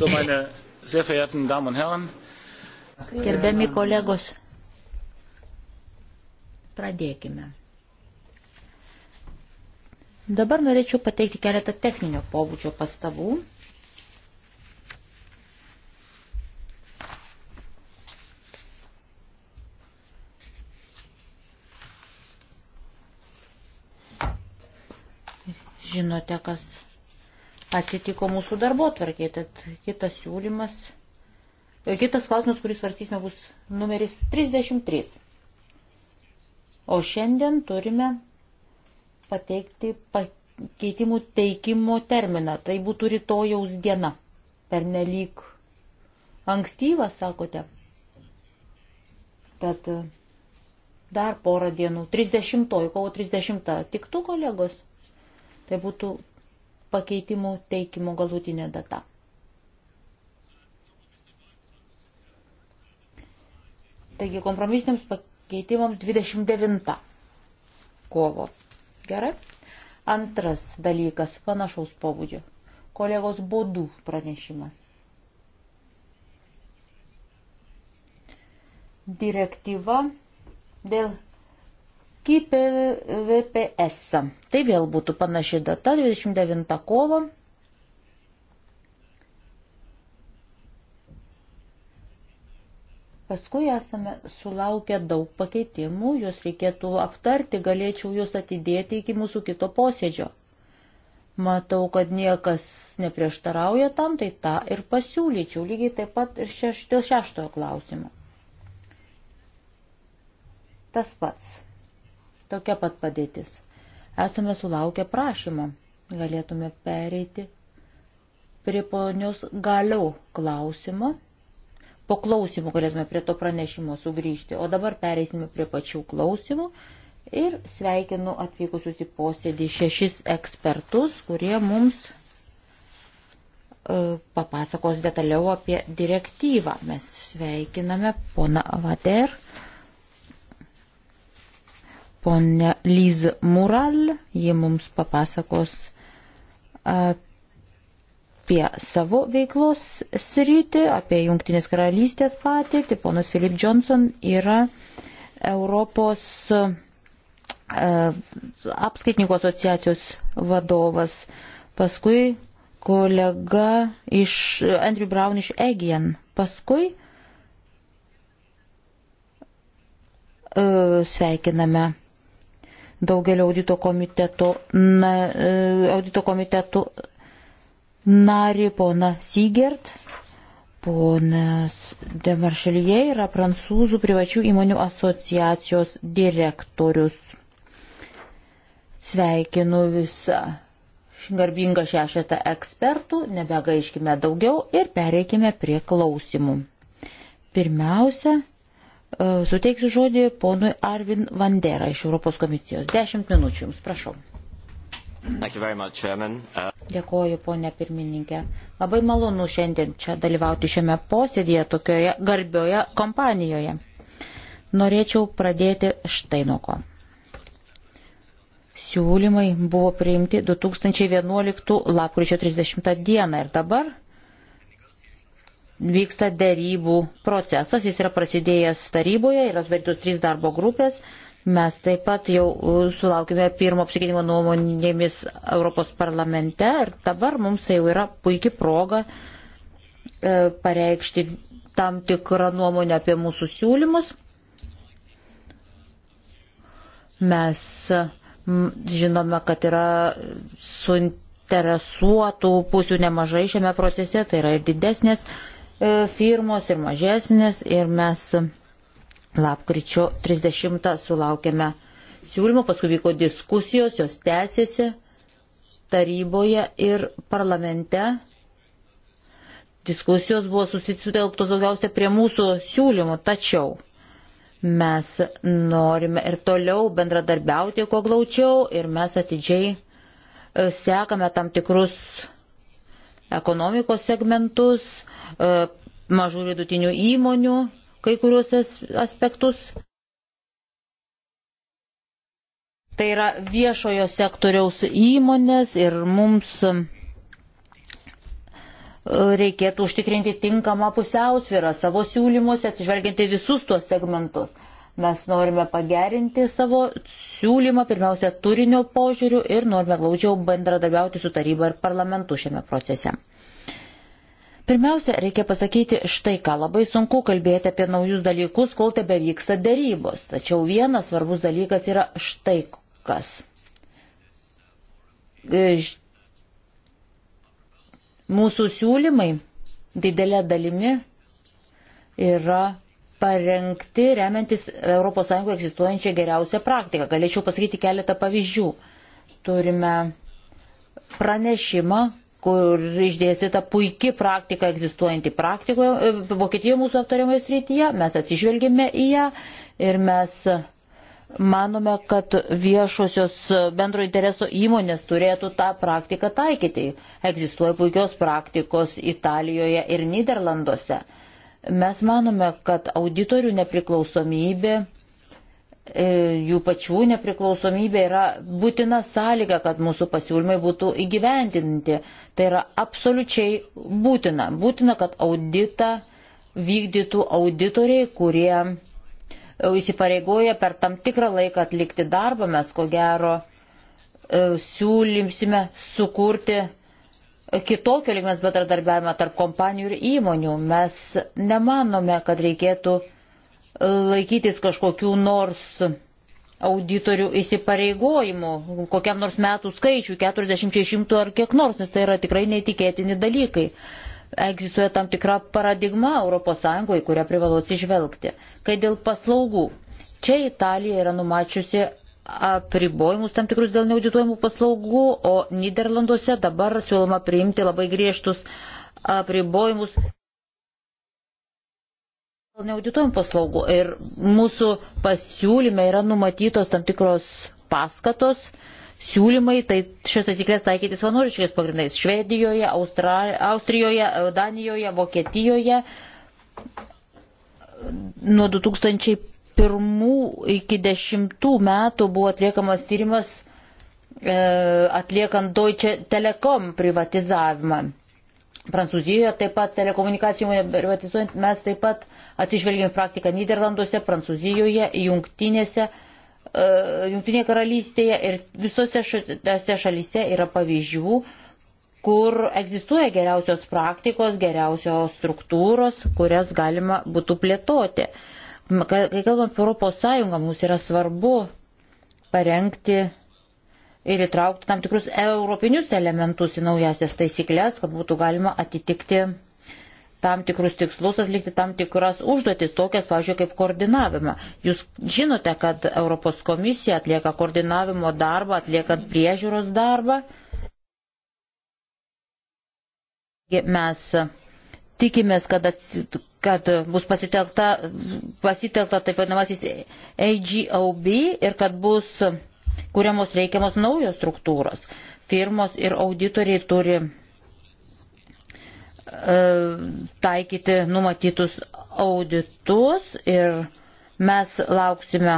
So, meine sehr verehrten Damen und Herren. Gerbiami kolegos, pradėkime. Dabar norėčiau pateikti keletą techninio pobūdžio pastabų. Žinote, kas atsitiko mūsų darbo tvarkiai. Tad kitas siūlymas, e, kitas klausimas, kurį svarstysime, bus numeris 33. O šiandien turime pateikti pakeitimų teikimo terminą. Tai būtų rytojaus diena. Per nelik ankstyvas, sakote. Tad e, dar porą dienų. 30, kovo 30. Tik tu, kolegos. Tai būtų pakeitimų teikimo galutinė data. Taigi kompromisiniams pakeitimams 29 kovo. Gerai. Antras dalykas panašaus pobūdžio. Kolegos bodų pranešimas. Direktyva dėl kaip VPS. Tai vėl būtų panaši data, 29 kovo. Paskui esame sulaukę daug pakeitimų, juos reikėtų aptarti, galėčiau juos atidėti iki mūsų kito posėdžio. Matau, kad niekas neprieštarauja tam, tai tą ir pasiūlyčiau, lygiai taip pat ir šeš, dėl šeštojo klausimo. Tas pats tokia pat padėtis. Esame sulaukę prašymo. Galėtume pereiti prie ponios galiau klausimo. Po klausimų galėtume prie to pranešimo sugrįžti. O dabar pereisime prie pačių klausimų. Ir sveikinu atvykusius į posėdį šešis ekspertus, kurie mums e, papasakos detaliau apie direktyvą. Mes sveikiname poną Vater Pone Lyz Mural, ji mums papasakos apie savo veiklos sritį, apie Junktinės karalystės patirtį. Ponas Filip Johnson yra Europos e, apskaitininkų asociacijos vadovas. Paskui kolega iš Andrew Brown iš Egien. Paskui e, sveikiname daugelio audito komiteto, na, e, audito komitetų narį pona Sigert. Ponas Demaršalyje yra prancūzų privačių įmonių asociacijos direktorius. Sveikinu visą garbingą šešetą ekspertų, nebegaiškime daugiau ir pereikime prie klausimų. Pirmiausia, E, suteiksiu žodį ponui Arvin Vandera iš Europos komisijos. Dešimt minučių jums, prašau. Much, uh... Dėkoju, ponė pirmininkė. Labai malonu šiandien čia dalyvauti šiame posėdėje, tokioje garbioje kompanijoje. Norėčiau pradėti štai nuo ko. Siūlymai buvo priimti 2011 lapkričio 30 dieną ir dabar vyksta dėrybų procesas, jis yra prasidėjęs taryboje, yra sudarytos trys darbo grupės. Mes taip pat jau sulaukime pirmo apsikeitimo nuomonėmis Europos parlamente ir dabar mums tai jau yra puikia proga e, pareikšti tam tikrą nuomonę apie mūsų siūlymus. Mes žinome, kad yra suinteresuotų pusių nemažai šiame procese, tai yra ir didesnės E, firmos ir mažesnės ir mes lapkričio 30 sulaukėme siūlymų, paskui vyko diskusijos, jos tęsėsi taryboje ir parlamente. Diskusijos buvo susitelktos daugiausia prie mūsų siūlymų, tačiau mes norime ir toliau bendradarbiauti kuo glaučiau ir mes atidžiai e, sekame tam tikrus ekonomikos segmentus, e, mažų ir vidutinių įmonių kai kuriuos aspektus. Tai yra viešojo sektoriaus įmonės ir mums e, reikėtų užtikrinti tinkamą pusiausvyrą savo siūlymuose, atsižvelginti visus tuos segmentus. Mes norime pagerinti savo siūlymą, pirmiausia, turinio požiūrių ir norime glaudžiau bendradarbiauti su taryba ir parlamentu šiame procese. Pirmiausia, reikia pasakyti štai ką. Labai sunku kalbėti apie naujus dalykus, kol tebe vyksta dėrybos. Tačiau vienas svarbus dalykas yra štai kas. E, mūsų siūlymai didelė dalimi yra parengti remiantis ES egzistuojančią geriausią praktiką. Galėčiau pasakyti keletą pavyzdžių. Turime pranešimą, kur išdėstyta puikia praktika egzistuojanti praktikoje, Vokietijoje mūsų aptariamoje srityje, mes atsižvelgėme į ją ir mes manome, kad viešosios bendro intereso įmonės turėtų tą praktiką taikyti. Egzistuoja puikios praktikos Italijoje ir Niderlanduose. Mes manome, kad auditorių nepriklausomybė, e, jų pačių nepriklausomybė yra būtina sąlyga, kad mūsų pasiūlymai būtų įgyvendinti. Tai yra absoliučiai būtina. Būtina, kad auditą vykdytų auditoriai, kurie e, įsipareigoja per tam tikrą laiką atlikti darbą. Mes ko gero e, siūlymsime sukurti kitokio lygmens bendradarbiavimą tarp kompanijų ir įmonių. Mes nemanome, kad reikėtų laikytis kažkokių nors auditorių įsipareigojimų, kokiam nors metų skaičių, 40, 100 ar kiek nors, nes tai yra tikrai neįtikėtini dalykai. Egzistuoja tam tikra paradigma ES, kurią privalo atsižvelgti. Kai dėl paslaugų, čia Italija yra numačiusi apribojimus tam tikrus dėl neaudituojamų paslaugų, o Niderlanduose dabar siūloma priimti labai griežtus apribojimus dėl neaudituojamų paslaugų. Ir mūsų pasiūlyme yra numatytos tam tikros paskatos, siūlymai, tai šias taisyklės taikyti savanoriškais pagrindais Švedijoje, Austra, Austrijoje, Danijoje, Vokietijoje nuo 2000 pirmų iki dešimtų metų buvo atliekamas tyrimas e, atliekant Deutsche Telekom privatizavimą. Prancūzijoje taip pat telekomunikacijų privatizuojant mes taip pat atsižvelgėme praktiką Niderlanduose, Prancūzijoje, Jungtinėse, e, Jungtinėje karalystėje ir visose šiose šalyse yra pavyzdžių, kur egzistuoja geriausios praktikos, geriausios struktūros, kurias galima būtų plėtoti. E, Kai kalbam apie Europos Sąjungą, mums yra svarbu parengti ir įtraukti tam tikrus europinius elementus į naujasias taisyklės, kad būtų galima atitikti tam tikrus tikslus, atlikti tam tikras užduotis, tokias, pavyzdžiui, kaip koordinavimą. Jūs žinote, kad Europos komisija atlieka koordinavimo darbą, atliekant priežiūros darbą. Mes tikimės, kad kad bus pasitelta, pasitelta taip vadinamasis AGOB ir kad bus kuriamos reikiamos naujos struktūros. Firmos ir auditoriai turi e, taikyti numatytus auditus ir mes lauksime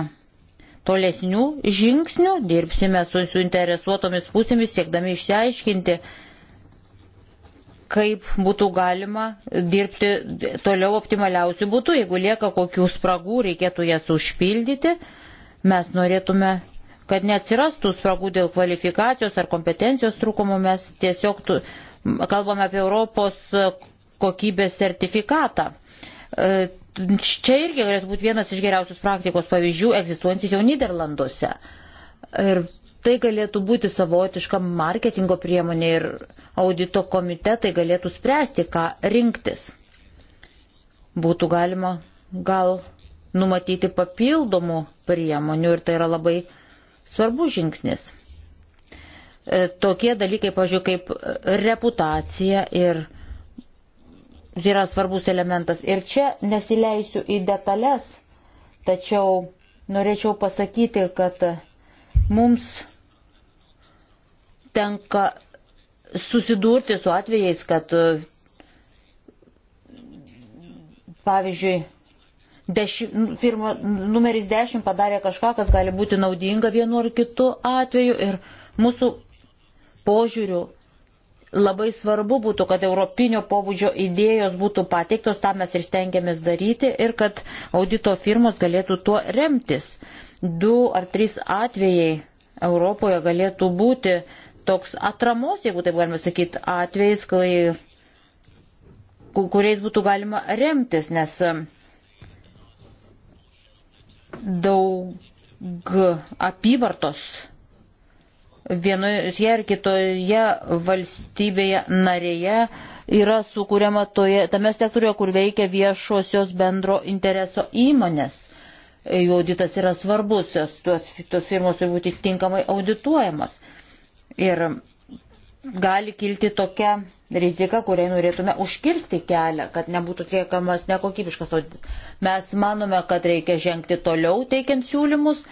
tolesnių žingsnių, dirbsime su suinteresuotomis pusėmis, siekdami išsiaiškinti, kaip būtų galima dirbti toliau optimaliausių būtų. Jeigu lieka kokių spragų, reikėtų jas užpildyti. Mes norėtume, kad neatsirastų spragų dėl kvalifikacijos ar kompetencijos trūkumų. Mes tiesiog tu, kalbame apie Europos kokybės sertifikatą. E, čia irgi galėtų būti vienas iš geriausios praktikos pavyzdžių egzistuojantis jau Niderlanduose. Ir tai galėtų būti savotiška marketingo priemonė ir audito komitetai galėtų spręsti, ką rinktis. Būtų galima gal numatyti papildomų priemonių ir tai yra labai svarbus žingsnis. E, tokie dalykai, pažiūrėjau, kaip reputacija ir yra svarbus elementas. Ir čia nesileisiu į detalės, tačiau norėčiau pasakyti, kad mums tenka susidurti su atvejais, kad pavyzdžiui, deši, firma numeris 10 padarė kažką, kas gali būti naudinga vienu ar kitu atveju ir mūsų požiūriu labai svarbu būtų, kad europinio pobūdžio idėjos būtų pateiktos, tą mes ir stengiamės daryti ir kad audito firmos galėtų tuo remtis. Du ar trys atvejai Europoje galėtų būti toks atramos, jeigu taip galima sakyti, atvejais, kai, kuriais būtų galima remtis, nes um, daug apyvartos vienoje ar kitoje valstybėje narėje yra sukūriama toje, tame sektoriuje, kur veikia viešosios bendro intereso įmonės jų auditas yra svarbus, tos, tos firmos turi būti tinkamai audituojamas. Ir gali kilti tokia rizika, kuriai norėtume užkirsti kelią, kad nebūtų atliekamas nekokybiškas auditas. Mes manome, kad reikia žengti toliau teikiant siūlymus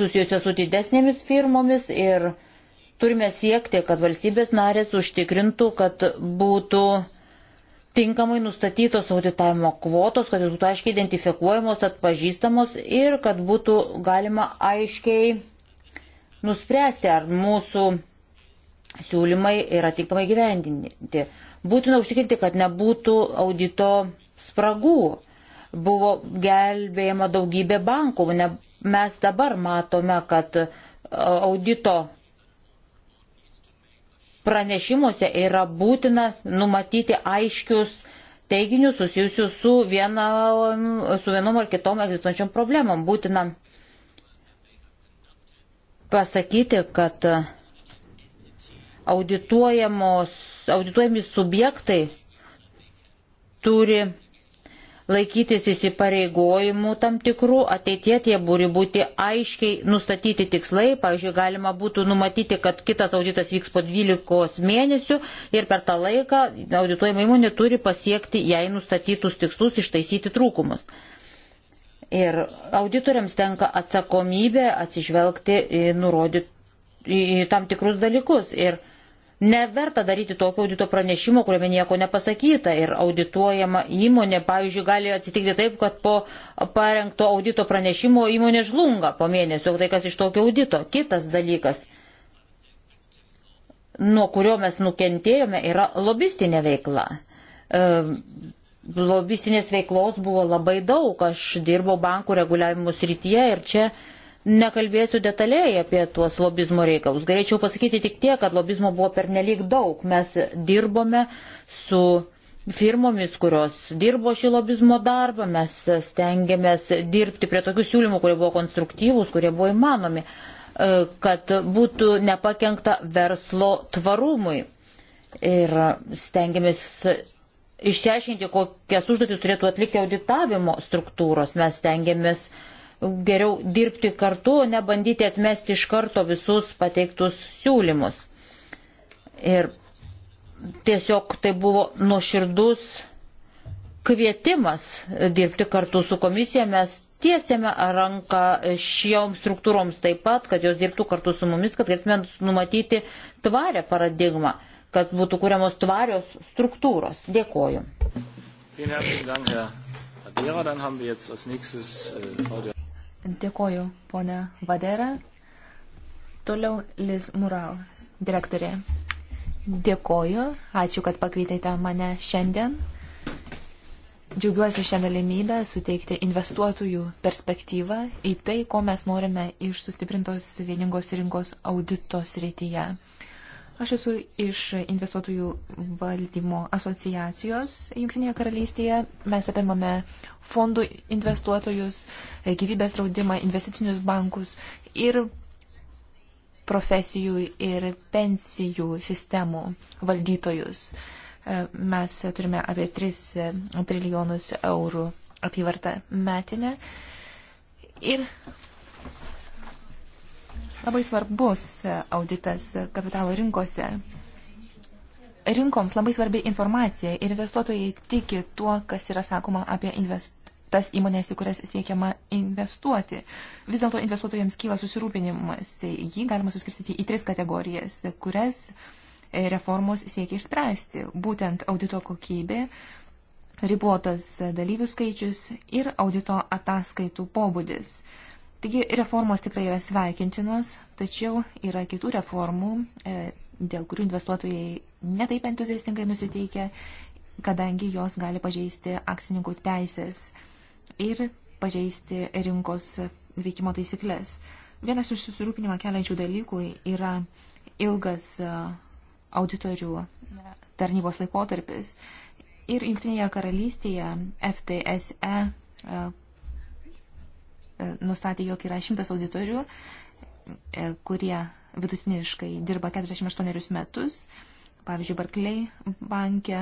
susijusios su didesnėmis firmomis ir turime siekti, kad valstybės narės užtikrintų, kad būtų tinkamai nustatytos auditavimo kvotos, kad jos būtų aiškiai identifikuojamos, atpažįstamos ir kad būtų galima aiškiai nuspręsti, ar mūsų siūlymai yra tinkamai gyvendinti. Būtina užtikrinti, kad nebūtų audito spragų. Buvo gelbėjama daugybė bankų. Ne, mes dabar matome, kad e, audito pranešimuose yra būtina numatyti aiškius teiginius susijusius su, viena, su vienom ar kitom egzistuojančiom problemom. Būtina pasakyti, kad audituojami subjektai turi laikytis įsipareigojimų tam tikrų, ateitie tie būri būti aiškiai nustatyti tikslai, pavyzdžiui, galima būtų numatyti, kad kitas auditas vyks po 12 mėnesių ir per tą laiką audituojama įmonė turi pasiekti jai nustatytus tikslus, ištaisyti trūkumus. Ir auditoriams tenka atsakomybė atsižvelgti į, nurodyt, į tam tikrus dalykus. Ir Neverta daryti tokio audito pranešimo, kuriame nieko nepasakyta ir audituojama įmonė, pavyzdžiui, gali atsitikti taip, kad po parengto audito pranešimo įmonė žlunga po mėnesio, tai kas iš tokio audito. Kitas dalykas, nuo kurio mes nukentėjome, yra lobistinė veikla. E, lobistinės veiklos buvo labai daug, aš dirbau bankų reguliavimo srityje ir čia Nekalbėsiu detaliai apie tuos lobizmo reikalus. Galėčiau pasakyti tik tiek, kad lobizmo buvo pernelyg daug. Mes dirbome su firmomis, kurios dirbo šį lobizmo darbą, mes stengiamės dirbti prie tokių siūlymų, kurie buvo konstruktyvūs, kurie buvo įmanomi, e, kad būtų nepakengta verslo tvarumui. Ir stengiamės išsiaiškinti, kokias užduotis turėtų atlikti auditavimo struktūros. Mes stengiamės uh, geriau dirbti kartu, o ne bandyti atmesti iš karto visus pateiktus siūlymus. Ir tiesiog tai buvo nuoširdus kvietimas dirbti kartu su komisija. Mes tiesėme ranką šioms struktūroms taip pat, kad jos dirbtų kartu su mumis, kad galėtume numatyti tvarę paradigmą, kad būtų kuriamos tvarios struktūros. Dėkoju. Vielen herzlichen Dank, Herr Adera. Dann haben wir jetzt als nächstes äh, Frau Dėkoju, ponia Vadera. Toliau Liz Mural, direktorė. Dėkoju, ačiū, kad pakvietėte mane šiandien. Džiaugiuosi šią galimybę suteikti investuotojų perspektyvą į tai, ko mes norime iš sustiprintos vieningos rinkos audito srityje. Aš esu iš investuotojų valdymo asociacijos Junktinėje karalystėje. Mes apimame fondų investuotojus, gyvybės draudimą, investicinius bankus ir profesijų ir pensijų sistemų valdytojus. Mes turime apie 3 trilijonus eurų apyvartą metinę. Ir labai svarbus auditas kapitalo rinkose. Rinkoms labai svarbi informacija ir investuotojai tiki tuo, kas yra sakoma apie invest tas įmonės, į kurias siekiama investuoti. Vis dėlto investuotojams kyla susirūpinimas. Jį galima suskirstyti į tris kategorijas, kurias reformos siekia išspręsti. Būtent audito kokybė, ribotas dalyvių skaičius ir audito ataskaitų pobūdis. Taigi reformos tikrai yra sveikintinos, tačiau yra kitų reformų, e, dėl kurių investuotojai netaip entuziastingai nusiteikia, kadangi jos gali pažeisti akcininkų teisės ir pažeisti rinkos veikimo taisyklės. Vienas iš susirūpinimą keliančių dalykų yra ilgas e, auditorių e, tarnybos laikotarpis. Ir Junktinėje karalystėje FTSE E, nustatė, jog yra šimtas auditorių, e, kurie vidutiniškai dirba 48 metus. Pavyzdžiui, Barclay banke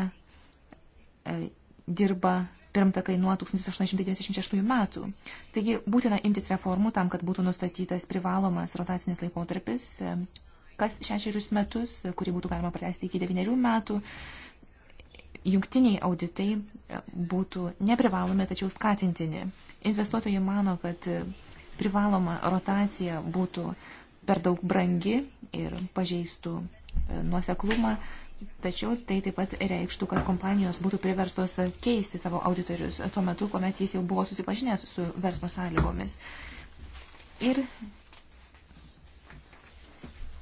dirba pirmtakai nuo 1896 metų. Taigi būtina imtis reformų tam, kad būtų nustatytas privalomas rotacinis laikotarpis e, kas šešerius metus, kurį būtų galima pratesti iki devyniarių metų jungtiniai auditai e, būtų neprivalomi, tačiau skatintini. Investuotojai mano, kad e, privaloma rotacija būtų per daug brangi ir pažeistų e, nuoseklumą, tačiau tai taip pat reikštų, kad kompanijos būtų priverstos keisti savo auditorius tuo metu, kuomet jis jau buvo susipažinęs su verslo sąlygomis. Ir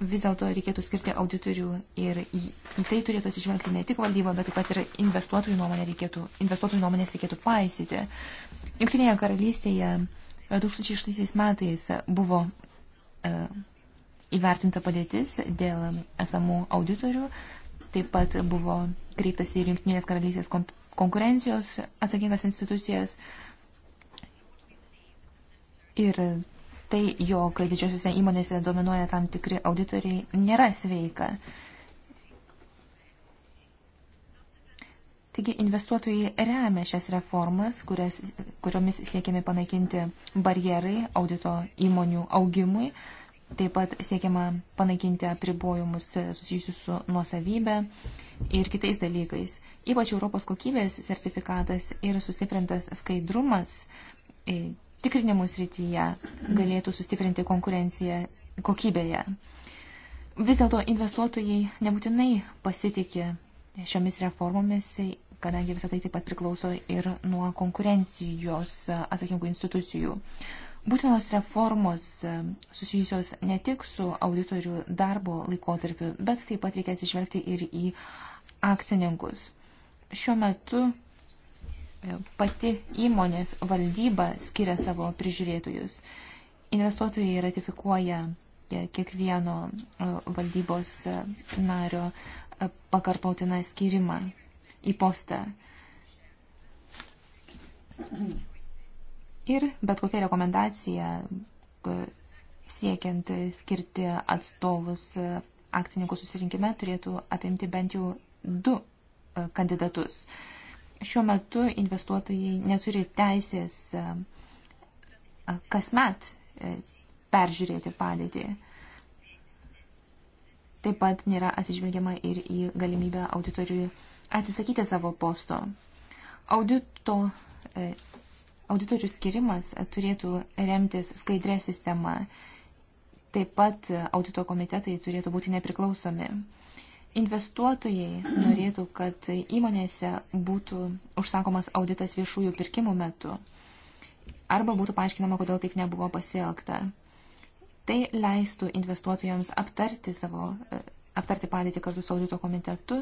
vis dėlto reikėtų skirti auditorių ir į, į tai turėtų atsižvelgti ne tik valdyba, bet taip pat ir investuotojų, nuomonė reikėtų, investuotojų nuomonės reikėtų paisyti. Junktinėje karalystėje 2006 e, metais buvo e, įvertinta padėtis dėl esamų auditorių, taip pat buvo kreiptas į Junktinės karalystės konkurencijos atsakingas institucijas ir tai, jog didžiosiuose įmonėse dominuoja tam tikri auditoriai, nėra sveika. Taigi investuotojai remia šias reformas, kurias, kuriomis siekiami panaikinti barjerai audito įmonių augimui, taip pat siekiama panaikinti apribojimus susijusius su nuosavybė ir kitais dalykais. Ypač Europos kokybės sertifikatas ir sustiprintas skaidrumas e, tikrinimų srityje galėtų sustiprinti konkurenciją kokybėje. Vis dėlto investuotojai nebūtinai pasitikė šiomis reformomis, kadangi visą tai taip pat priklauso ir nuo konkurencijos atsakingų institucijų. Būtinos reformos susijusios ne tik su auditorių darbo laikotarpiu, bet taip pat reikia atsižvelgti ir į akcininkus. Šiuo metu E, pati įmonės valdyba skiria savo prižiūrėtojus. Investuotojai ratifikuoja e, kiekvieno e, valdybos nario pakartotiną skirimą į postą. Ir bet kokia rekomendacija siekiant skirti atstovus akcininkų susirinkime turėtų apimti bent jau du kandidatus. Uh, šiuo metu investuotojai neturi teisės e, kasmet e, peržiūrėti padėtį. Taip pat nėra atsižvelgiama ir į galimybę auditoriui atsisakyti savo posto. Audito, e, auditorių skirimas turėtų remtis skaidrė sistema. Taip pat audito komitetai turėtų būti nepriklausomi investuotojai norėtų, kad įmonėse būtų užsakomas auditas viešųjų pirkimų metu. Arba būtų paaiškinama, kodėl taip nebuvo pasielgta. Tai leistų investuotojams aptarti, savo, e, aptarti padėtį kartu su audito komitetu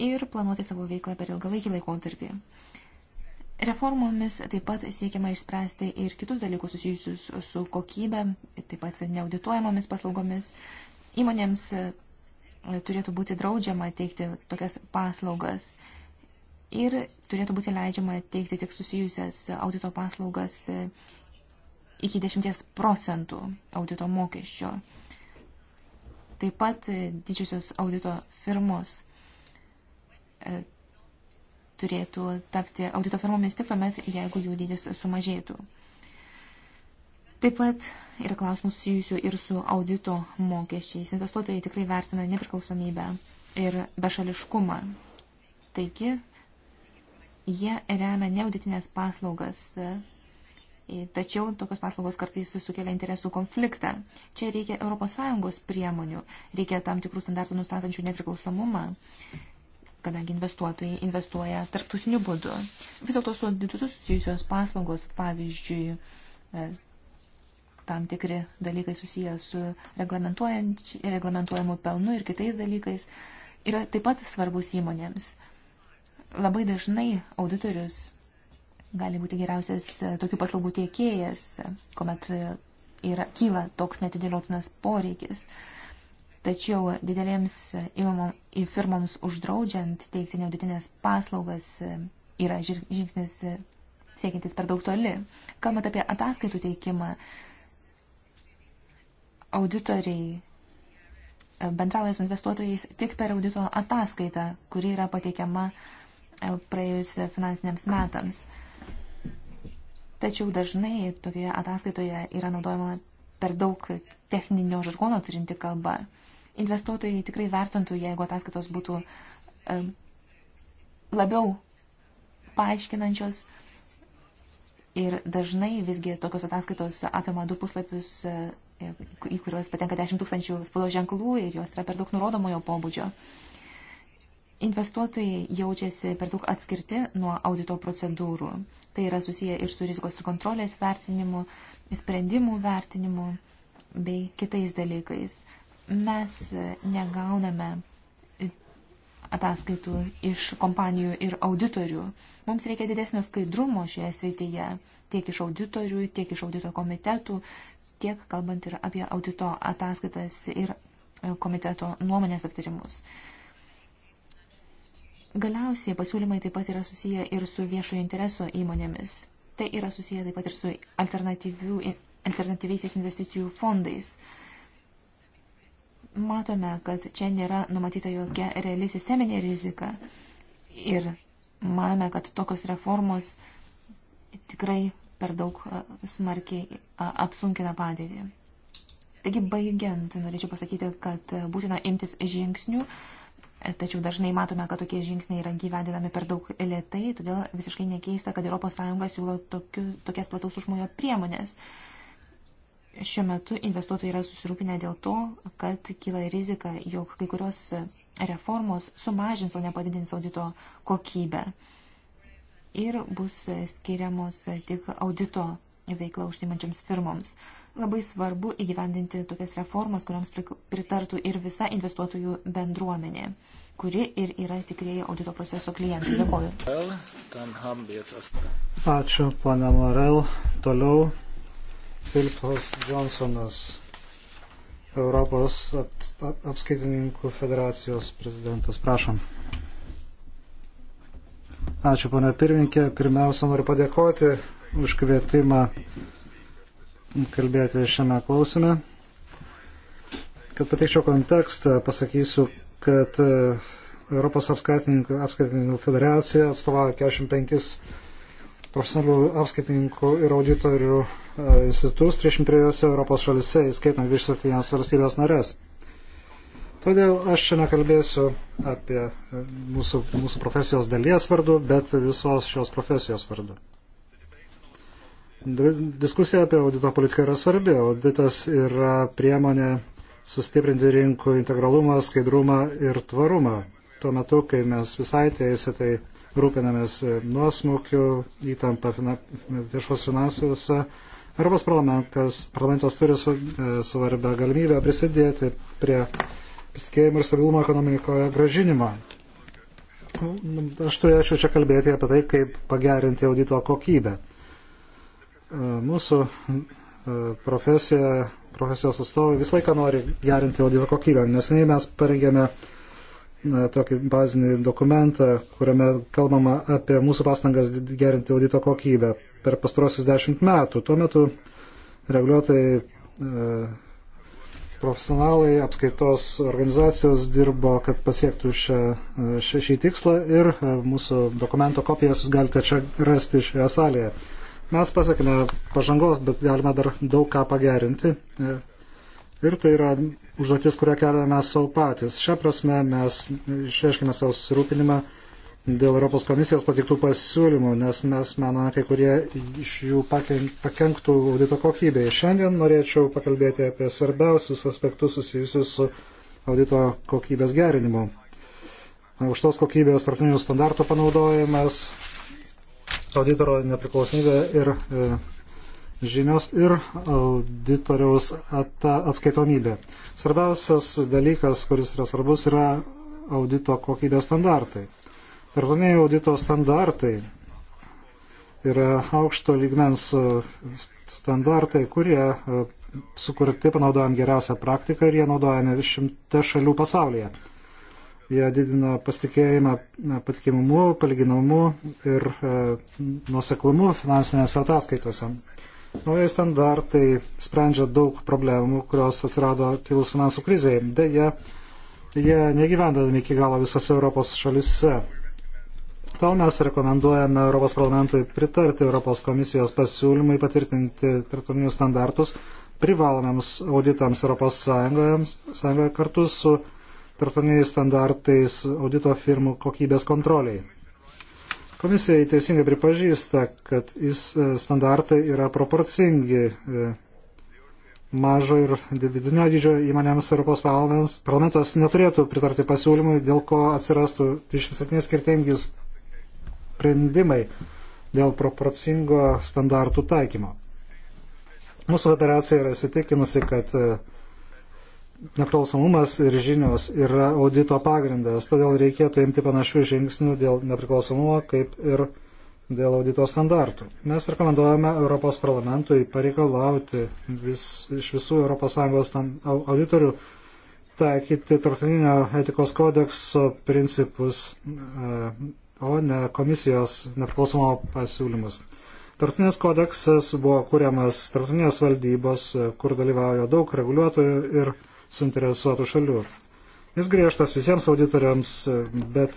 ir planuoti savo veiklą per ilgalaikį laikotarpį. Reformomis taip pat siekiama išspręsti ir kitus dalykus susijusius su kokybė, taip pat neaudituojamomis paslaugomis. Įmonėms turėtų būti draudžiama teikti tokias paslaugas ir turėtų būti leidžiama teikti tik susijusias audito paslaugas e, iki 10 procentų audito mokesčio. Taip pat e, didžiosios audito firmos e, turėtų tapti audito firmomis tik tuomet, jeigu jų dydis sumažėtų. Taip pat yra klausimų susijusių ir su audito mokesčiais. Investuotojai tikrai vertina nepriklausomybę ir bešališkumą. Taigi, jie remia neauditinės paslaugas, e, tačiau tokios paslaugos kartais sukelia interesų konfliktą. Čia reikia ES priemonių, reikia tam tikrų standartų nustatančių nepriklausomumą kadangi investuotojai investuoja tarptautiniu būdu. Vis dėlto su auditu susijusios paslaugos, pavyzdžiui, e, tam tikri dalykai susiję su reglamentuojamu pelnu ir kitais dalykais yra taip pat svarbus įmonėms. Labai dažnai auditorius gali būti geriausias e, tokių paslaugų tiekėjas, e, kuomet e, yra, kyla toks netidėliotinas poreikis. Tačiau didelėms firmoms uždraudžiant teikti neauditinės paslaugas yra žingsnis siekiantis per daug toli. Kalbant apie ataskaitų teikimą, auditoriai e, bendrauja su investuotojais tik per audito ataskaitą, kuri yra pateikiama e, praėjus finansiniams metams. Tačiau dažnai tokioje ataskaitoje yra naudojama per daug techninio žargono turinti kalba. Investuotojai tikrai vertintų, jeigu ataskaitos būtų e, labiau paaiškinančios ir dažnai visgi tokios ataskaitos apima du puslapius į kuriuos patenka 10 tūkstančių spaudos ženklų ir jos yra per daug nurodomojo pobūdžio. Investuotojai jaučiasi per daug atskirti nuo audito procedūrų. Tai yra susiję ir su rizikos ir kontrolės vertinimu, sprendimų vertinimu bei kitais dalykais. Mes negauname ataskaitų iš kompanijų ir auditorių. Mums reikia didesnio skaidrumo šioje srityje, tiek iš auditorių, tiek iš audito komitetų, tiek kalbant ir apie audito ataskaitas ir e, komiteto nuomonės aptarimus. Galiausiai pasiūlymai taip pat yra susiję ir su viešojo intereso įmonėmis. Tai yra susiję taip pat ir su alternatyviais investicijų fondais. Matome, kad čia nėra numatyta jokia reali sisteminė rizika ir manome, kad tokios reformos tikrai per daug e, smarkiai e, apsunkina padėtį. Taigi, baigiant, norėčiau pasakyti, kad e, būtina imtis žingsnių, tačiau dažnai matome, kad tokie žingsniai yra gyvendinami per daug lėtai, todėl visiškai nekeista, kad ES siūlo tokiu, tokias plataus užmojo priemonės. Šiuo metu investuotojai yra susirūpinę dėl to, kad kyla rizika, jog kai kurios reformos sumažins, o nepadidins audito kokybę ir bus skiriamos tik audito veiklą užsimančiams firmoms. Labai svarbu įgyvendinti tokias reformas, kuriams pritartų ir visa investuotojų bendruomenė, kuri ir yra tikrieji audito proceso klientai. Dėkoju. Ačiū, pana Morel. Toliau Filipas Johnsonas, Europos apskaitininkų federacijos prezidentas. Prašom. Ačiū, pana pirminkė. Pirmiausia, noriu padėkoti už kvietimą kalbėti šiame klausime. Kad pateikčiau kontekstą, pasakysiu, kad e, Europos apskaitininkų federacija atstovauja 45 profesionalių apskaitininkų ir auditorių e, institutus 303 Europos šalise, įskaitant viršsutinės valstybės narės. Todėl aš čia nekalbėsiu apie mūsų, mūsų profesijos dalies vardu, bet visos šios profesijos vardu. Diskusija apie audito politiką yra svarbi. Auditas yra priemonė sustiprinti rinkų integralumą, skaidrumą ir tvarumą. Tuo metu, kai mes visai teisėtai rūpinamės nuosmukiu, įtampa viešos finansuose, Europos parlamentas, parlamentas turi e, svarbią galimybę prisidėti prie pasitikėjimo ir stabilumo ekonomikoje gražinimą. Aš turėčiau čia kalbėti apie tai, kaip pagerinti audito kokybę. E, mūsų e, profesija, profesijos atstovai visą laiką nori gerinti audito kokybę. Neseniai mes parengėme e, tokį bazinį dokumentą, kuriame kalbama apie mūsų pastangas gerinti audito kokybę per pastarosius dešimt metų. Tuo metu reguliuotojai profesionalai, apskaitos organizacijos dirbo, kad pasiektų šią, šį, šį tikslą ir e, mūsų dokumento kopijas jūs galite čia rasti šioje salėje. Mes pasiekime pažangos, bet galime dar daug ką pagerinti. E, ir tai yra užduotis, kurią keliame savo patys. Šią prasme mes išreiškime savo susirūpinimą dėl Europos komisijos patiktų pasiūlymų, nes mes manome, kai kurie iš jų pakenktų audito kokybei. Šiandien norėčiau pakalbėti apie svarbiausius aspektus susijusius su audito kokybės gerinimu. Aukštos kokybės tarptautinių standartų panaudojimas, auditoro nepriklausomybė ir e, žinios ir auditoriaus atskaitomybė. Svarbiausias dalykas, kuris yra svarbus, yra audito kokybės standartai. Tarptautiniai audito standartai yra aukšto lygmens e, standartai, kurie e, sukurti panaudojant geriausią praktiką ir jie naudojami vis šimte šalių pasaulyje. Jie didina pasitikėjimą e, patikimumu, palyginamumu ir e, nuoseklumu finansinėse ataskaitose. Naujai standartai sprendžia daug problemų, kurios atsirado kilus finansų krizėje. Deja, jie negyvendami iki galo visose Europos šalise. Tol mes rekomenduojame Europos parlamentui pritarti Europos komisijos pasiūlymui patvirtinti tarptautinius standartus privalomiams auditams Europos Sąjungoje kartu su tarptautiniais standartais audito firmų kokybės kontroliai. Komisija teisingai pripažįsta, kad e, standartai yra proporcingi e, mažo ir vidutinio dydžio įmonėms Europos parlamentas neturėtų pritarti pasiūlymui, dėl ko atsirastų 27 skirtingi sprendimai dėl proporcingo standartų taikymo. Mūsų federacija yra įsitikinusi, kad e, nepriklausomumas ir žinios yra audito pagrindas, todėl reikėtų imti panašių žingsnių dėl nepriklausomumo kaip ir dėl audito standartų. Mes rekomenduojame Europos parlamentui pareikalauti vis, iš visų ES auditorių taikyti tarptautinio etikos kodekso principus e, o ne komisijos nepriklausomo pasiūlymus. Tartutinis kodeksas buvo kuriamas tartutinės valdybos, kur dalyvauja daug reguliuotojų ir suinteresuotų šalių. Jis griežtas visiems auditoriams, bet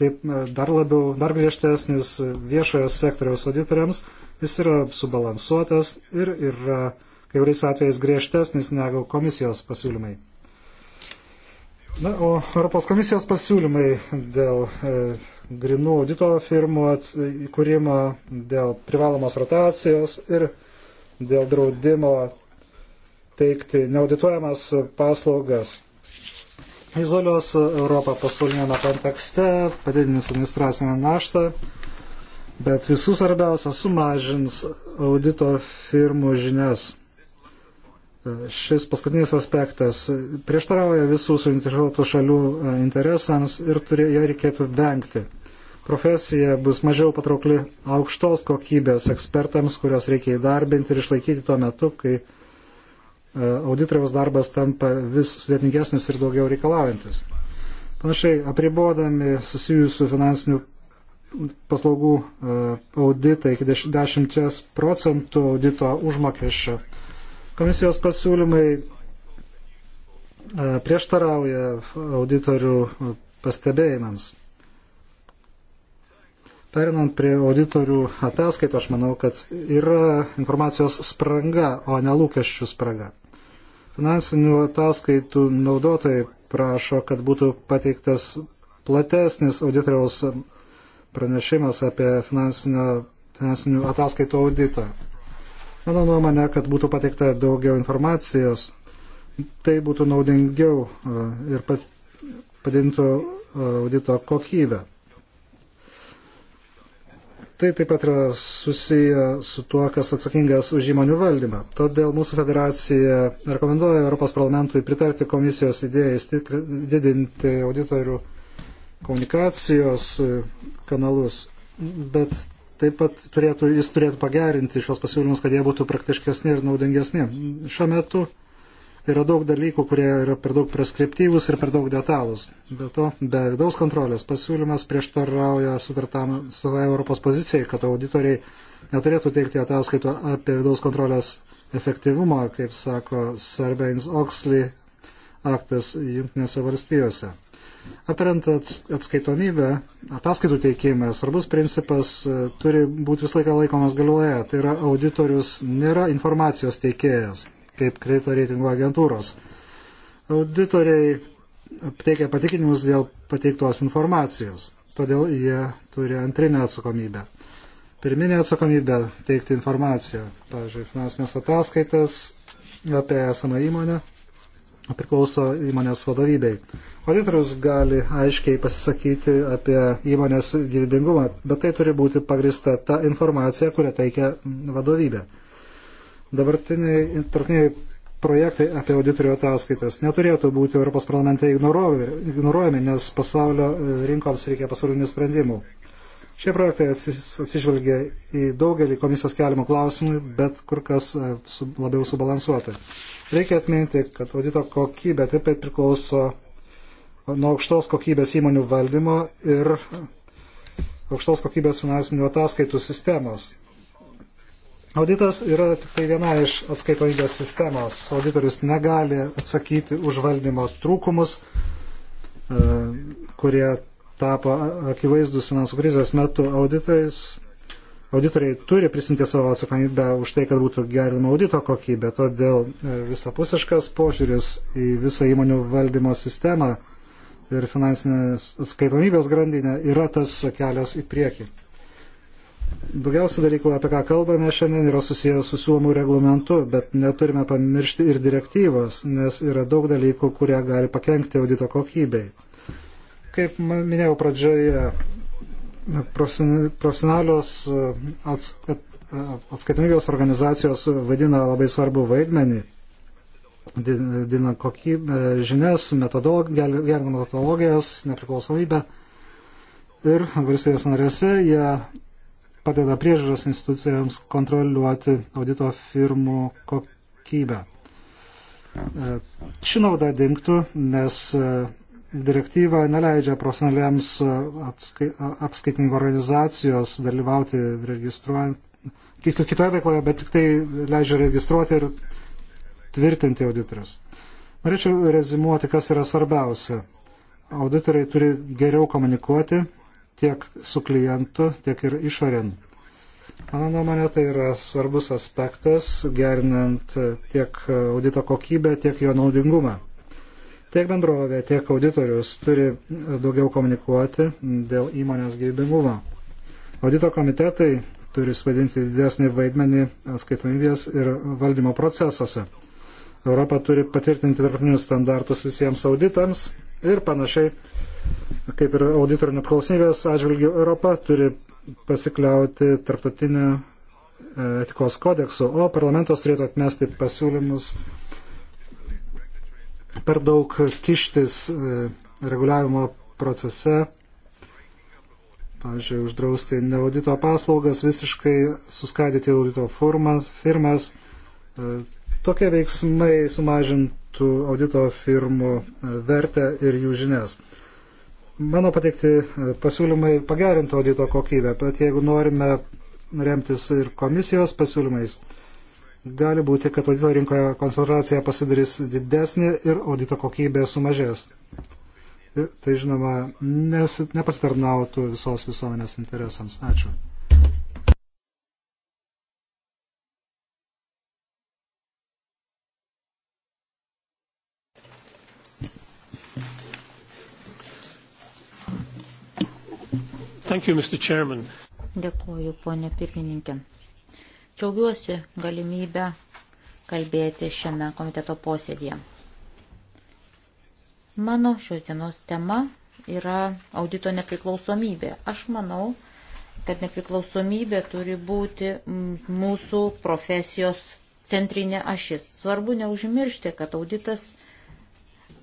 taip e, dar labiau, dar griežtesnis viešojo sektoriaus auditoriams. Jis yra subalansuotas ir yra kai kuriais atvejais griežtesnis negu komisijos pasiūlymai. Na, o Europos komisijos pasiūlymai dėl e, grinų audito firmų įkūrimo, dėl privalomos rotacijos ir dėl draudimo teikti neaudituojamas paslaugas. Izolios Europą pasaulinėme kontekste, padidins administracinę naštą, bet visų svarbiausia sumažins audito firmų žinias šis paskutinis aspektas prieštarauja visų suinteresuotų šalių e, interesams ir turė, ją reikėtų vengti. Profesija bus mažiau patraukli aukštos kokybės ekspertams, kurios reikia įdarbinti ir išlaikyti tuo metu, kai e, auditoriaus darbas tampa vis sudėtingesnis ir daugiau reikalaujantis. Panašiai, apribodami susijusių finansinių paslaugų e, auditą iki 10 procentų audito užmokesčio Komisijos pasiūlymai e, prieštarauja auditorių pastebėjimams. Perinant prie auditorių ataskaitų, aš manau, kad yra informacijos spranga, o ne lūkesčių spraga. Finansinių ataskaitų naudotojai prašo, kad būtų pateiktas platesnis auditoriaus pranešimas apie finansinių ataskaitų auditą. Mano nuomonė, kad būtų pateikta daugiau informacijos, tai būtų naudingiau e, ir padintų e, audito kokybę. Tai taip pat yra susiję su tuo, kas atsakingas už įmonių valdymą. Todėl mūsų federacija rekomenduoja Europos parlamentui pritarti komisijos idėjai didinti auditorių komunikacijos e, kanalus, bet taip pat turėtų, jis turėtų pagerinti šios pasiūlymus, kad jie būtų praktiškesni ir naudingesni. Šiuo metu yra daug dalykų, kurie yra per daug preskriptyvus ir per daug detalus. Be to, be vidaus kontrolės pasiūlymas prieštarauja sutartam su Europos pozicijai, kad auditoriai neturėtų teikti ataskaitų apie vidaus kontrolės efektyvumą, kaip sako Sarbanes Oxley aktas Junktinėse valstijose. Atrant atskaitomybę, ataskaitų teikimas, svarbus principas e, turi būti visą laiką laikomas galvoje. Tai yra auditorius nėra informacijos teikėjas, kaip kredito reitingo agentūros. Auditoriai teikia patikinimus dėl pateiktos informacijos, todėl jie turi antrinę atsakomybę. Pirminė atsakomybė teikti informaciją, pavyzdžiui, finansinės ataskaitas apie esamą įmonę priklauso įmonės vadovybei Auditorius gali aiškiai pasisakyti apie įmonės gyvybingumą, bet tai turi būti pagrista ta informacija, kurią teikia vadovybė. Dabartiniai tarpiniai projektai apie auditorių ataskaitas neturėtų būti Europos parlamente ignoruojami, nes pasaulio e, rinkoms reikia pasaulinių sprendimų. Šie projektai atsižvelgia į daugelį komisijos keliamų klausimų, bet kur kas e, labiau subalansuoti. Reikia atminti, kad audito kokybė taip pat priklauso nuo aukštos kokybės įmonių valdymo ir aukštos kokybės finansinių ataskaitų sistemos. Auditas yra tik tai viena iš atskaitomybės sistemos. Auditorius negali atsakyti už valdymo trūkumus, e, kurie tapo akivaizdus finansų krizės metu auditais. Auditoriai turi prisimti savo atsakomybę už tai, kad būtų gerinama audito kokybė, todėl e, visapusiškas požiūris į visą įmonių valdymo sistemą ir finansinės atskaitomybės grandinė yra tas kelias į priekį. Daugiausia dalykų, apie ką kalbame šiandien, yra susijęs su siūlomu reglamentu, bet neturime pamiršti ir direktyvos, nes yra daug dalykų, kurie gali pakengti audito kokybei. Kaip minėjau pradžioje, profesionalios e, ats, atskaitomybės organizacijos vadina labai svarbu vaidmenį didinant kokybę, žinias, metodologiją, gerinant metodologijas, nepriklausomybę. Ir valstybės narėse jie padeda priežiūros institucijoms kontroliuoti audito firmų kokybę. E, ši nauda dinktų, nes e, direktyva neleidžia profesionaliams e, apskaitingo organizacijos dalyvauti registruojant kitoje veikloje, bet tik tai leidžia registruoti ir tvirtinti auditorius. Norėčiau rezimuoti, kas yra svarbiausia. Auditoriai turi geriau komunikuoti tiek su klientu, tiek ir išorėn. Mano nuomonė, tai yra svarbus aspektas, gerinant tiek audito kokybę, tiek jo naudingumą. Tiek bendrovė, tiek auditorius turi daugiau komunikuoti dėl įmonės gyvybingumo. Audito komitetai turi svaidinti didesnį vaidmenį atskaitomybės ir valdymo procesuose. Europa turi patvirtinti tarptautinius standartus visiems auditams ir panašiai, kaip ir auditorių nepriklausomybės atžvilgių, Europa turi pasikliauti tarptautiniu e, etikos kodeksu, o parlamentas turėtų atmesti pasiūlymus per daug kištis e, reguliavimo procese, pavyzdžiui, uždrausti neaudito paslaugas, visiškai suskaidyti audito firmas, firmas e, Tokie veiksmai sumažintų audito firmų e, vertę ir jų žinias. Mano pateikti e, pasiūlymai pagerintų audito kokybę, bet jeigu norime remtis ir komisijos pasiūlymais, gali būti, kad audito rinkoje koncentracija pasidarys didesnė ir audito kokybė sumažės. Ir tai, žinoma, nes, nepasitarnautų visos visuomenės interesams. Ačiū. Thank you, Mr. Chairman. Dėkuoju, ponė pirmininkė. Džiaugiuosi galimybę kalbėti šiame komiteto posėdėje. Mano šios dienos tema yra audito nepriklausomybė. Aš manau, kad nepriklausomybė turi būti mūsų profesijos centrinė ašis. Svarbu neužmiršti, kad auditas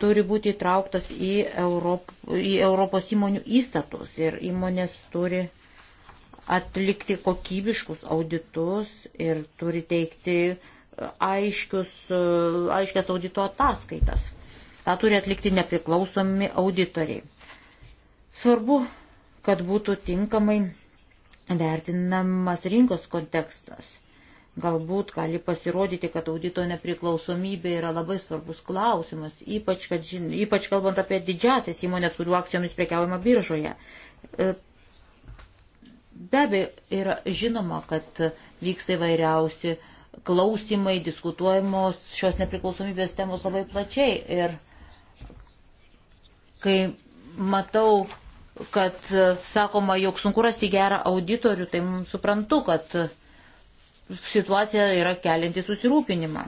turi būti įtrauktas į, Europ, į Europos įmonių įstatus ir įmonės turi atlikti kokybiškus auditus ir turi teikti e, aiškius, e, aiškias audito ataskaitas. Ta turi atlikti nepriklausomi auditoriai. Svarbu, kad būtų tinkamai vertinamas rinkos kontekstas Galbūt gali pasirodyti, kad audito nepriklausomybė yra labai svarbus klausimas, ypač, kad, ypač kalbant apie didžiasias įmonės, kurių akcijomis prekiaujama biržoje. E, be abejo, yra žinoma, kad vyksta įvairiausi klausimai, diskutuojamos šios nepriklausomybės temos labai plačiai. Ir kai matau, kad sakoma, jog sunku rasti gerą auditorių, tai suprantu, kad situacija yra kelianti susirūpinimą.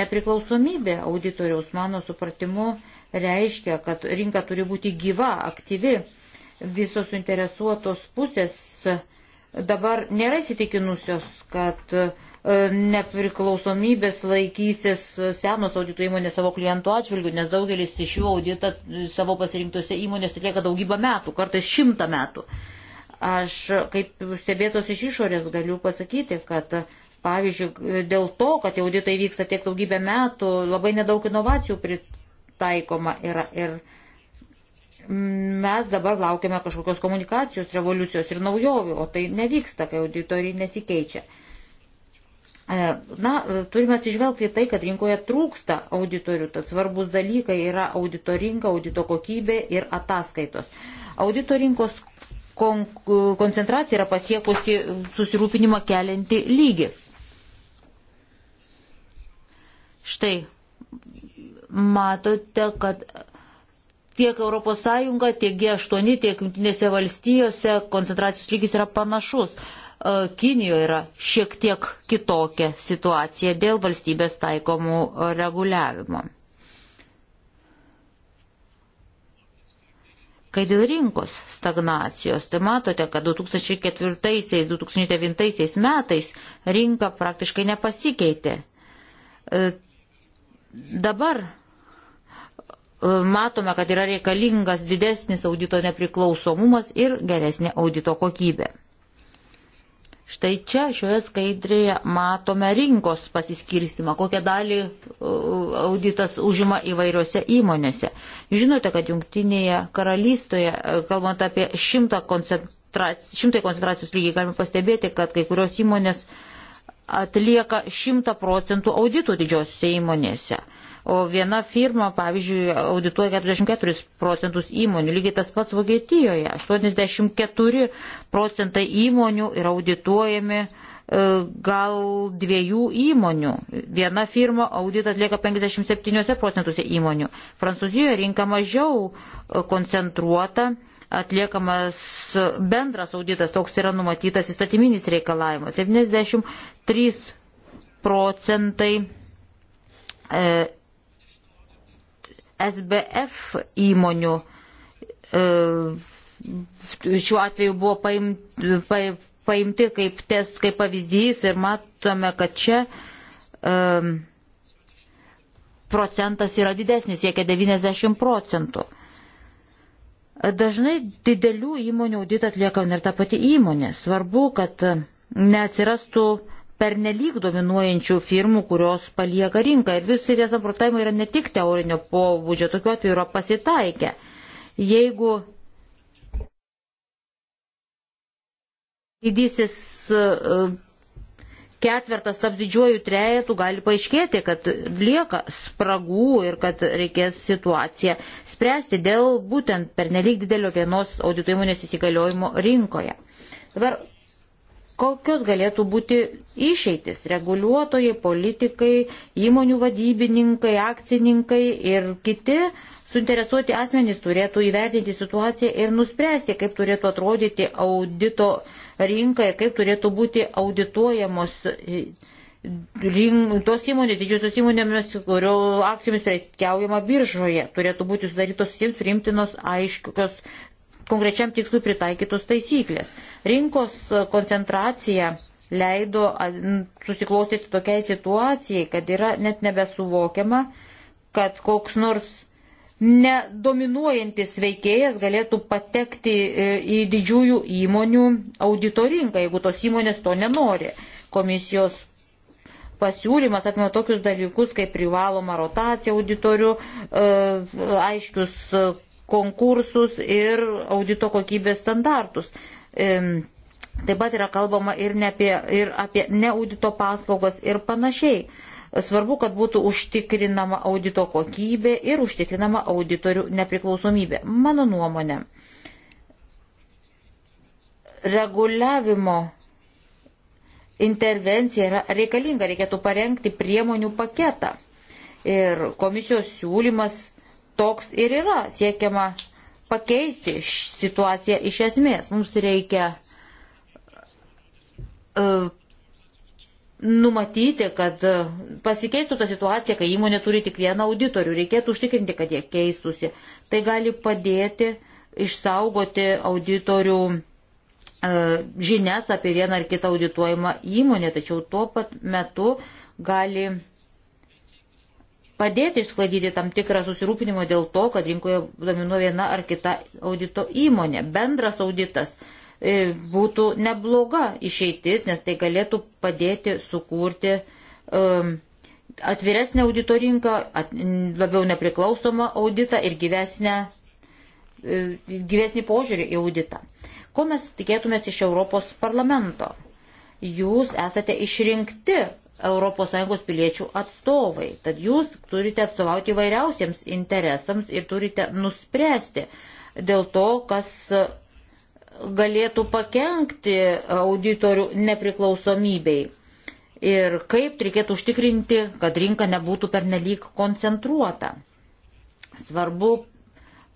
Nepriklausomybė auditoriaus mano supratimu reiškia, kad rinka turi būti gyva, aktyvi. Visos suinteresuotos pusės dabar nėra įsitikinusios, kad e, nepriklausomybės laikysis senos audito įmonės savo klientų atžvilgių, nes daugelis iš jų auditą savo pasirinktose įmonės atlieka daugybą metų, kartais šimtą metų. Uh, Aš kaip stebėtos iš išorės galiu pasakyti, kad pavyzdžiui, dėl to, kad auditai vyksta tiek daugybę metų, labai nedaug inovacijų pritaikoma yra. Ir mes dabar laukiame kažkokios komunikacijos, revoliucijos ir naujovių, o tai nevyksta, kai auditoriai nesikeičia. E, na, turime atsižvelgti į tai, kad rinkoje trūksta auditorių, tad svarbus dalykai yra audito rinka, audito kokybė ir ataskaitos. Audito rinkos koncentracija yra pasiekusi susirūpinimą kelianti lygį. Štai, matote, kad tiek ES, tiek G8, tiek Junktinėse valstijose koncentracijos lygis yra panašus. E, Kinijoje yra šiek tiek kitokia situacija dėl valstybės taikomų reguliavimo. Kai dėl rinkos stagnacijos, tai matote, kad 2004-2009 metais rinka praktiškai nepasikeitė. E, dabar e, matome, kad yra reikalingas didesnis audito nepriklausomumas ir geresnė audito kokybė. Štai čia šioje skaidrėje matome rinkos pasiskirstimą, kokią dalį e, auditas užima įvairiose įmonėse. Žinote, kad jungtinėje karalystoje, e, kalbant apie šimtą koncentracijos, šimtai koncentracijos lygį, galime pastebėti, kad kai kurios įmonės atlieka šimtą procentų auditų didžiosiuose įmonėse. O viena firma, pavyzdžiui, audituoja 44 procentus įmonių, lygiai tas pats Vokietijoje. 84 procentai įmonių yra audituojami e, gal dviejų įmonių. Viena firma audit atlieka 57 procentuose įmonių. Prancūzijoje rinka mažiau e, koncentruota, atliekamas bendras auditas, toks yra numatytas įstatyminis reikalavimas. 73 procentai e, SBF įmonių. E, šiuo atveju buvo paimti, pa, paimti kaip, test, kaip pavyzdys ir matome, kad čia um, procentas yra didesnis, siekia 90 procentų. Dažnai didelių įmonių auditą atlieka ir ta pati įmonė. Svarbu, kad neatsirastų uh, per nelik dominuojančių firmų, kurios palieka rinką. Ir visi tie samprotavimai yra ne tik teorinio pobūdžio, tokiu atveju yra pasitaikę. Jeigu didysis e, ketvertas taps didžiuoju trejetu, gali paaiškėti, kad lieka spragų ir kad reikės situaciją spręsti dėl būtent pernelyg didelio vienos audito įmonės įsigaliojimo rinkoje. Dabar Kokios galėtų būti išeitis reguliuotojai, politikai, įmonių vadybininkai, akcininkai ir kiti suinteresuoti asmenys turėtų įvertinti situaciją ir nuspręsti, kaip turėtų atrodyti audito rinka ir kaip turėtų būti audituojamos e, rink, tos įmonės, didžiosios įmonėmis, kurio akcijomis prekiaujama biržoje, turėtų būti sudarytos visiems priimtinos aiškios konkrečiam tikslui pritaikytos taisyklės. Rinkos koncentracija leido susiklostyti tokiai situacijai, kad yra net nebesuvokiama, kad koks nors nedominuojantis veikėjas galėtų patekti e, į didžiųjų įmonių auditorinką, jeigu tos įmonės to nenori. Komisijos pasiūlymas apima tokius dalykus kaip privaloma rotacija auditorių, e, aiškius e, konkursus ir audito kokybės standartus. Taip pat yra kalbama ir, ne apie, ir apie neaudito paslaugas ir panašiai. Svarbu, kad būtų užtikrinama audito kokybė ir užtikrinama auditorių nepriklausomybė. Mano nuomonė, reguliavimo intervencija yra reikalinga, reikėtų parengti priemonių paketą. Ir komisijos siūlymas toks ir yra siekiama pakeisti situaciją iš esmės. Mums reikia uh, numatyti, kad pasikeistų ta situacija, kai įmonė turi tik vieną auditorių. Reikėtų užtikrinti, kad jie keistusi. Tai gali padėti išsaugoti auditorių uh, žinias apie vieną ar kitą audituojamą įmonę, tačiau tuo pat metu gali padėti išsklaidyti tam tikrą susirūpinimą dėl to, kad rinkoje dominuoja viena ar kita audito įmonė. Bendras auditas e, būtų nebloga išeitis, nes tai galėtų padėti sukurti um, atviresnę audito rinką, at, labiau nepriklausomą auditą ir gyvesnę, e, gyvesnį požiūrį į auditą. Ko mes tikėtumės iš Europos parlamento? Jūs esate išrinkti ES piliečių atstovai. Tad jūs turite atstovauti įvairiausiems interesams ir turite nuspręsti dėl to, kas galėtų pakengti auditorių nepriklausomybei ir kaip reikėtų užtikrinti, kad rinka nebūtų pernelyg koncentruota. Svarbu,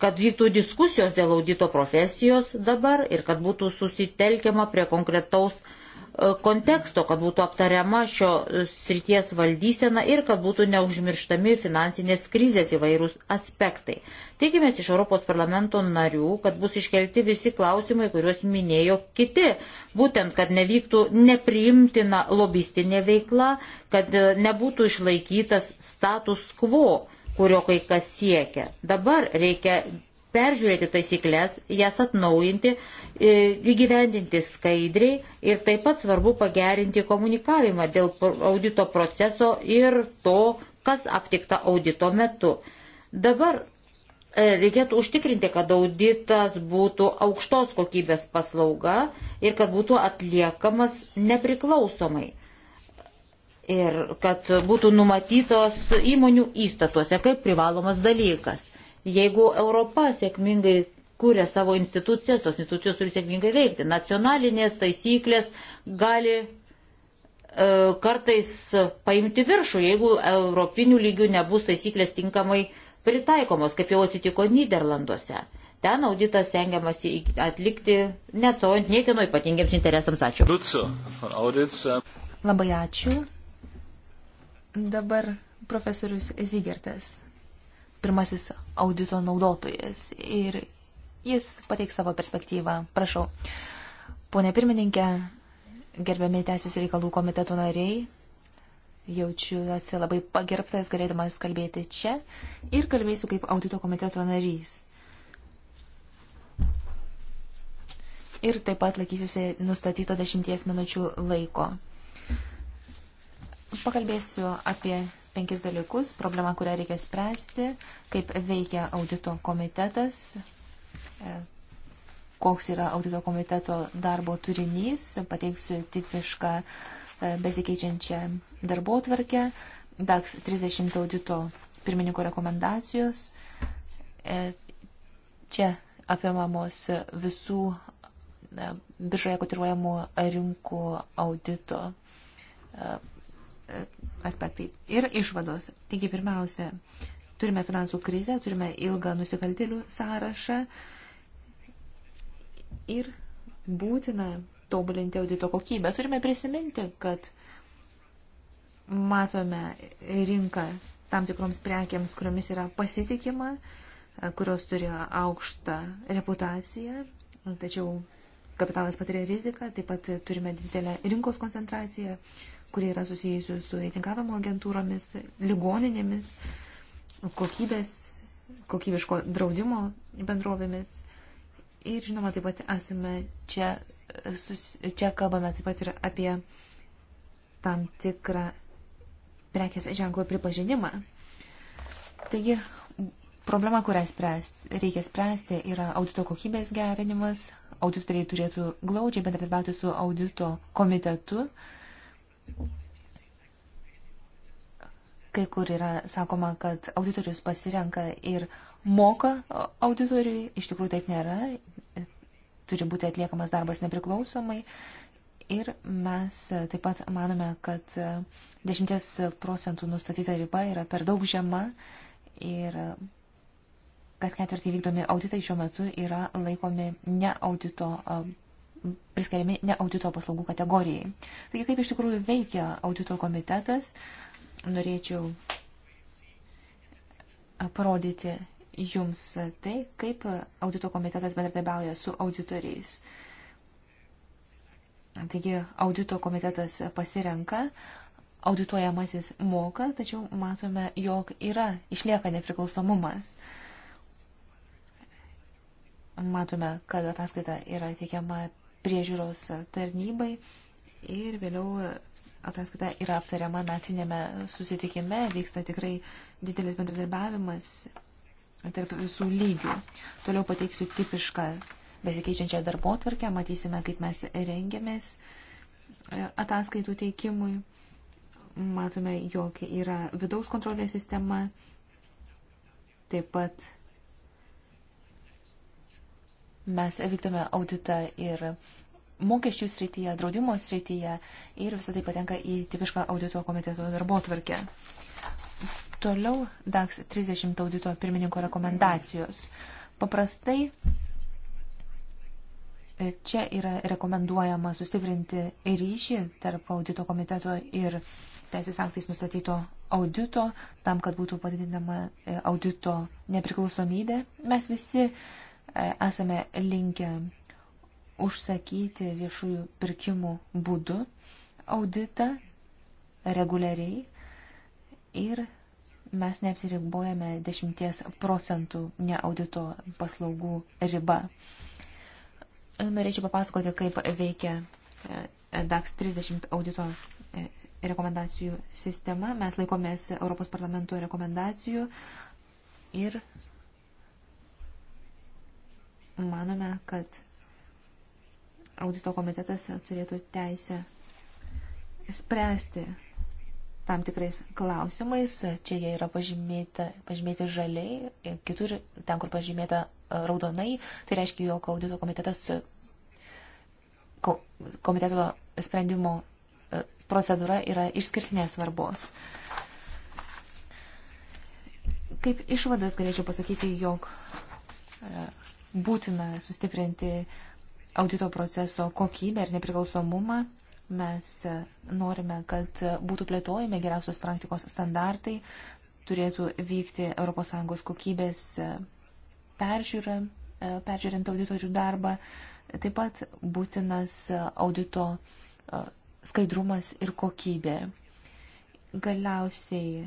kad vyktų diskusijos dėl audito profesijos dabar ir kad būtų susitelkiama prie konkretaus E, konteksto, kad būtų aptariama šio srities valdysena ir kad būtų neužmirštami finansinės krizės įvairūs aspektai. Tikimės iš Europos parlamento narių, kad bus iškelti visi klausimai, kuriuos minėjo kiti. Būtent, kad nevyktų nepriimtina lobistinė veikla, kad e, nebūtų išlaikytas status quo kurio kai kas siekia. Dabar reikia peržiūrėti taisyklės, jas atnaujinti, e, įgyvendinti skaidriai ir taip pat svarbu pagerinti komunikavimą dėl audito proceso ir to, kas aptikta audito metu. Dabar e, reikėtų užtikrinti, kad auditas būtų aukštos kokybės paslauga ir kad būtų atliekamas nepriklausomai. Ir kad būtų numatytos įmonių įstatuose kaip privalomas dalykas. Jeigu Europa sėkmingai kūrė savo institucijas, tos institucijos turi sėkmingai veikti. Nacionalinės taisyklės gali e, kartais paimti viršų, jeigu europinių lygių nebus taisyklės tinkamai pritaikomos, kaip jau atsitiko Niderlanduose. Ten auditas stengiamasi atlikti, neatsovant niekino ypatingiems interesams. Ačiū. Labai ačiū. Dabar profesorius Zygertas pirmasis audito naudotojas ir jis pateiks savo perspektyvą. Prašau. Pone pirmininkė, gerbiami Teisės reikalų komiteto nariai, jaučiuosi labai pagerbtas galėdamas kalbėti čia ir kalbėsiu kaip audito komiteto narys. Ir taip pat laikysiuosi nustatyto dešimties minučių laiko. Pakalbėsiu apie penkis dalykus, problemą, kurią reikia spręsti, kaip veikia audito komitetas, e, koks yra audito komiteto darbo turinys, pateiksiu tipišką e, besikeičiančią darbo tvarkę, DAX 30 audito pirmininko rekomendacijos. E, čia apimamos visų biržoje kotiruojamų rinkų audito aspektai ir išvados. Taigi, pirmiausia, turime finansų krizę, turime ilgą nusikaltėlių sąrašą ir būtina tobulinti audito kokybę. Turime prisiminti, kad matome rinką tam tikroms prekiams, kuriomis yra pasitikima, kurios turi aukštą reputaciją, tačiau kapitalas patiria riziką, taip pat turime didelę rinkos koncentraciją kurie yra susijusių su reitingavimo agentūromis, ligoninėmis, kokybės, kokybiško draudimo bendrovėmis. Ir žinoma, taip pat esame čia, sus, čia kalbame taip pat ir apie tam tikrą prekės ženklo pripažinimą. Taigi, problema, kurią spręs, reikia spręsti, yra audito kokybės gerinimas. Auditoriai turėtų glaudžiai bendradarbiauti su audito komitetu, uh, Kai kur yra sakoma, kad auditorius pasirenka ir moka auditoriui, iš tikrųjų taip nėra, turi būti atliekamas darbas nepriklausomai. Ir mes taip pat manome, kad 10 procentų nustatyta riba yra per daug žema ir kas ketvirtį vykdomi auditai šiuo metu yra laikomi ne audito priskiriami ne audito paslaugų kategorijai. Taigi, kaip iš tikrųjų veikia audito komitetas, norėčiau parodyti jums tai, kaip audito komitetas bendradarbiauja su auditoriais. Taigi, audito komitetas pasirenka, audituojamasis moka, tačiau matome, jog yra, išlieka nepriklausomumas. Matome, kad ataskaita yra teikiama priežiūros tarnybai ir vėliau ataskaita yra aptariama metinėme susitikime, vyksta tikrai didelis bendradarbiavimas tarp visų lygių. Toliau pateiksiu tipišką besikeičiančią darbo tvarkę, matysime, kaip mes rengiamės e, ataskaitų teikimui. Matome, jog yra vidaus kontrolės sistema, taip pat Mes vykdome auditą ir mokesčių srityje, draudimo srityje ir visą tai patenka į tipišką audito komiteto darbo tvarkę. Toliau DAX 30 audito pirmininko rekomendacijos. Paprastai e, čia yra rekomenduojama sustiprinti ryšį tarp audito komiteto ir teisės aktais nustatyto audito, tam, kad būtų padidinama e, audito nepriklausomybė. Mes visi uh, E, esame linkę užsakyti viešųjų pirkimų būdu auditą reguliariai ir mes neapsiribojame 10 procentų neaudito paslaugų riba. E, norėčiau papasakoti, kaip veikia e, DAX 30 audito rekomendacijų sistema. Mes laikomės Europos parlamento rekomendacijų ir manome, kad audito komitetas turėtų teisę spręsti tam tikrais klausimais. Čia jie yra pažymėta, pažymėti žaliai, kitur, ten, kur pažymėta e, raudonai, tai reiškia, jog audito komitetas komiteto sprendimo e, procedūra yra išskirtinės svarbos. Kaip išvadas galėčiau pasakyti, jog e, būtina sustiprinti audito proceso kokybę ir nepriklausomumą. Mes e, norime, kad būtų plėtojami geriausios praktikos standartai, turėtų vykti ES kokybės e, peržiūra, e, peržiūrint auditorių darbą. Taip pat būtinas audito skaidrumas ir kokybė. Galiausiai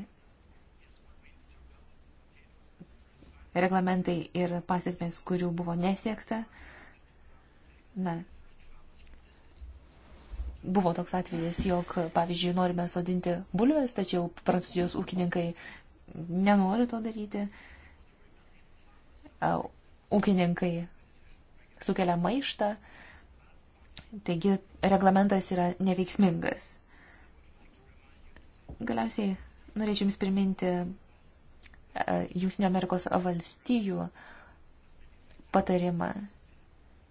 reglamentai ir pasiekmes, kurių buvo nesiekta. Na, buvo toks atvejis, jog, pavyzdžiui, norime sodinti bulves, tačiau prancūzijos ūkininkai nenori to daryti. Ūkininkai sukelia maištą, taigi reglamentas yra neveiksmingas. Galiausiai norėčiau Jums priminti E, Jūsinių Amerikos valstijų patarimą.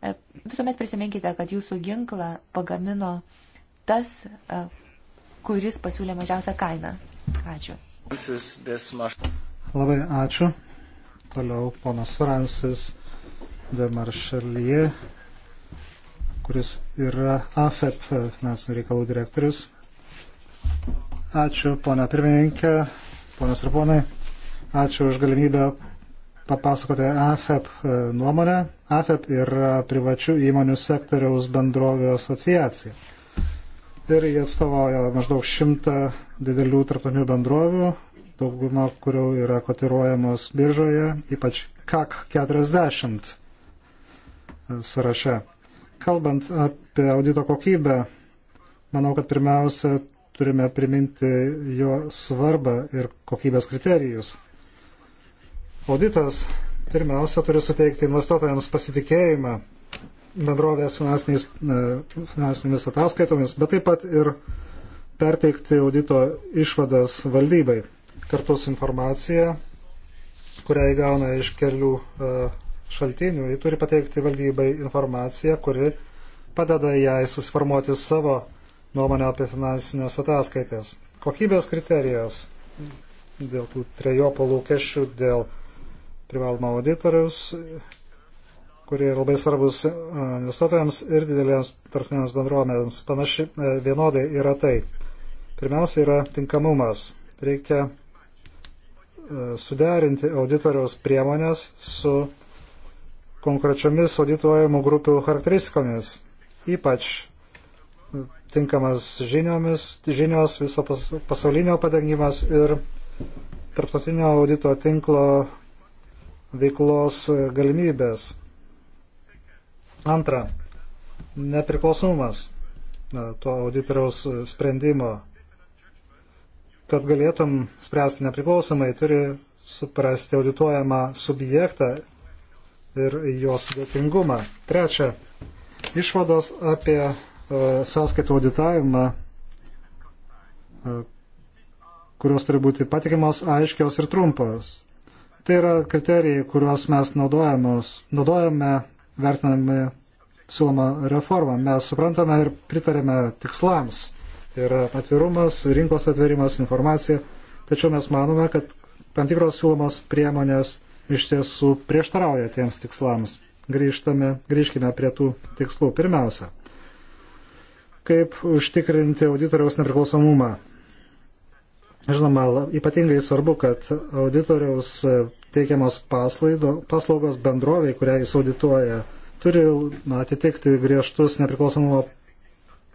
E, visuomet prisiminkite, kad jūsų ginklą pagamino tas, e, kuris pasiūlė mažiausią kainą. Ačiū. Labai ačiū. Toliau ponas Francis de Maršalie, kuris yra AFEP finansinių reikalų direktorius. Ačiū, ponia pirmininkė, ponas ir ponai. Ačiū už galimybę papasakoti AFEP e, nuomonę. AFEP yra privačių įmonių sektoriaus bendrovio asociacija. Ir jie atstovauja maždaug šimtą didelių tarptautinių bendrovių, dauguma kurių yra kotiruojamos biržoje, ypač KAK 40 e, sąraše. Kalbant apie audito kokybę, manau, kad pirmiausia turime priminti jo svarbą ir kokybės kriterijus. Auditas pirmiausia turi suteikti investuotojams pasitikėjimą bendrovės e, finansinėmis ataskaitomis, bet taip pat ir perteikti audito išvadas valdybai kartu su informacija, kurią įgauna iš kelių e, šaltinių. Ji turi pateikti valdybai informaciją, kuri padeda jai susiformuoti savo nuomonę apie finansinės ataskaitės. Kokybės kriterijos dėl tų trejopo lūkesčių, dėl privaloma auditorius, kurie yra labai svarbus e, investuotojams ir didelėms tarptautinėms bendruomenėms. Panaši e, vienodai yra tai. Pirmiausia yra tinkamumas. Reikia e, suderinti auditoriaus priemonės su konkrečiomis audituojamų grupių charakteristikomis, ypač tinkamas žiniomis, žinios viso pas, pasaulinio padengimas ir tarptautinio audito tinklo veiklos e, galimybės. Antra, nepriklausomumas e, to auditoriaus sprendimo. Kad galėtum spręsti nepriklausomai, turi suprasti audituojamą subjektą ir jos sudėtingumą. Trečia, išvados apie e, sąskaitų auditavimą, kurios turi būti patikimos, aiškios ir trumpos Tai yra kriterijai, kuriuos mes naudojame, vertiname siūlomą reformą. Mes suprantame ir pritarėme tikslams. Tai yra atvirumas, rinkos atverimas, informacija. Tačiau mes manome, kad tam tikros siūlomos priemonės iš tiesų prieštarauja tiems tikslams. Grįžtame, grįžkime prie tų tikslų. Pirmiausia, kaip užtikrinti auditoriaus nepriklausomumą. Žinoma, ypatingai svarbu, kad auditoriaus teikiamos paslaido, paslaugos bendroviai, kurią jis audituoja, turi na, atitikti griežtus nepriklausomumo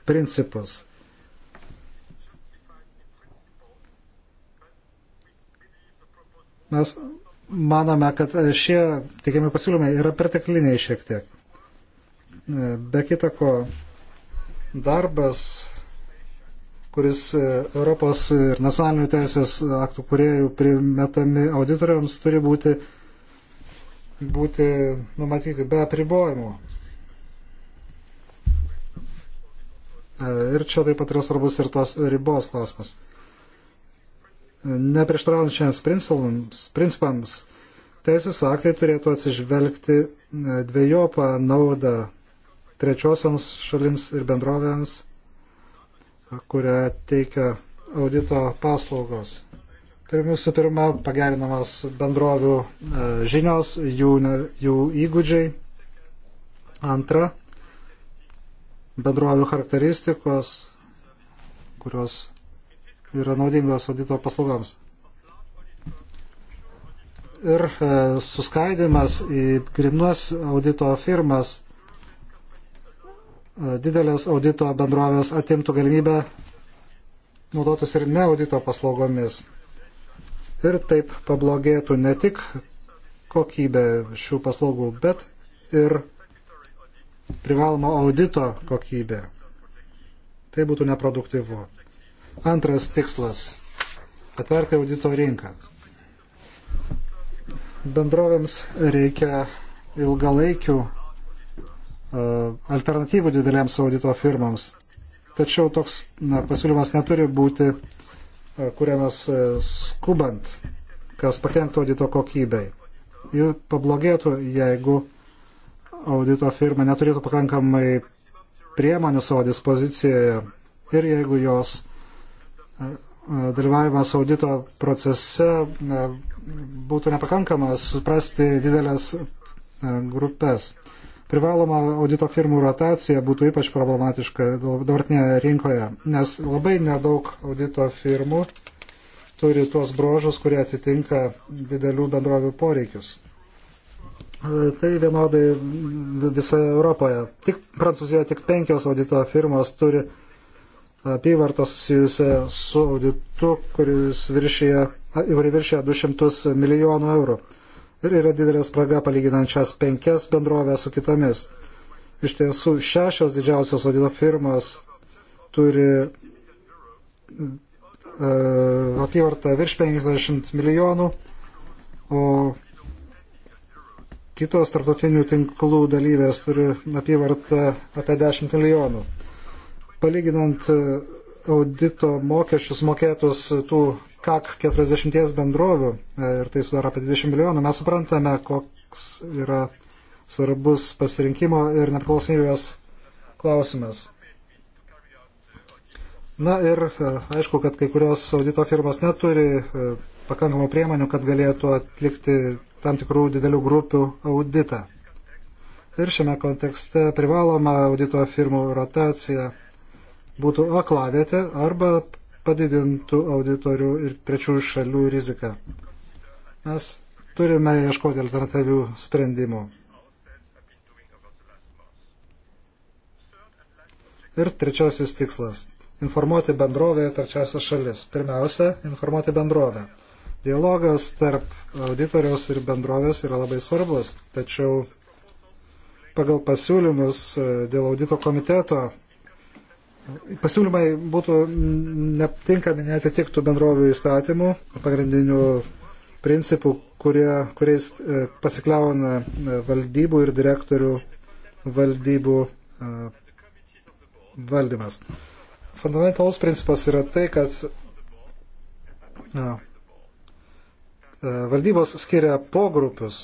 principus. Mes manome, kad šie teikiami pasiūlymai yra pertekliniai šiek tiek. Be kita ko, darbas kuris e, Europos ir nacionalinių teisės aktų kuriejų primetami auditoriams turi būti, būti numatyti be apribojimų. E, ir čia taip pat yra svarbus ir tos ribos klausimas. Neprieštaraujančiams principams teisės aktai turėtų atsižvelgti e, dviejopą naudą trečiosiams šalims ir bendrovėms kurią teikia audito paslaugos. Pirmiausia, tai pirma, pagerinamas bendrovių e, žinios, jų, jų įgūdžiai. Antra, bendrovių charakteristikos, kurios yra naudingos audito paslaugoms. Ir e, suskaidimas į grinuos audito firmas didelės audito bendrovės atimtų galimybę naudotis ir ne audito paslaugomis. Ir taip pablogėtų ne tik kokybė šių paslaugų, bet ir privalomo audito kokybė. Tai būtų neproduktyvu. Antras tikslas - atverti audito rinką. Bendrovėms reikia ilgalaikių E, alternatyvų didelėms audito firmams. Tačiau toks na, pasiūlymas neturi būti e, kuriamas e, skubant, kas pakenktų audito kokybei. Ji pablogėtų, jeigu audito firma neturėtų pakankamai priemonių savo dispozicijoje ir jeigu jos dalyvavimas audito procese būtų nepakankamas suprasti didelės grupės. Privaloma audito firmų rotacija būtų ypač problematiška dabartinėje rinkoje, nes labai nedaug audito firmų turi tuos brožus, kurie atitinka didelių bendrovių poreikius. E, tai vienodai visoje Europoje. Tik Prancūzijoje tik penkios audito firmos turi apyvartą susijusią su auditu, kuris viršyje, viršyje 200 milijonų eurų ir yra didelė spraga palyginant šias penkias bendrovės su kitomis. Iš tiesų, šešios didžiausios audito firmos turi uh, apyvartą virš 50 milijonų, o kitos tarptautinių tinklų dalyvės turi apyvartą apie 10 milijonų. Palyginant uh, audito mokesčius mokėtus tų KAK 40 bendrovių e, ir tai sudaro apie 20 milijonų, mes suprantame, koks yra svarbus pasirinkimo ir nepriklausomybės klausimas. Na ir e, aišku, kad kai kurios audito firmas neturi e, pakankamų priemonių, kad galėtų atlikti tam tikrų didelių grupių auditą. Ir šiame kontekste privaloma audito firmų rotacija būtų aklavėte arba padidintų auditorių ir trečiųjų šalių riziką. Mes turime ieškoti alternatyvių sprendimų. Ir trečiasis tikslas - informuoti bendrovę trečiasias šalis. Pirmiausia, informuoti bendrovę. Dialogas tarp auditoriaus ir bendrovės yra labai svarbus, tačiau pagal pasiūlymus e, dėl audito komiteto pasiūlymai būtų netinkami, netitiktų bendrovių įstatymų, pagrindinių principų, kurie, kuriais e, pasikliauna e, valdybų ir direktorių valdybų e, valdymas. Fundamentalus principas yra tai, kad na, valdybos skiria pogrupius,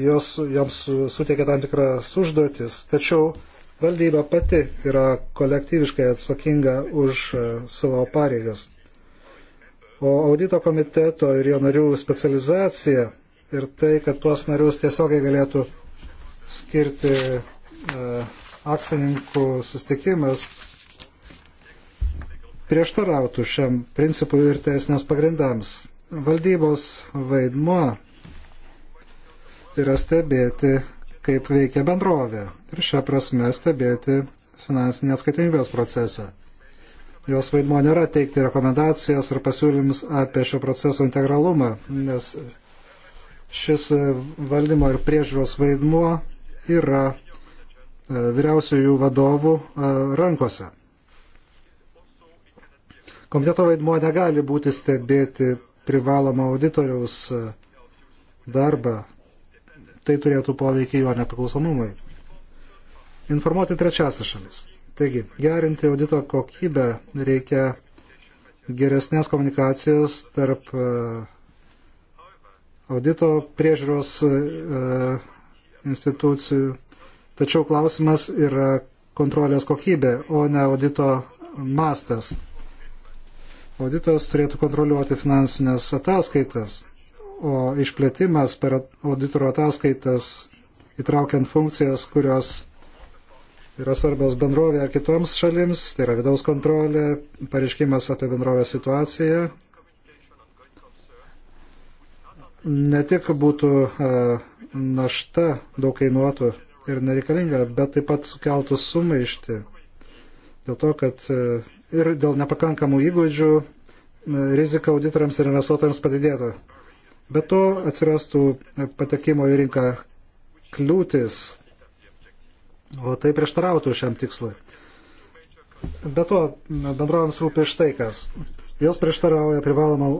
jos joms suteikia tam tikras užduotis, tačiau Valdyba pati yra kolektyviškai atsakinga už e, savo pareigas. O audito komiteto ir jo narių specializacija ir tai, kad tuos narius tiesiogiai galėtų skirti uh, akcininkų sustikimas, prieštarautų šiam principui ir teisiniams pagrindams. Valdybos vaidmuo yra stebėti, kaip veikia bendrovė ir šią prasme stebėti finansinės skaitinybės procesą. Jos vaidmo nėra teikti rekomendacijas ar pasiūlymus apie šio proceso integralumą, nes šis valdymo ir priežiūros vaidmuo yra e, vyriausiųjų vadovų e, rankose. Komiteto vaidmuo negali būti stebėti privalomą auditoriaus e, darbą tai turėtų poveikį jo nepriklausomumui. Informuoti trečiasias šalis. Taigi, gerinti audito kokybę reikia geresnės komunikacijos tarp e, audito priežiūros e, institucijų. Tačiau klausimas yra kontrolės kokybė, o ne audito mastas. Auditas turėtų kontroliuoti finansinės ataskaitas o išplėtimas per auditoro ataskaitas, įtraukiant funkcijas, kurios yra svarbios bendrovė ar kitoms šalims, tai yra vidaus kontrolė, pareiškimas apie bendrovę situaciją. Ne tik būtų e, našta daug kainuotų ir nereikalinga, bet taip pat sukeltų sumaišti. Dėl to, kad e, ir dėl nepakankamų įgūdžių rizika auditoriams ir investuotojams padidėtų. Be to atsirastų patekimo į rinką kliūtis, o tai prieštarautų šiam tikslui. Be to, bendrovams rūpi štai kas. Jos prieštarauja, privaloma,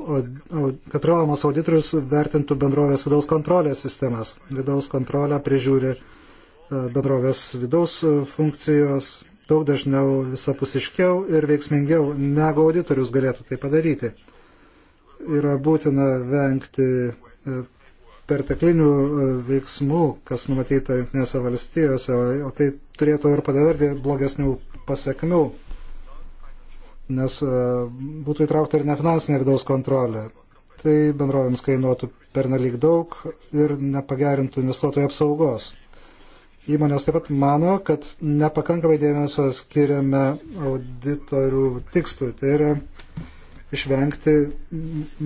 kad privalomas auditorius vertintų bendrovės vidaus kontrolės sistemas. Vidaus kontrolę prižiūri e, bendrovės vidaus funkcijos daug dažniau visapusiškiau ir veiksmingiau negu auditorius galėtų tai padaryti yra būtina vengti e, perteklinių e, veiksmų, kas numatyta Junktinėse valstijose, o tai turėtų ir padaryti blogesnių pasiekmių, nes e, būtų įtraukta ir nefinansinė vidaus kontrolė. Tai bendrovėms kainuotų pernelyg daug ir nepagerintų investuotojų apsaugos. Įmonės taip pat mano, kad nepakankamai dėmesio skiriame auditorių tikslui. Tai yra išvengti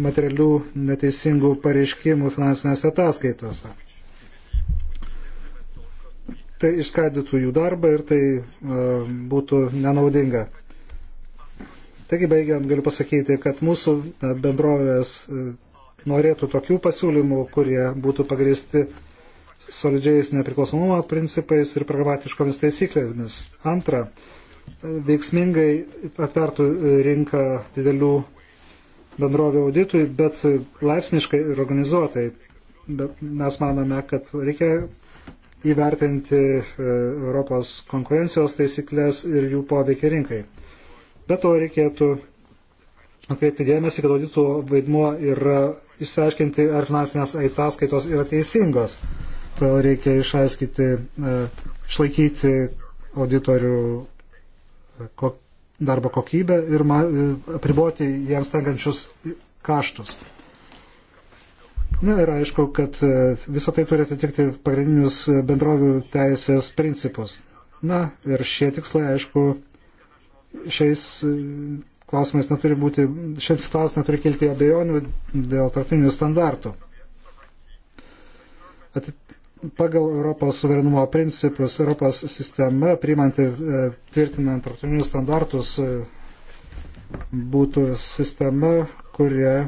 materialių neteisingų pareiškimų finansinėse ataskaitose. Tai išskaidytų jų darbą ir tai uh, būtų nenaudinga. Taigi baigiant galiu pasakyti, kad mūsų e, bendrovės e, norėtų tokių pasiūlymų, kurie būtų pagristi solidžiais nepriklausomumo principais ir pragmatiškomis taisyklėmis. Antra, veiksmingai atvertų rinką didelių bendrovio auditui, bet laipsniškai ir organizuotai. Bet mes manome, kad reikia įvertinti e, Europos konkurencijos taisyklės ir jų poveikį rinkai. Be to reikėtų atkreipti dėmesį, kad audito vaidmuo yra išsiaiškinti, ar finansinės ataskaitos yra teisingos. Todėl reikia išaiškinti, e, išlaikyti auditorių e, darbo kokybę ir e, apriboti jiems tenkančius kaštus. Na ir aišku, kad e, visą tai turi atitikti pagrindinius bendrovių teisės principus. Na ir šie tikslai, aišku, šiais e, klausimais neturi būti, šiems klausimais neturi kilti abejonių dėl tarptautinių standartų. Ati, pagal Europos suverenumo principus, Europos sistema, priimant ir e, tvirtinant tarptautinius standartus, e, būtų sistema, kurie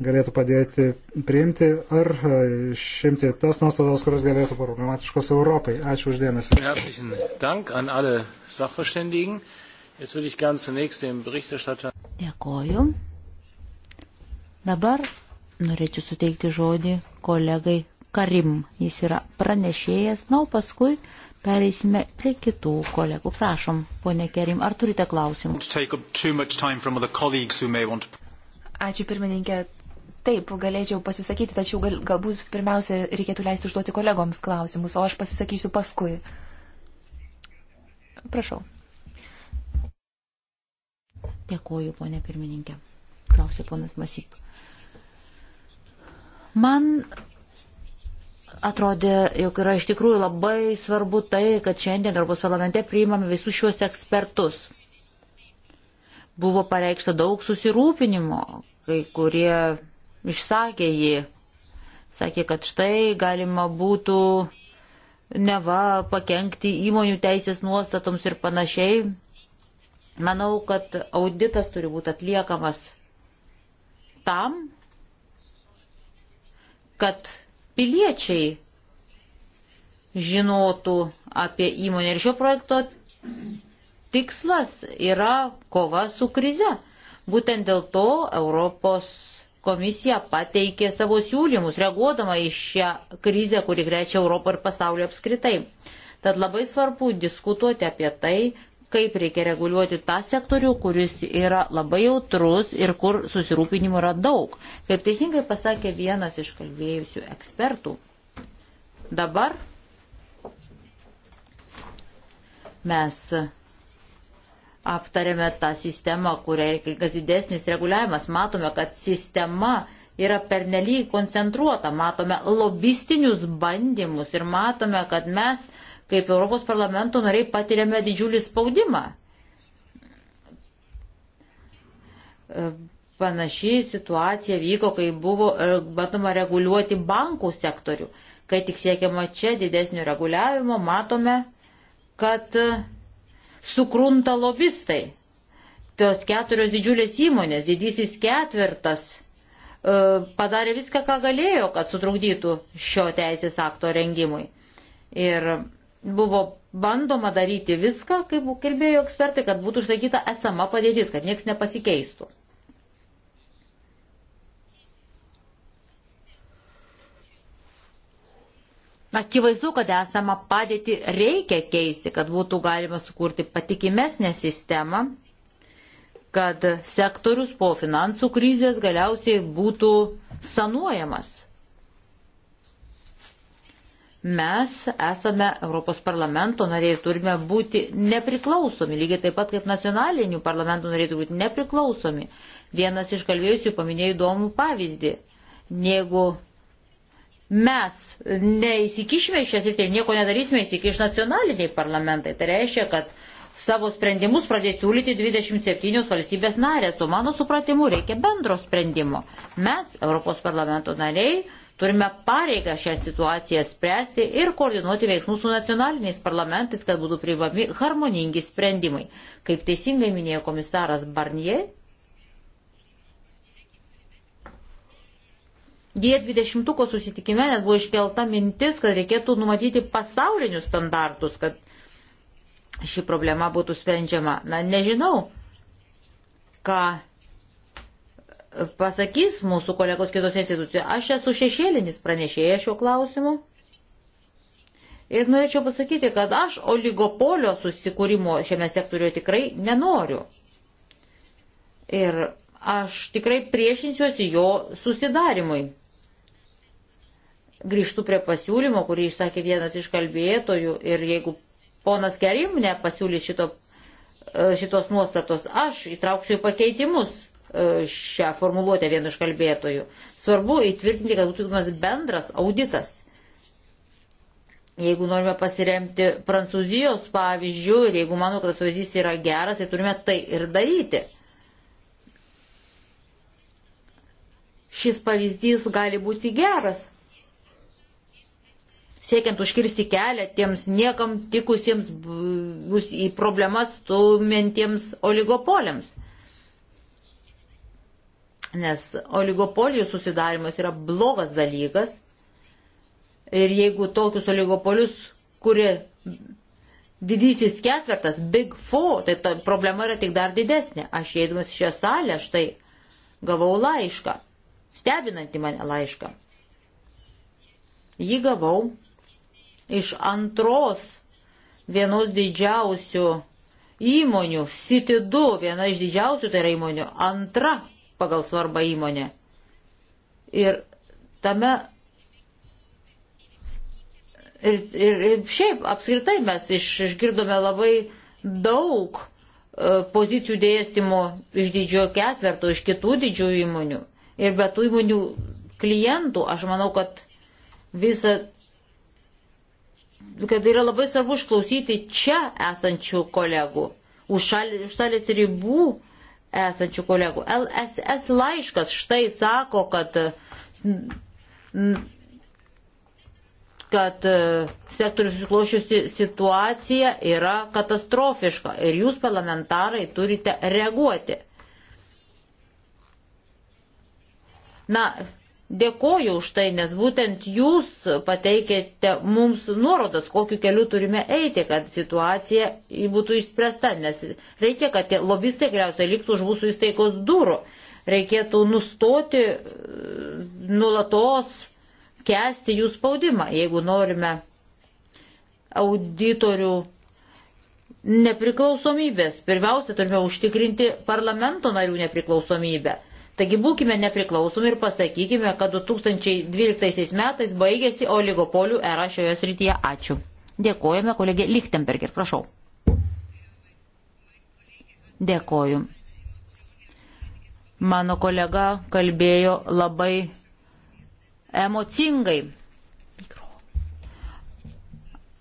galėtų padėti priimti ar e, šimti tas nuostatas, kurios galėtų problematiškos Europai. Ačiū uždėmesi. Herzlichen Dank an alle Sachverständigen. Jetzt würde ich gern zunächst dem Berichterstatter. Dėkoju. Dabar norėčiau suteikti žodį kolegai Karim. Jis yra pranešėjas, na, o paskui pereisime prie kitų kolegų. Prašom, ponė Kerim, ar turite klausimų? Ačiū pirmininkė. Taip, galėčiau pasisakyti, tačiau gal, galbūt pirmiausia reikėtų leisti užduoti kolegoms klausimus, o aš pasisakysiu paskui. Prašau. Dėkoju, ponė pirmininkė. Klausė ponas Masyp. Man Atrodė, jog yra iš tikrųjų labai svarbu tai, kad šiandien Europos parlamente priimame visus šiuos ekspertus. Buvo pareikšta daug susirūpinimo, kai kurie išsakė jį. Sakė, kad štai galima būtų neva pakengti įmonių teisės nuostatoms ir panašiai. Manau, kad auditas turi būti atliekamas tam, kad piliečiai žinotų apie įmonę. Ir šio projekto tikslas yra kova su krize. Būtent dėl to Europos komisija pateikė savo siūlymus, reaguodama į šią krizę, kuri grečia Europą ir pasaulį apskritai. Tad labai svarbu diskutuoti apie tai, kaip reikia reguliuoti tą sektorių, kuris yra labai jautrus ir kur susirūpinimų yra daug. Kaip teisingai pasakė vienas iš kalbėjusių ekspertų, dabar mes aptarėme tą sistemą, kuria reikalingas didesnis reguliavimas. Matome, kad sistema yra pernelyg koncentruota, matome lobistinius bandymus ir matome, kad mes uh, kaip Europos parlamento nariai patiriame didžiulį spaudimą. E, panaši situacija vyko, kai buvo e, bandoma reguliuoti bankų sektorių. Kai tik siekiama čia didesnio reguliavimo, matome, kad e, sukrunta lobistai. Tos keturios didžiulės įmonės, didysis ketvirtas, padarė viską, ką galėjo, kad sutrukdytų šio teisės akto rengimui. Ir buvo bandoma daryti viską, kaip kalbėjo ekspertai, kad būtų išlaikyta esama padėtis, kad niekas nepasikeistų. Akivaizdu, kad esamą padėtį reikia keisti, kad būtų galima sukurti patikimesnę sistemą, kad sektorius po finansų krizės galiausiai būtų sanuojamas Mes esame Europos parlamento nariai ir turime būti nepriklausomi, lygiai taip pat kaip nacionalinių parlamentų nariai turi būti nepriklausomi. Vienas iš kalbėjusių paminėjo įdomų pavyzdį. Jeigu mes neįsikišime iš šią sritį ir nieko nedarysime, įsikiš nacionaliniai parlamentai. Tai reiškia, kad savo sprendimus pradės siūlyti 27 valstybės narės, o mano supratimu reikia bendro sprendimo. Mes, Europos parlamento nariai, Turime pareigą šią situaciją spręsti ir koordinuoti veiksmus su nacionaliniais parlamentais, kad būtų priimami harmoningi sprendimai. Kaip teisingai minėjo komisaras Barnier, G20 susitikime net buvo iškelta mintis, kad reikėtų numatyti pasaulinius standartus, kad ši problema būtų sprendžiama. Na, nežinau, ką pasakys mūsų kolegos kitos institucijos. Aš esu šešėlinis pranešėjas šiuo klausimu. Ir norėčiau pasakyti, kad aš oligopolio susikūrimo šiame sektoriuje tikrai nenoriu. Ir aš tikrai priešinsiuosi jo susidarimui. Grįžtu prie pasiūlymo, kurį išsakė vienas iš kalbėtojų ir jeigu ponas Kerim nepasiūlys šito, e, šitos nuostatos, aš įtrauksiu į pakeitimus E, šią formuluotę vienu iš kalbėtojų. Svarbu įtvirtinti, kad būtų vykdomas bendras auditas. Jeigu norime pasiremti Prancūzijos pavyzdžių ir jeigu manau, kad tas pavyzdys yra geras, tai turime tai ir daryti. Šis pavyzdys gali būti geras. Siekiant užkirsti kelią tiems niekam tikusiems į problemas stumintiems oligopoliams. Nes oligopolijų susidarimas yra blogas dalykas. Ir jeigu tokius oligopolius, kurie didysis ketvertas, Big Four, tai ta problema yra tik dar didesnė. Aš eidamas šią salę štai gavau laišką, stebinantį mane laišką. Jį gavau iš antros vienos didžiausių įmonių, City 2, viena iš didžiausių tai yra įmonių, antra pagal svarbą įmonė. Ir tame. Ir, ir, ir šiaip apskritai mes iš, išgirdome labai daug e, pozicijų dėstymo iš didžiojo ketverto, iš kitų didžiųjų įmonių. Ir be tų įmonių klientų, aš manau, kad visa, kad yra labai svarbu išklausyti čia esančių kolegų, už, šal, už šalės ribų esančių kolegų. LSS laiškas štai sako, kad, kad e, sektorius susiklošiusi situacija yra katastrofiška ir jūs parlamentarai turite reaguoti. Na, dėkoju už tai, nes būtent jūs pateikėte mums nuorodas, kokiu keliu turime eiti, kad situacija būtų išspręsta, nes reikia, kad tie lobistai geriausiai liktų už mūsų įsteigos durų. Reikėtų nustoti e, nulatos kesti jų spaudimą, jeigu norime auditorių nepriklausomybės. Pirmiausia, turime užtikrinti parlamento narių nepriklausomybę Taigi būkime nepriklausomi ir pasakykime, kad 2012 metais baigėsi oligopolių era šioje srityje. Ačiū. Dėkojame kolegė Lichtenberger, prašau. Dėkoju. Mano kolega kalbėjo labai emocingai.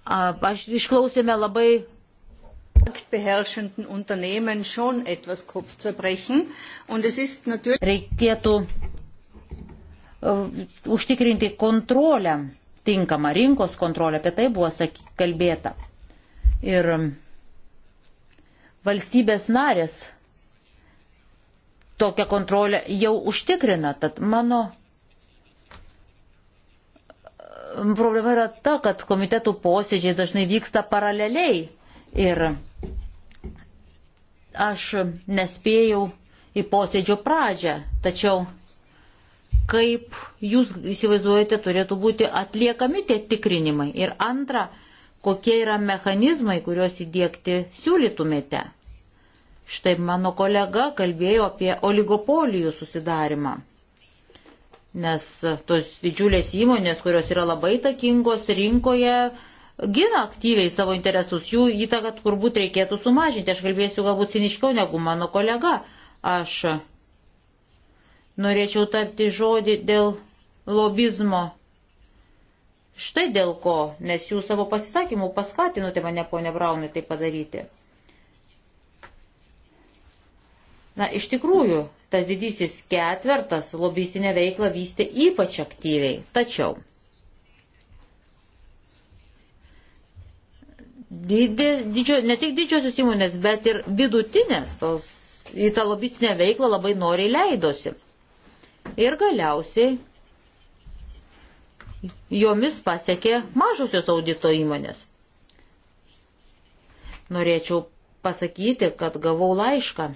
Aš išklausėme labai marktbeherrschenden Unternehmen schon etwas Kopfzerbrechen. Und es ist natürlich. Reikėtų äh, užtikrinti kontrolę, tinkamą rinkos kontrolę, apie tai buvo kalbėta. Ir ähm, valstybės narės tokią kontrolę jau užtikrina, tad mano äh, problema yra ta, kad komitetų posėdžiai dažnai vyksta paraleliai ir Aš nespėjau į posėdžio pradžią, tačiau kaip jūs įsivaizduojate turėtų būti atliekami tie tikrinimai. Ir antra, kokie yra mechanizmai, kuriuos įdėkti siūlytumėte. Štai mano kolega kalbėjo apie oligopolijų susidarimą. Nes tos didžiulės įmonės, kurios yra labai takingos rinkoje, gina aktyviai savo interesus, jų įtaką turbūt reikėtų sumažinti. Aš kalbėsiu galbūt siniškiau negu mano kolega. Aš norėčiau tarti žodį dėl lobizmo. Štai dėl ko, nes jūs savo pasisakymų paskatinote mane, ponė Braunai, tai padaryti. Na, iš tikrųjų, tas didysis ketvertas lobistinę veiklą vystė ypač aktyviai. Tačiau didė, didžio, ne tik didžiosios įmonės, bet ir vidutinės tos, į tą lobistinę veiklą labai noriai leidosi. Ir galiausiai jomis pasiekė mažosios audito įmonės. Norėčiau pasakyti, kad gavau laišką.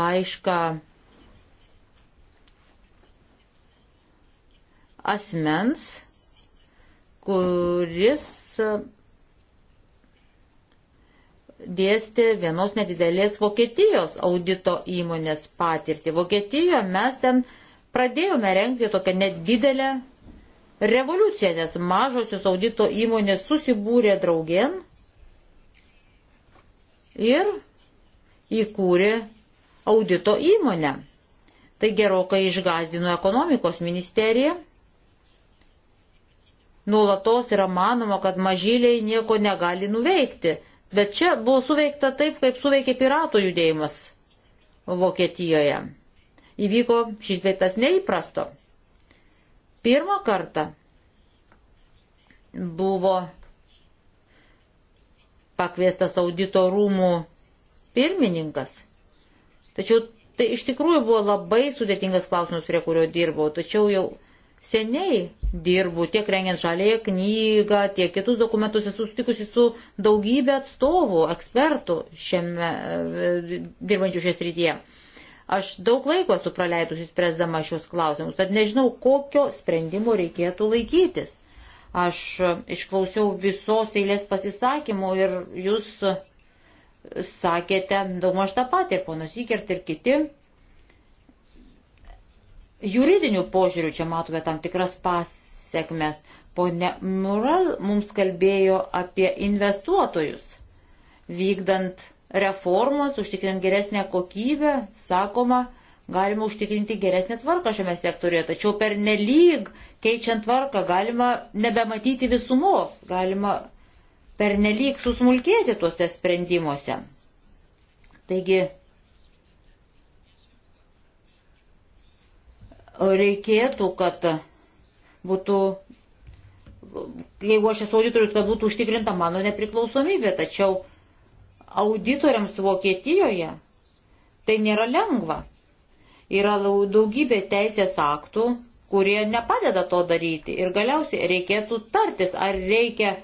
Laišką asmens, kuris e, dėstė vienos nedidelės Vokietijos audito įmonės patirtį. Vokietijoje mes ten pradėjome renkti tokią nedidelę revoliuciją, nes mažosios audito įmonės susibūrė draugien ir įkūrė audito įmonę. Tai gerokai išgazdino ekonomikos ministeriją Nuolatos yra manoma, kad mažyliai nieko negali nuveikti, bet čia buvo suveikta taip, kaip suveikė piratų judėjimas Vokietijoje. Įvyko šis veiktas neįprasto. Pirmą kartą buvo pakviestas audito rūmų pirmininkas. Tačiau tai iš tikrųjų buvo labai sudėtingas klausimas, prie kurio dirbau. Tačiau jau seniai dirbu tiek rengiant žalėje knygą, tiek kitus dokumentus, esu sutikusi su daugybė atstovų, ekspertų šiame e, dirbančių šią srityje. Aš daug laiko esu praleidusi spręsdama šios klausimus, tad nežinau, kokio sprendimo reikėtų laikytis. Aš išklausiau visos eilės pasisakymų ir jūs sakėte daugmaž tą patį, ir ponas Ikert, ir kiti Juridinių požiūrių čia matome tam tikras pasiekmes. Pone Mural mums kalbėjo apie investuotojus. Vykdant reformas, užtikrinant geresnę kokybę, sakoma, galima užtikrinti geresnę tvarką šiame sektoriuje, tačiau per nelyg keičiant tvarką galima nebematyti visumos, galima per nelyg susmulkėti tuose sprendimuose. Taigi reikėtų, kad būtų, jeigu aš esu auditorius, kad būtų užtikrinta mano nepriklausomybė, tačiau auditoriams Vokietijoje tai nėra lengva. Yra daugybė teisės aktų, kurie nepadeda to daryti ir galiausiai reikėtų tartis, ar reikia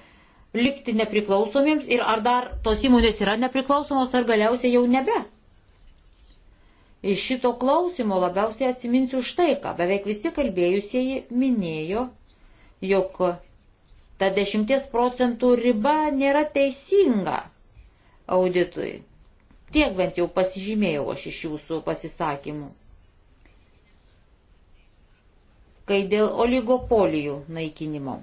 likti nepriklausomiems ir ar dar tos įmonės yra nepriklausomos, ar galiausiai jau nebe. Iš šito klausimo labiausiai atsiminsiu štai ką. Beveik visi kalbėjusieji minėjo, jog ta dešimties procentų riba nėra teisinga auditui. Tiek bent jau pasižymėjau aš iš jūsų pasisakymų. Kai dėl oligopolijų naikinimo.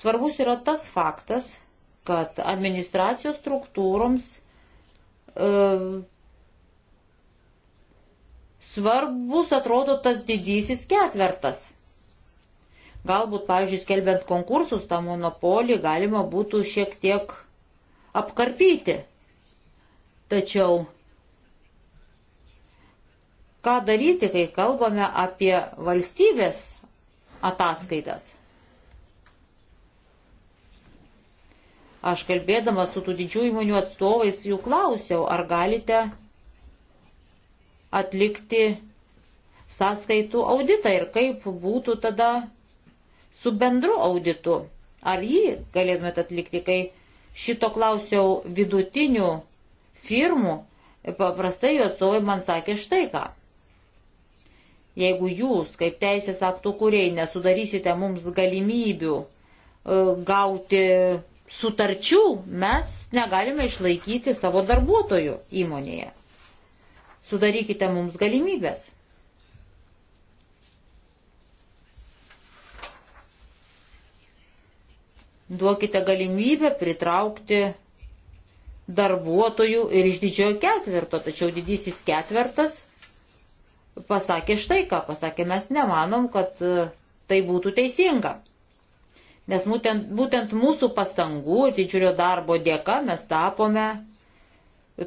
Svarbus yra tas faktas, kad administracijos struktūroms e, svarbus atrodo tas didysis ketvertas. Galbūt, pavyzdžiui, skelbiant konkursus tą monopolį galima būtų šiek tiek apkarpyti. Tačiau ką daryti, kai kalbame apie valstybės ataskaitas? Aš kalbėdamas su tų didžiųjų įmonių atstovais jų klausiau, ar galite atlikti sąskaitų auditą ir kaip būtų tada su bendru auditu. Ar jį galėtumėt atlikti, kai šito klausiau vidutinių firmų, paprastai jų atstovai man sakė štai ką. Jeigu jūs, kaip teisės aktų kuriai, nesudarysite mums galimybių e, gauti sutarčių mes negalime išlaikyti savo darbuotojų įmonėje. Sudarykite mums galimybės. Duokite galimybę pritraukti darbuotojų ir iš didžiojo ketvirto, tačiau didysis ketvirtas pasakė štai ką, pasakė mes nemanom, kad e, tai būtų teisinga. Nes būtent, būtent mūsų pastangų, didžiulio darbo dėka mes tapome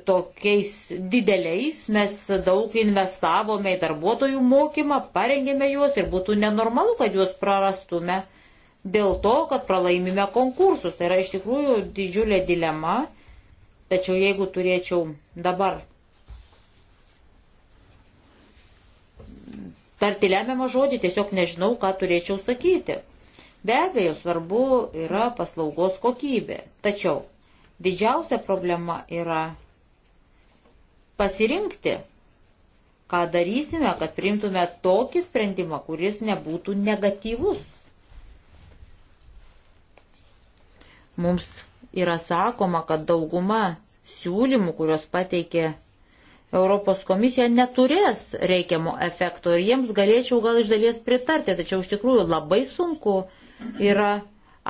tokiais dideliais, mes daug investavome į darbuotojų mokymą, parengėme juos ir būtų nenormalu, kad juos prarastume dėl to, kad pralaimime konkursus. Tai yra iš tikrųjų didžiulė dilema, tačiau jeigu turėčiau dabar tarti lemiamą žodį, tiesiog nežinau, ką turėčiau sakyti. Be abejo, svarbu yra paslaugos kokybė. Tačiau didžiausia problema yra pasirinkti, ką darysime, kad priimtume tokį sprendimą, kuris nebūtų negatyvus. Mums yra sakoma, kad dauguma siūlymų, kuriuos pateikė Europos komisija, neturės reikiamo efekto ir jiems galėčiau gal iš dalies pritarti, tačiau iš tikrųjų labai sunku uh, yra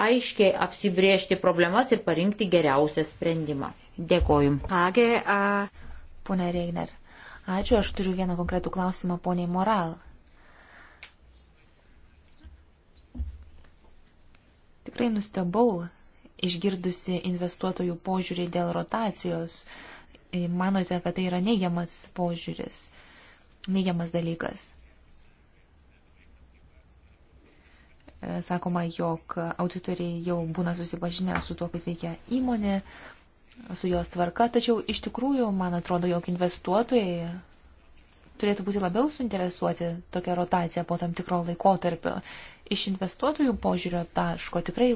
aiškiai apsibriežti problemas ir parinkti geriausią sprendimą. Dėkoju. Agė, a... ponė Reigner. Ačiū, aš turiu vieną konkretų klausimą poniai Moral. Tikrai nustebau išgirdusi investuotojų požiūrį dėl rotacijos. Manote, kad tai yra neigiamas požiūris, neigiamas dalykas. sakoma, jog auditoriai jau būna susipažinę su tuo, kaip veikia įmonė, su jos tvarka, tačiau iš tikrųjų, man atrodo, jog investuotojai turėtų būti labiau suinteresuoti tokią rotaciją po tam tikro laikotarpio. Iš investuotojų požiūrio taško tikrai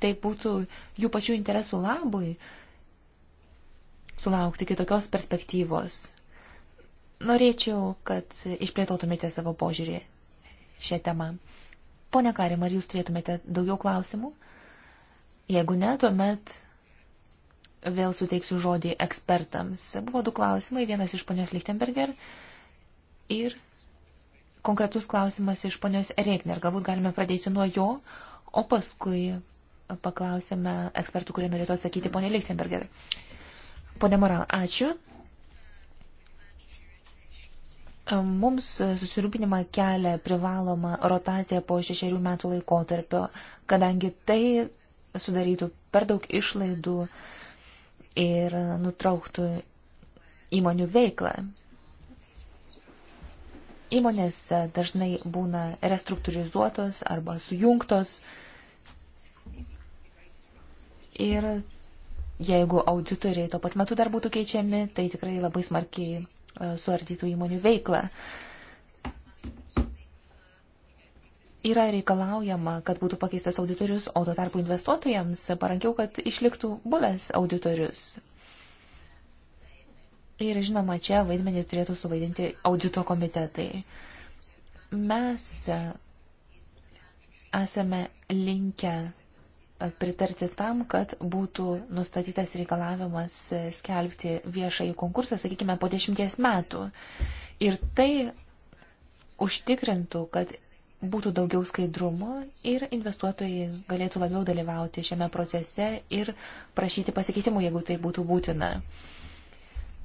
tai būtų jų pačių interesų labui sulaukti kitokios perspektyvos. Norėčiau, kad išplėtotumėte savo požiūrį šią temą. Pone Karim, ar jūs turėtumėte daugiau klausimų? Jeigu ne, tuomet vėl suteiksiu žodį ekspertams. Buvo du klausimai, vienas iš ponios Lichtenberger ir konkretus klausimas iš ponios Reikner. Galbūt galime pradėti nuo jo, o paskui paklausėme ekspertų, kurie norėtų atsakyti ponė Lichtenberger. Pone Moral, ačiū. Mums susirūpinimą kelia privaloma rotacija po šešerių metų laikotarpio, kadangi tai sudarytų per daug išlaidų ir nutrauktų įmonių veiklą. Įmonės dažnai būna restruktūrizuotos arba sujungtos. Ir jeigu auditoriai tuo pat metu dar būtų keičiami, tai tikrai labai smarkiai E, suardytų įmonių veiklą. Yra reikalaujama, kad būtų pakeistas auditorius, o tuo tarpu investuotojams parankiau, kad išliktų buvęs auditorius. Ir žinoma, čia vaidmenį turėtų suvaidinti audito komitetai. Mes esame linkę pritarti tam, kad būtų nustatytas reikalavimas skelbti viešąjį konkursą, sakykime, po dešimties metų. Ir tai užtikrintų, kad būtų daugiau skaidrumo ir investuotojai galėtų labiau dalyvauti šiame procese ir prašyti pasikeitimų, jeigu tai būtų būtina.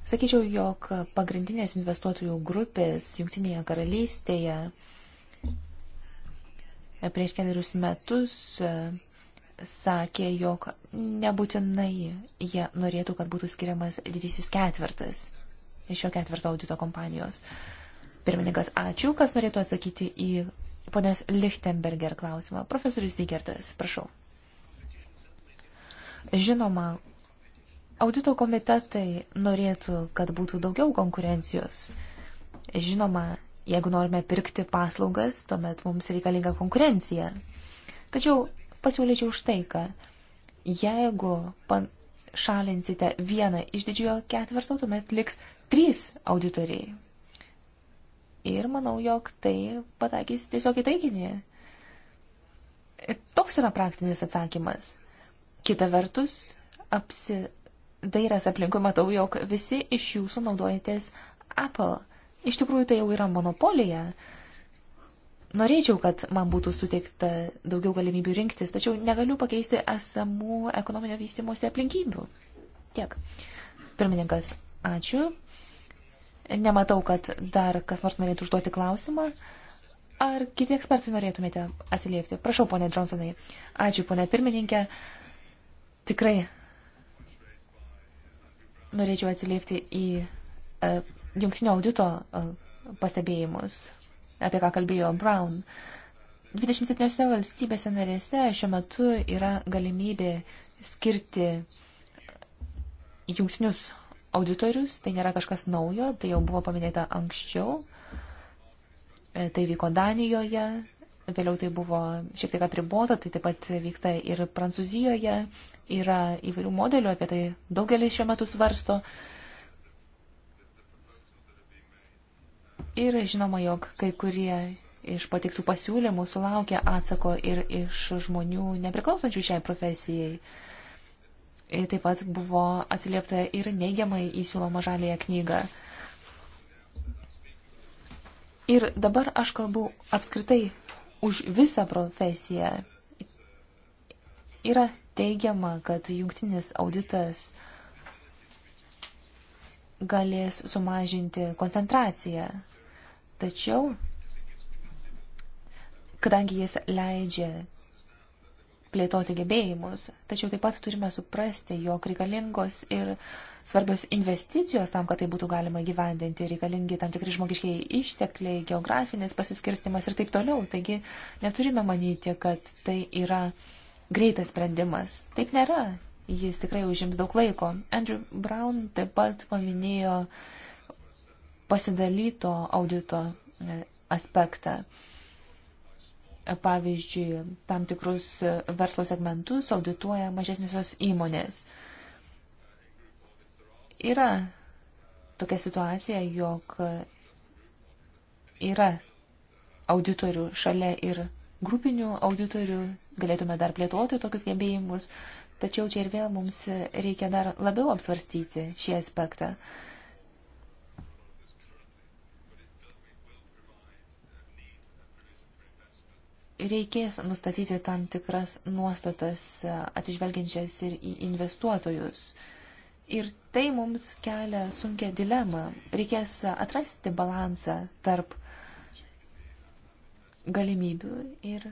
Sakyčiau, jog pagrindinės investuotojų grupės Junktinėje karalystėje prieš keliarius metus sakė, jog nebūtinai jie norėtų, kad būtų skiriamas didysis ketvirtas iš šio ketvirto audito kompanijos. Pirmininkas, ačiū, kas norėtų atsakyti į ponios Lichtenberger klausimą. Profesorius Zygertas, prašau. Žinoma, audito komitetai norėtų, kad būtų daugiau konkurencijos. Žinoma, jeigu norime pirkti paslaugas, tuomet mums reikalinga konkurencija. Tačiau Pasiūlyčiau štai ką. Jeigu šalinsite vieną iš didžiojo ketvirto, tuomet liks trys auditoriai. Ir manau, jog tai pataikys tiesiog į taikinį. Toks yra praktinis atsakymas. Kita vertus, apsidairas aplinkui matau, jog visi iš jūsų naudojatės Apple. Iš tikrųjų, tai jau yra monopolija. Uh, Norėčiau, kad man būtų suteikta daugiau galimybių rinktis, tačiau negaliu pakeisti esamų ekonominio vystimosi aplinkybių. Tiek. Pirmininkas, ačiū. Nematau, kad dar kas nors norėtų užduoti klausimą. Ar kiti ekspertai norėtumėte atsiliepti? Prašau, ponė Johnsonai. Ačiū, ponė pirmininkė. Tikrai norėčiau atsiliepti į uh, jungtinio audito uh, pastebėjimus apie ką kalbėjo Brown. 27 valstybėse narėse šiuo metu yra galimybė skirti jungtinius auditorius, tai nėra kažkas naujo, tai jau buvo paminėta anksčiau, tai vyko Danijoje, vėliau tai buvo šiek tiek apribota, tai taip pat vyksta ir Prancūzijoje, yra įvairių modelių, apie tai daugelis šiuo metu svarsto. Uh, Ir žinoma, jog kai kurie iš patiktų pasiūlymų sulaukia atsako ir iš žmonių nepriklausančių šiai profesijai. Ir taip pat buvo atsiliepta ir neigiamai įsiūloma žalėje knygą. Ir dabar aš kalbu apskritai už visą profesiją. Yra teigiama, kad jungtinis auditas galės sumažinti koncentraciją Tačiau, kadangi jis leidžia plėtoti gebėjimus, tačiau taip pat turime suprasti, jog reikalingos ir svarbios investicijos tam, kad tai būtų galima gyvendinti, reikalingi tam tikri žmogiškiai ištekliai, geografinis pasiskirstimas ir taip toliau. Taigi neturime manyti, kad tai yra greitas sprendimas. Taip nėra. Jis tikrai užims daug laiko. Andrew Brown taip pat paminėjo uh, pasidalyto audito e, aspektą. E, pavyzdžiui, tam tikrus e, verslo segmentus audituoja mažesniosios įmonės. Yra tokia situacija, jog yra auditorių šalia ir grupinių auditorių, galėtume dar plėtoti tokius gebėjimus, tačiau čia ir vėl mums reikia dar labiau apsvarstyti šį aspektą. Uh, reikės nustatyti tam tikras nuostatas e, atsižvelgiančias ir į investuotojus. Ir tai mums kelia sunkia dilemą. Reikės atrasti balansą tarp galimybių ir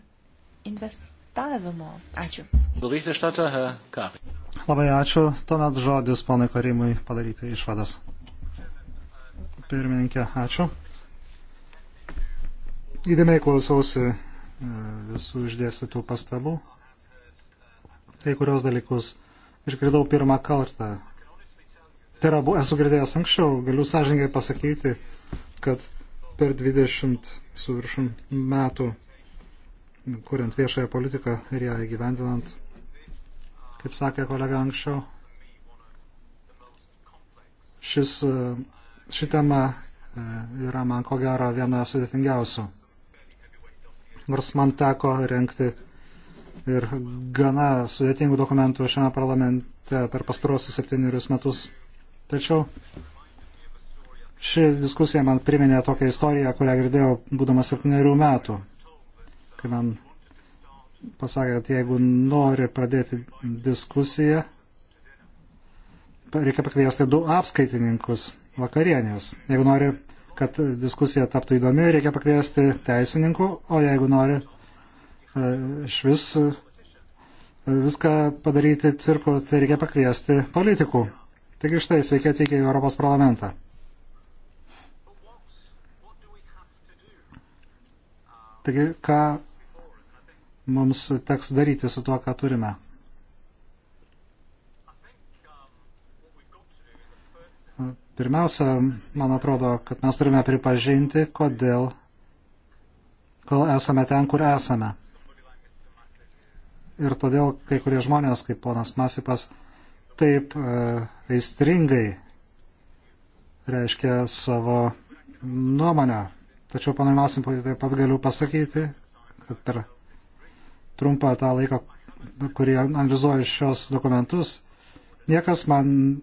investavimo. Ačiū. Labai ačiū. Tuomet žodis ponui Karimui padaryti išvadas. Pirmininkė, ačiū. Įdėmiai klausiausi visų išdėstytų pastabų. Kai kurios dalykus išgirdau pirmą kartą. Tai yra, esu girdėjęs anksčiau, galiu sąžininkai pasakyti, kad per 20 su viršum metų, kuriant viešąją politiką ir ją įgyvendinant, kaip sakė kolega anksčiau, šis, ši tema e, yra man ko gero viena sudėtingiausių nors man teko renkti ir gana sudėtingų dokumentų šiame parlamente per pastarosius septynerius metus. Tačiau ši diskusija man priminė tokią istoriją, kurią girdėjau būdamas septynerių metų, kai man pasakė, kad jeigu nori pradėti diskusiją, reikia pakviesti du apskaitininkus vakarienės. Jeigu nori kad diskusija taptų įdomi, reikia pakviesti teisininkų, o jeigu nori e, iš vis e, viską padaryti cirku, tai reikia pakviesti politikų. Taigi štai, sveiki atvykę į Europos parlamentą. Taigi, ką mums teks daryti su tuo, ką turime? Pirmiausia, man atrodo, kad mes turime pripažinti, kodėl, kol esame ten, kur esame. Ir todėl kai kurie žmonės, kaip ponas Masipas, taip e, aistringai reiškia savo nuomonę. Tačiau panai Masipui taip pat galiu pasakyti, kad per trumpą tą laiką, kurį analizuoju šios dokumentus, niekas man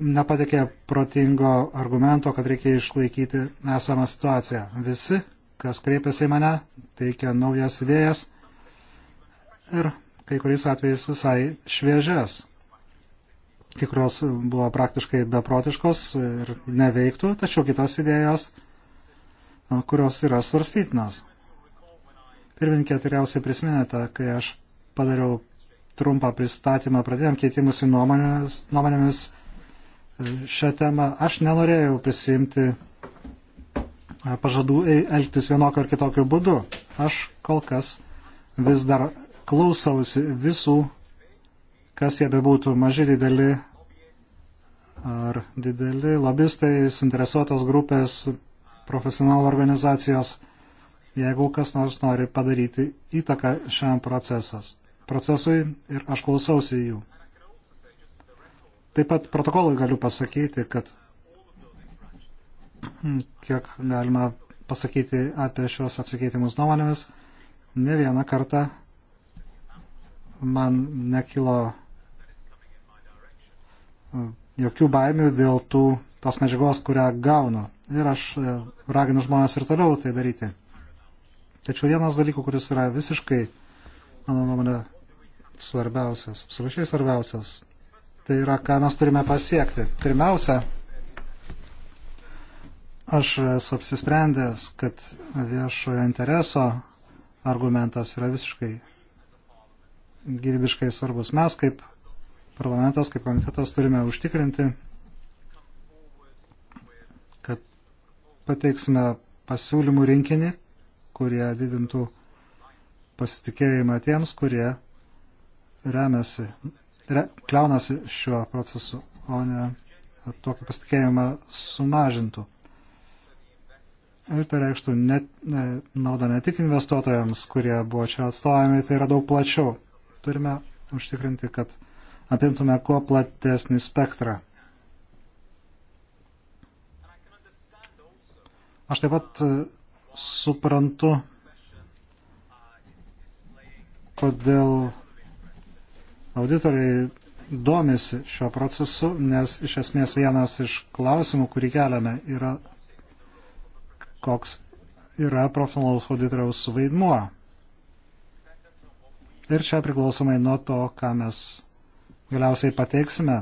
nepatikė protingo argumento, kad reikia išlaikyti esamą situaciją. Visi, kas kreipiasi į mane, teikia naujas idėjas ir kai kuriais atvejais visai šviežias. Kai kurios buvo praktiškai beprotiškos ir neveiktų, tačiau kitos idėjos, kurios yra svarstytinos. Pirmininkė, tikriausiai prisiminėte, kai aš padariau trumpą pristatymą, pradėjom keitimusi nuomonėmis, nuomonėmis šią temą. Aš nenorėjau prisimti pažadų e, elgtis vienokiu ar kitokiu būdu. Aš kol kas vis dar klausausi visų, kas jie bebūtų, maži, dideli ar dideli lobistai, suinteresuotos grupės, profesionalų organizacijos, jeigu kas nors nori padaryti įtaką šiam procesas. procesui ir aš klausausi jų. Taip pat protokolui galiu pasakyti, kad hmm, kiek galima pasakyti apie šios apsikeitimus nuomonėmis, ne vieną kartą man nekilo e, jokių baimių dėl tų, tos medžiagos, kurią gaunu. Ir aš e, raginu žmonės ir toliau tai daryti. Tačiau vienas dalykų, kuris yra visiškai, mano nuomonė, svarbiausias, absoliučiai svarbiausias, Tai yra, ką mes turime pasiekti. Pirmiausia, aš esu apsisprendęs, kad viešojo intereso argumentas yra visiškai gyvybiškai svarbus. Mes kaip parlamentas, kaip komitetas turime užtikrinti, kad pateiksime pasiūlymų rinkinį, kurie didintų pasitikėjimą tiems, kurie remiasi kliaunasi šiuo procesu, o ne tokį pasitikėjimą sumažintų. Ir tai reikštų net, ne, naudą ne tik investuotojams, kurie buvo čia atstovami, tai yra daug plačiau. Turime užtikrinti, kad apimtume kuo platesnį spektrą. Aš taip pat e, suprantu, kodėl Auditoriai domisi šio procesu, nes iš esmės vienas iš klausimų, kurį keliame, yra koks yra profesionalaus auditoriaus vaidmuo. Ir čia priklausomai nuo to, ką mes galiausiai pateiksime,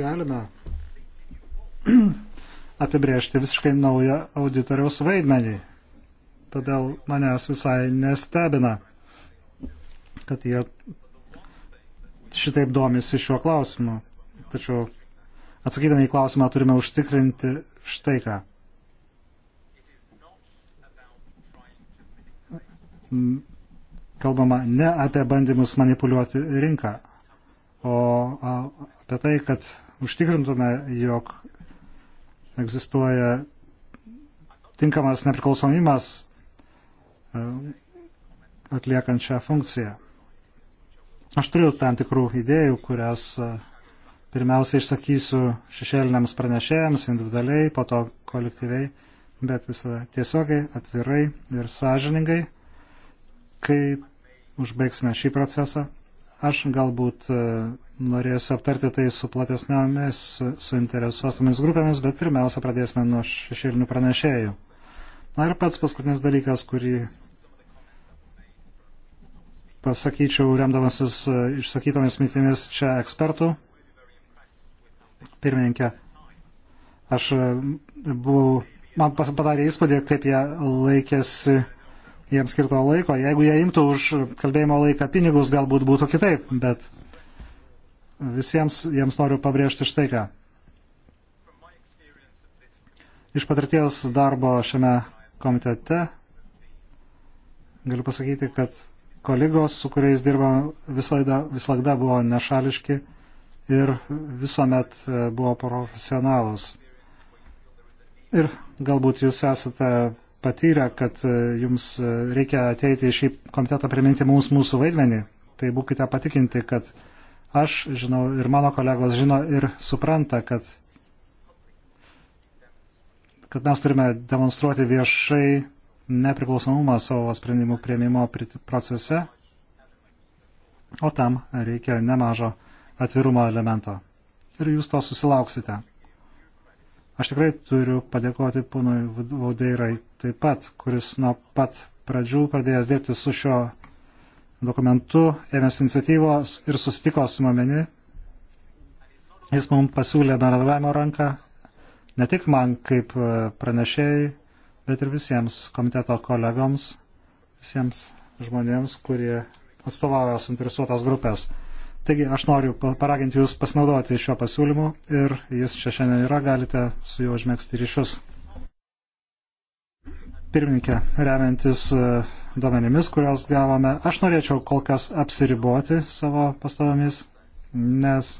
galime apibriežti visiškai naują auditoriaus vaidmenį. Todėl manęs visai nestebina, kad jie šitaip domisi šiuo klausimu. Tačiau atsakydami į klausimą turime užtikrinti štai ką. Kalbama ne apie bandymus manipuliuoti rinką, o apie tai, kad užtikrintume, jog egzistuoja tinkamas nepriklausomimas atliekant šią funkciją. Aš turiu tam tikrų idėjų, kurias e, pirmiausia išsakysiu šešėliniams pranešėjams individualiai, po to kolektyviai, bet visada tiesiogiai, atvirai ir sąžiningai, kai užbaigsime šį procesą. Aš galbūt e, norėsiu aptarti tai su platesnėmis suinteresuotomis su grupėmis, bet pirmiausia pradėsime nuo šešėlinių pranešėjų. Na ir pats paskutinis dalykas, kurį pasakyčiau, remdamasis e, išsakytomis mintimis čia ekspertų. Pirmininkė, aš e, buvau, man padarė įspūdį, kaip jie laikėsi jiems skirto laiko. Jeigu jie imtų už kalbėjimo laiką pinigus, galbūt būtų kitaip, bet visiems jiems noriu pabrėžti štai ką. Iš patirties darbo šiame komitete galiu pasakyti, kad kolegos, su kuriais dirbam visada buvo nešališki ir visuomet e, buvo profesionalus. Ir galbūt jūs esate patyrę, kad e, jums e, reikia ateiti į šį komitetą priminti mums mūsų vaidmenį, tai būkite patikinti, kad aš žinau ir mano kolegos žino ir supranta, kad, kad mes turime demonstruoti viešai nepriklausomumą savo sprendimų prieimimo procese, o tam reikia nemažo atvirumo elemento. Ir jūs to susilauksite. Aš tikrai turiu padėkoti ponui Vaudeirai taip pat, kuris nuo pat pradžių pradėjęs dirbti su šio dokumentu, ėmėsi iniciatyvos ir susitiko su mameni. Jis mums pasiūlė bendradavimo ranką, ne tik man kaip e, pranešėjai, bet ir visiems komiteto kolegoms, visiems žmonėms, kurie atstovauja suinteresuotas grupės. Taigi aš noriu paraginti Jūs pasinaudoti šiuo pasiūlymu ir jis čia šiandien yra, galite su juo užmėgsti ryšius. Pirmininkė, remiantis e, duomenimis, kurios gavome, aš norėčiau kol kas apsiriboti savo pastabomis, nes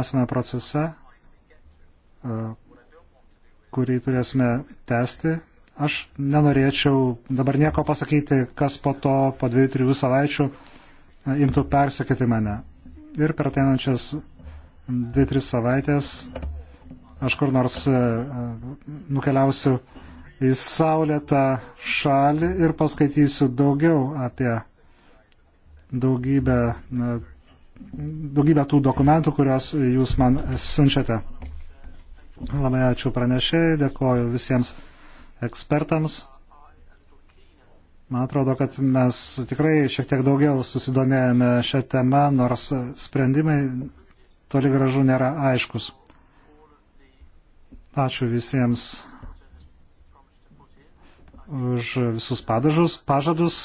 esame procese, e, kurį turėsime tęsti. Aš nenorėčiau dabar nieko pasakyti, kas po to, po dviejų, trijų savaičių e, imtų persekyti mane. Ir per ateinančias dvi, tris savaitės aš kur nors e, e, nukeliausiu į saulėtą šalį ir paskaitysiu daugiau apie daugybę, daugybę tų dokumentų, kuriuos jūs man siunčiate. Labai ačiū pranešėjai, dėkoju visiems ekspertams. Man atrodo, kad mes tikrai šiek tiek daugiau susidomėjome šią temą, nors sprendimai toli gražu nėra aiškus. Ačiū visiems už visus padažus, pažadus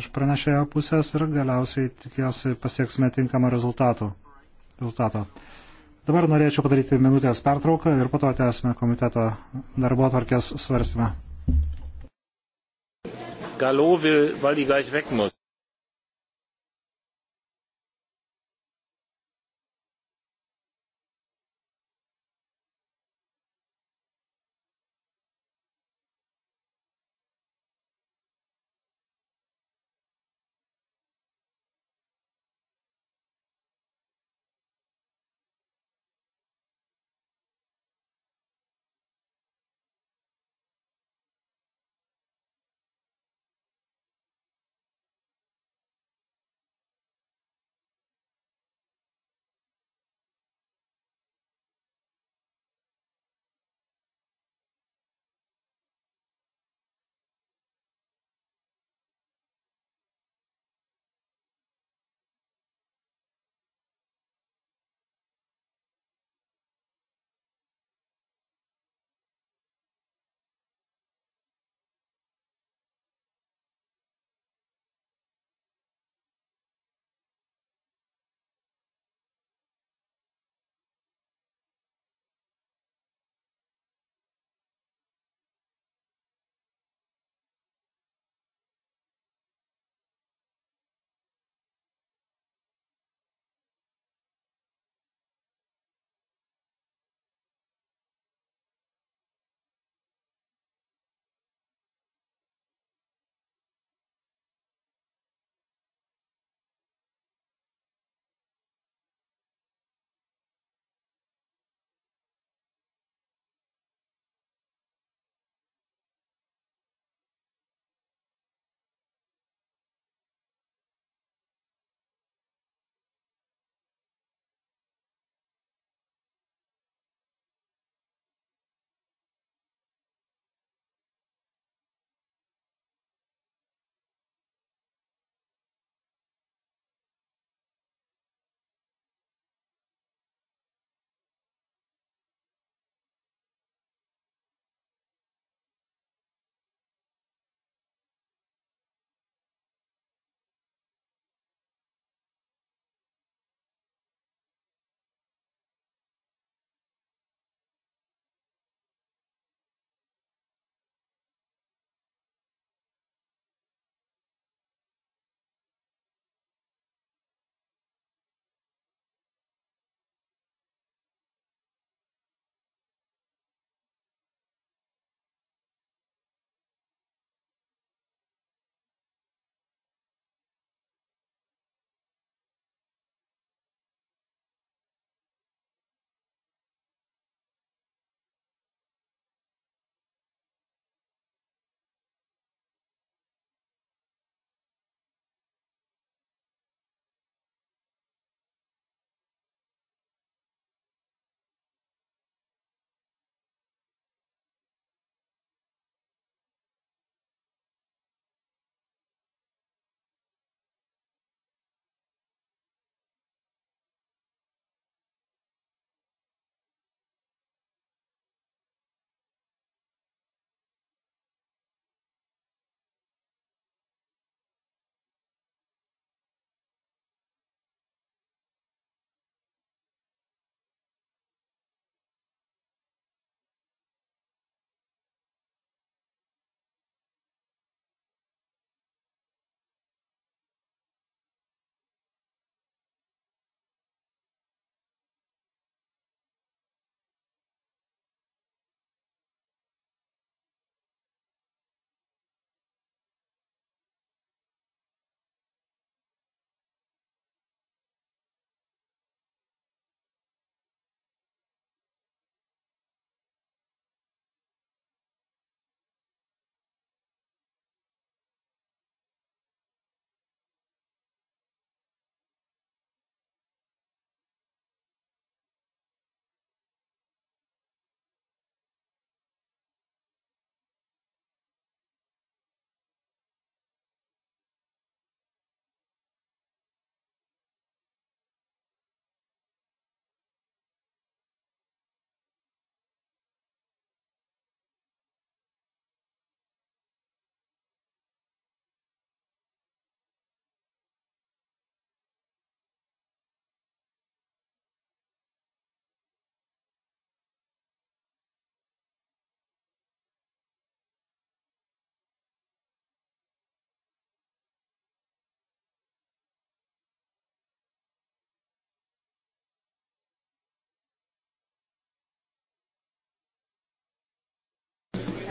iš pranešėjo pusės ir galiausiai tikiuosi pasieksime tinkamą rezultatų. rezultatą. Dabar norėčiau padaryti minutės pertrauką ir po to tęsime komiteto darbo atvarkės svarstymą. Galo will, weil die gleich weg muss.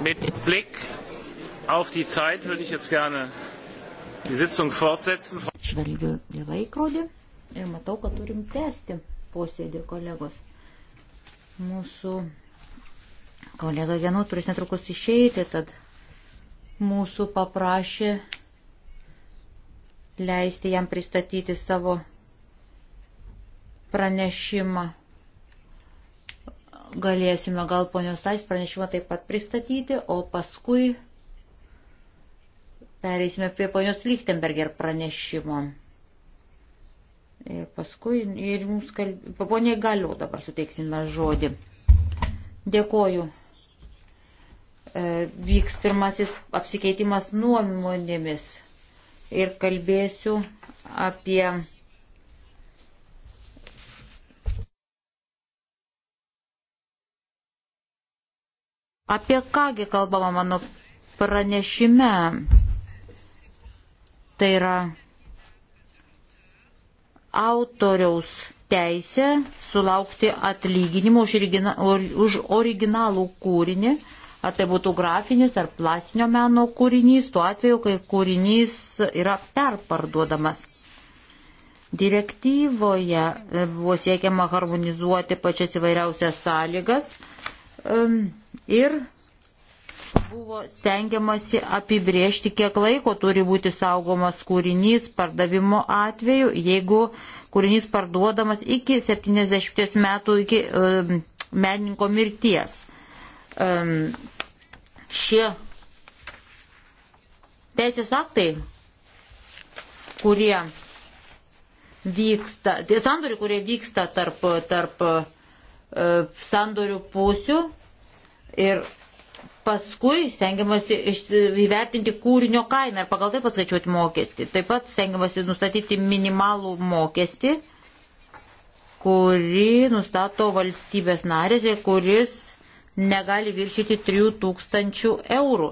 Mit Blick auf die Zeit würde ich jetzt gerne die Sitzung fortsetzen. Žvelgiu į laikrodį ir matau, kad turim tęsti posėdį, kolegos. Mūsų kolega Genu turis netrukus išeiti, tad mūsų paprašė leisti jam pristatyti savo pranešimą galėsime gal ponios Tais pranešimą taip pat pristatyti, o paskui pereisime prie ponios Lichtenberger pranešimo. Ir paskui ir jums kalbė, poniai galiu dabar suteiksime žodį. Dėkoju. E, vyks pirmasis apsikeitimas nuomonėmis ir kalbėsiu apie Apie kągi kalbama mano pranešime? Tai yra autoriaus teisė sulaukti atlyginimo už, origina, or, už originalų kūrinį, ar tai būtų grafinis ar plastinio meno kūrinys, tuo atveju, kai kūrinys yra perparduodamas. Direktyvoje e, buvo siekiama harmonizuoti pačias įvairiausias sąlygas. Um, ir buvo stengiamasi apibriežti, kiek laiko turi būti saugomas kūrinys pardavimo atveju, jeigu kūrinys parduodamas iki 70 metų, iki um, menininko mirties. Um, šie teisės aktai, kurie vyksta, tie sandoriai, kurie vyksta tarp, tarp uh, sandorių pusių, Ir paskui stengiamasi įvertinti kūrinio kainą ir pagal tai paskaičiuoti mokestį. Taip pat stengiamasi nustatyti minimalų mokestį, kurį nustato valstybės narės ir kuris negali viršyti 3000 eurų.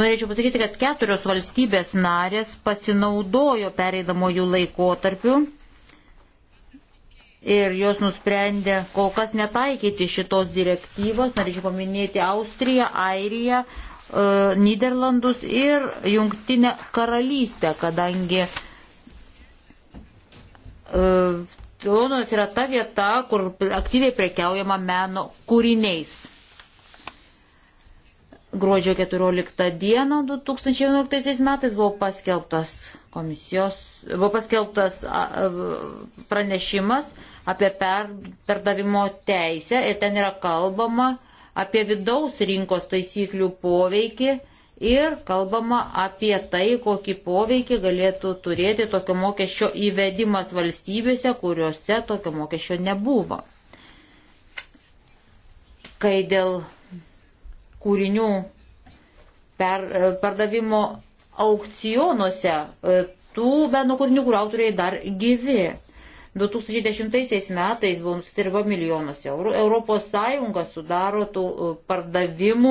Norėčiau pasakyti, kad keturios valstybės narės pasinaudojo pereinamojų laikotarpių ir jos nusprendė kol kas netaikyti šitos direktyvos, norėčiau paminėti Austriją, Airiją, e, Niderlandus ir Jungtinę karalystę, kadangi e, Londonas yra ta vieta, kur aktyviai prekiaujama meno kūriniais. Gruodžio 14 dieną 2011 metais buvo paskelbtas komisijos, buvo paskelbtas pranešimas apie per, perdavimo teisę ir ten yra kalbama apie vidaus rinkos taisyklių poveikį ir kalbama apie tai, kokį poveikį galėtų turėti tokio mokesčio įvedimas valstybėse, kuriuose tokio mokesčio nebuvo. Kai dėl kūrinių per, pardavimo aukcionuose e, tų meno kūrinių, kur autoriai dar gyvi. 2010 metais buvo nusitirba milijonas eurų. Europos Sąjunga sudaro tų e, pardavimų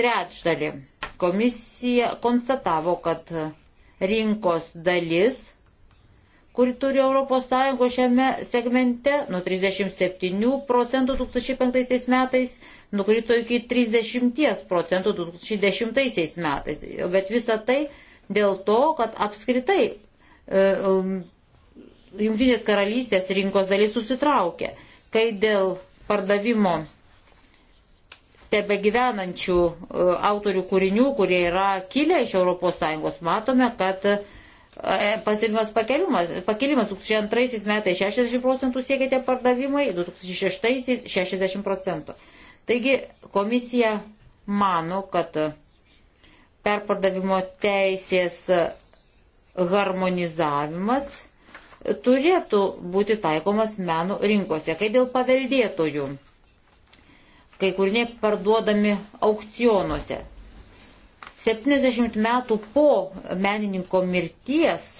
trečdalį. Komisija konstatavo, kad rinkos dalis, kuri turi ES šiame segmente, nuo 37 procentų 2005 metais nukrito iki 30 procentų 2010 metais. Bet visa tai dėl to, kad apskritai e, Junktinės karalystės rinkos dalis susitraukė, kai dėl pardavimo tebe gyvenančių e, autorių kūrinių, kurie yra kilę iš ES, matome, kad e, pasimas pakelimas, pakilimas 2002 metais 60 procentų siekėte pardavimai, 2006 60 procentų. Taigi komisija mano, kad perpardavimo teisės harmonizavimas turėtų būti taikomas meno rinkose, kai dėl paveldėtojų, kai kūriniai parduodami aukcionuose. 70 metų po menininko mirties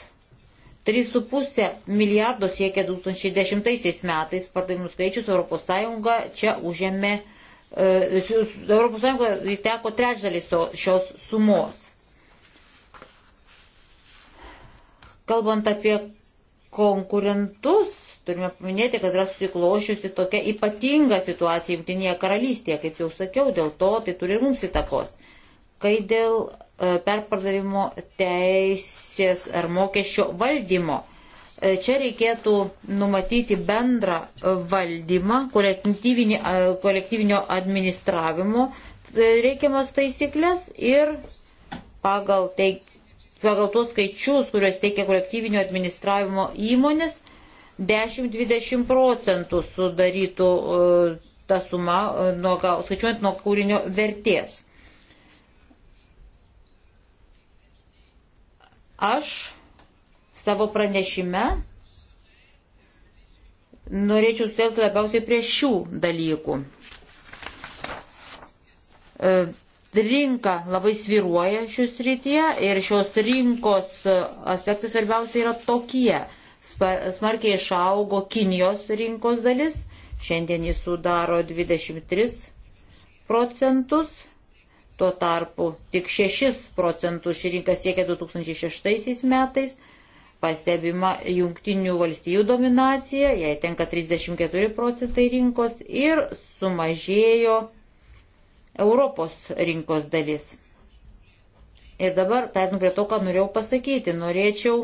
3,5 milijardo siekia 2010 metais pardavimų skaičius ES čia užėmė, ES teko trečdalis šios sumos. Kalbant apie konkurentus. Turime paminėti, kad yra susiklošiusi tokia ypatinga situacija Junktinėje karalystėje, kaip jau sakiau, dėl to tai turi ir mums įtakos. Kai dėl e, perpardavimo teisės ar mokesčio valdymo, e, čia reikėtų numatyti bendrą e, valdymą, kolektyvinio administravimo reikiamas taisyklės ir pagal teik, pagal tuos skaičius, kuriuos teikia kolektyvinio administravimo įmonės, 10-20 procentų sudarytų e, ta suma, e, nuo, skaičiuojant nuo kūrinio vertės. Aš savo pranešime norėčiau sutelkti labiausiai prie šių dalykų. E, Rinka labai sviruoja šios rytyje ir šios rinkos e, aspektai svarbiausia yra tokie. Smarkiai išaugo Kinijos rinkos dalis, šiandien jis sudaro 23 procentus, tuo tarpu tik 6 procentus ši rinka siekia 2006 metais pastebima jungtinių valstijų dominacija, jai tenka 34 procentai rinkos ir sumažėjo Europos rinkos dalis. Ir dabar, perinu prie to, ką norėjau pasakyti, norėčiau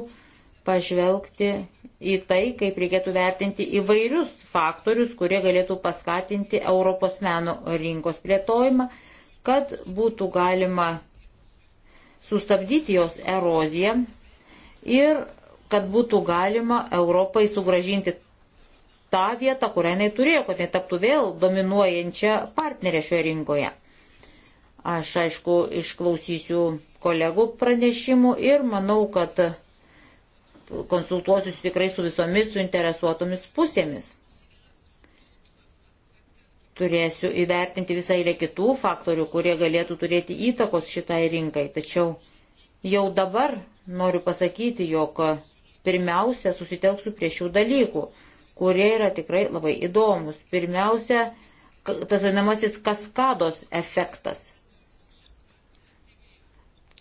pažvelgti į tai, kaip reikėtų vertinti įvairius faktorius, kurie galėtų paskatinti Europos meno rinkos plėtojimą, kad būtų galima sustabdyti jos eroziją ir kad būtų galima Europai sugražinti tą vietą, kurią jinai turėjo, kad jinai taptų vėl dominuojančią partnerę šioje rinkoje. Aš, aišku, išklausysiu kolegų pranešimų ir manau, kad konsultuosiu tikrai su visomis suinteresuotomis pusėmis. Turėsiu įvertinti visą eilę kitų faktorių, kurie galėtų turėti įtakos šitai rinkai. Tačiau jau dabar noriu pasakyti, jog pirmiausia susitelksiu prie šių dalykų, kurie yra tikrai labai įdomus. Pirmiausia, tas vadinamasis kaskados efektas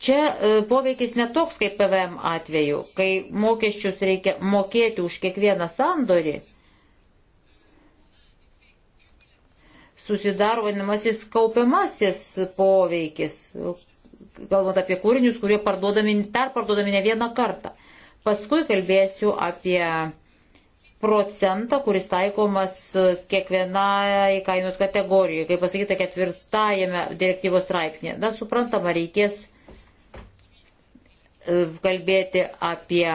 Čia e, poveikis netoks kaip PVM atveju, kai mokesčius reikia mokėti už kiekvieną sandorį. Susidaro vadinamasis kaupiamasis poveikis, galvant apie kūrinius, kurie parduodami, perparduodami ne vieną kartą. Paskui kalbėsiu apie procentą, kuris taikomas kiekvienai kainos kategorijai, kaip pasakyta ketvirtajame direktyvos straipsnėje. Na, suprantama, reikės kalbėti apie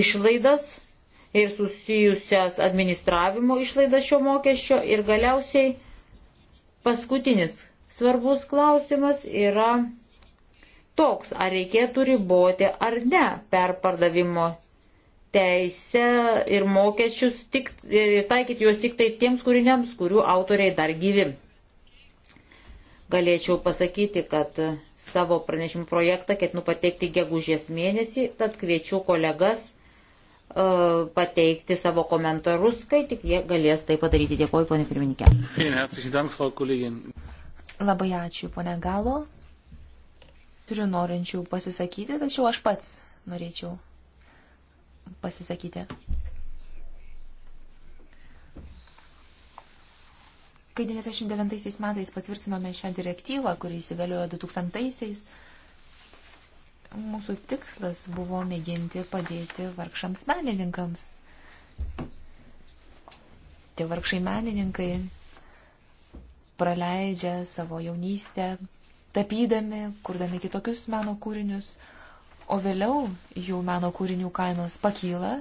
išlaidas ir susijusias administravimo išlaidas šio mokesčio. Ir galiausiai paskutinis svarbus klausimas yra toks, ar reikėtų riboti ar ne perpardavimo teisę ir mokesčius, tik, taikyti juos tik tai tiems kūriniams, kurių autoriai dar gyvi. Galėčiau pasakyti, kad Savo pranešimų projektą ketinu pateikti gegužės mėnesį, tad kviečiu kolegas uh, pateikti savo komentarus, kai tik jie galės tai padaryti. Dėkuoju, ponė pirmininkė. Labai ačiū, ponė Galo. Turiu norinčių pasisakyti, tačiau aš pats norėčiau pasisakyti. Kai 99 metais patvirtinome šią direktyvą, kuri įsigaliojo 2000-aisiais, mūsų tikslas buvo mėginti padėti vargšams menininkams. Tie vargšai menininkai praleidžia savo jaunystę, tapydami, kurdami kitokius meno kūrinius, o vėliau jų meno kūrinių kainos pakyla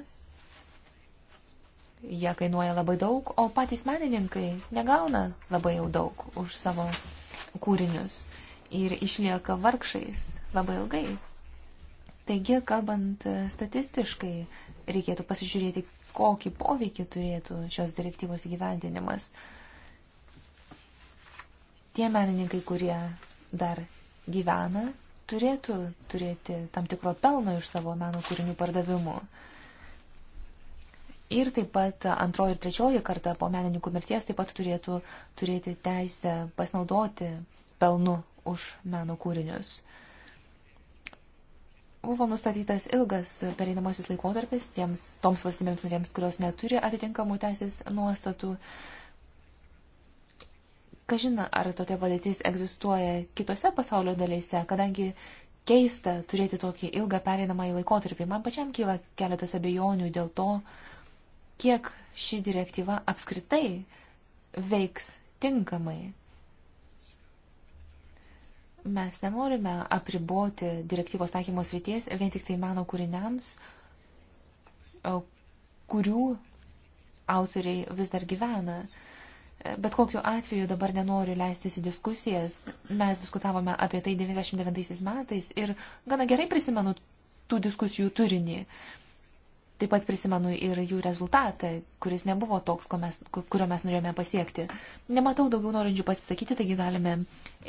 jie kainuoja labai daug, o patys menininkai negauna labai jau daug už savo kūrinius ir išlieka vargšais labai ilgai. Taigi, kalbant statistiškai, reikėtų pasižiūrėti, kokį poveikį turėtų šios direktyvos įgyvendinimas. Tie menininkai, kurie dar gyvena, turėtų turėti tam tikro pelno iš savo meno kūrinių pardavimų. Ir taip pat antroji ir trečioji karta po menininkų mirties taip pat turėtų turėti teisę pasinaudoti pelnu už meno kūrinius. Buvo nustatytas ilgas pereinamasis laikotarpis tiems, toms valstybėms narėms, kurios neturi atitinkamų teisės nuostatų. Kažina, ar tokia padėtis egzistuoja kitose pasaulio dalyse, kadangi keista turėti tokį ilgą pereinamąjį laikotarpį. Man pačiam kyla keletas abejonių dėl to, kiek ši direktyva apskritai veiks tinkamai. Mes nenorime apriboti direktyvos taikymos ryties vien tik tai meno kūriniams, kurių autoriai vis dar gyvena. Bet kokiu atveju dabar nenoriu leistis į diskusijas. Mes diskutavome apie tai 99 metais ir gana gerai prisimenu tų diskusijų turinį. Taip pat prisimenu ir jų rezultatą, kuris nebuvo toks, mes, kurio mes norėjome pasiekti. Nematau daugiau norinčių pasisakyti, taigi galime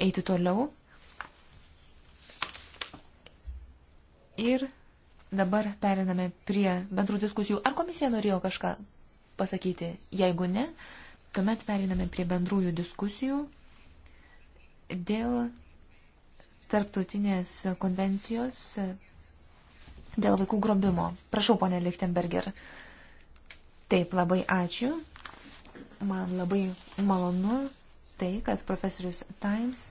eiti toliau. Ir dabar periname prie bendrų diskusijų. Ar komisija norėjo kažką pasakyti? Jeigu ne, tuomet periname prie bendrųjų diskusijų dėl tarptautinės konvencijos dėl vaikų grobimo. Prašau, ponė Lichtenberger. Taip, labai ačiū. Man labai malonu tai, kad profesorius Times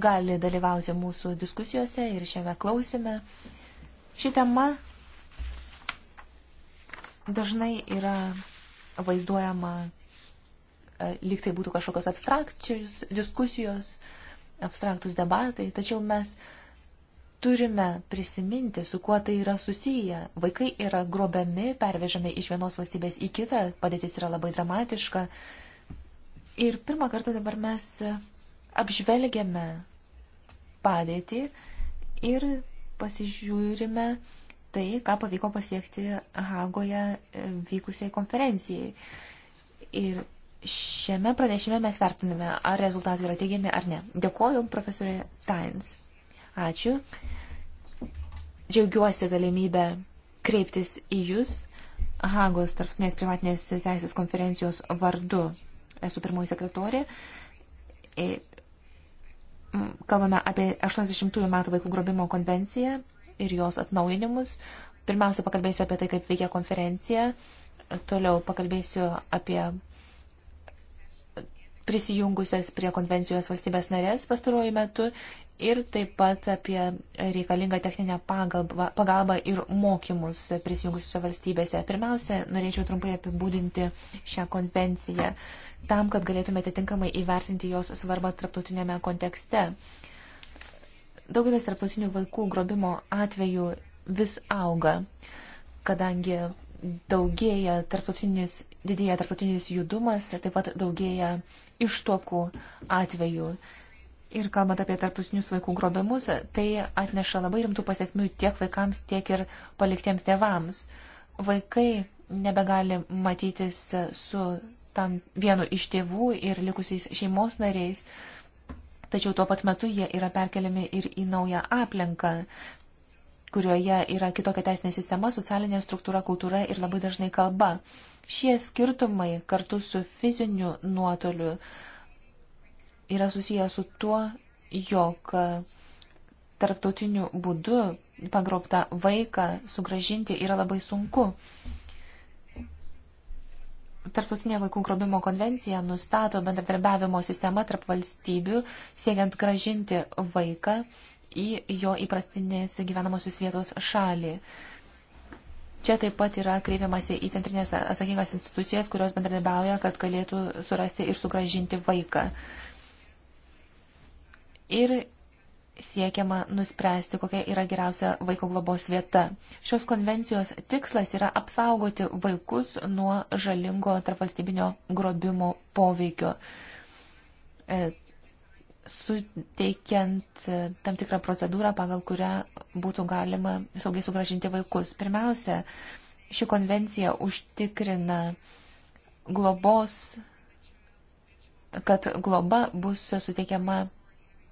gali dalyvauti mūsų diskusijose ir šiame klausime. Ši tema dažnai yra vaizduojama, e, lyg tai būtų kažkokios abstrakčios diskusijos, abstraktus debatai, tačiau mes uh, turime prisiminti, su kuo tai yra susiję. Vaikai yra grobiami, pervežami iš vienos valstybės į kitą, padėtis yra labai dramatiška. Ir pirmą kartą dabar mes apžvelgiame padėtį ir pasižiūrime tai, ką pavyko pasiekti Hagoje vykusiai konferencijai. Ir šiame pranešime mes vertiname, ar rezultatai yra teigiami ar ne. Dėkoju, profesorė Tains. Ačiū. Džiaugiuosi galimybę kreiptis į Jūs Hagos tarptautinės privatinės teisės konferencijos vardu. Esu pirmoji sekretorė. E, kalbame apie 80-ųjų metų vaikų grobimo konvenciją ir jos atnaujinimus. Pirmiausia, pakalbėsiu apie tai, kaip veikia konferencija. Toliau pakalbėsiu apie prisijungusias prie konvencijos valstybės narės pastaruoju metu ir taip pat apie reikalingą techninę pagalbą, pagalbą ir mokymus prisijungusiuose valstybėse. Pirmiausia, norėčiau trumpai apibūdinti šią konvenciją tam, kad galėtumėte tinkamai įvertinti jos svarbą tarptautinėme kontekste. Daugelis tarptautinių vaikų grobimo atvejų vis auga, kadangi daugėja tarptautinis, didėja tarptautinis judumas, taip pat daugėja ištokų atvejų. Ir kalbant apie tarptautinius vaikų grobimus, tai atneša labai rimtų pasiekmių tiek vaikams, tiek ir paliktiems tėvams. Vaikai nebegali matytis su tam vienu iš tėvų ir likusiais šeimos nariais, tačiau tuo pat metu jie yra perkeliami ir į naują aplinką kurioje yra kitokia teisinė sistema, socialinė struktūra, kultūra ir labai dažnai kalba. Šie skirtumai kartu su fiziniu nuotoliu yra susiję su tuo, jog tarptautiniu būdu pagrobtą vaiką sugražinti yra labai sunku. Tarptautinė vaikų grobimo konvencija nustato bendradarbiavimo sistemą tarp valstybių, siekiant gražinti vaiką į jo įprastinės gyvenamosios vietos šalį. Čia taip pat yra kreipiamasi į centrinės atsakingas institucijas, kurios bendradarbiauja, kad galėtų surasti ir sugražinti vaiką. Ir siekiama nuspręsti, kokia yra geriausia vaiko globos vieta. Šios konvencijos tikslas yra apsaugoti vaikus nuo žalingo tarpvalstybinio grobimo poveikio. E, suteikiant e, tam tikrą procedūrą, pagal kurią būtų galima saugiai sugražinti vaikus. Pirmiausia, ši konvencija užtikrina globos, kad globa bus suteikiama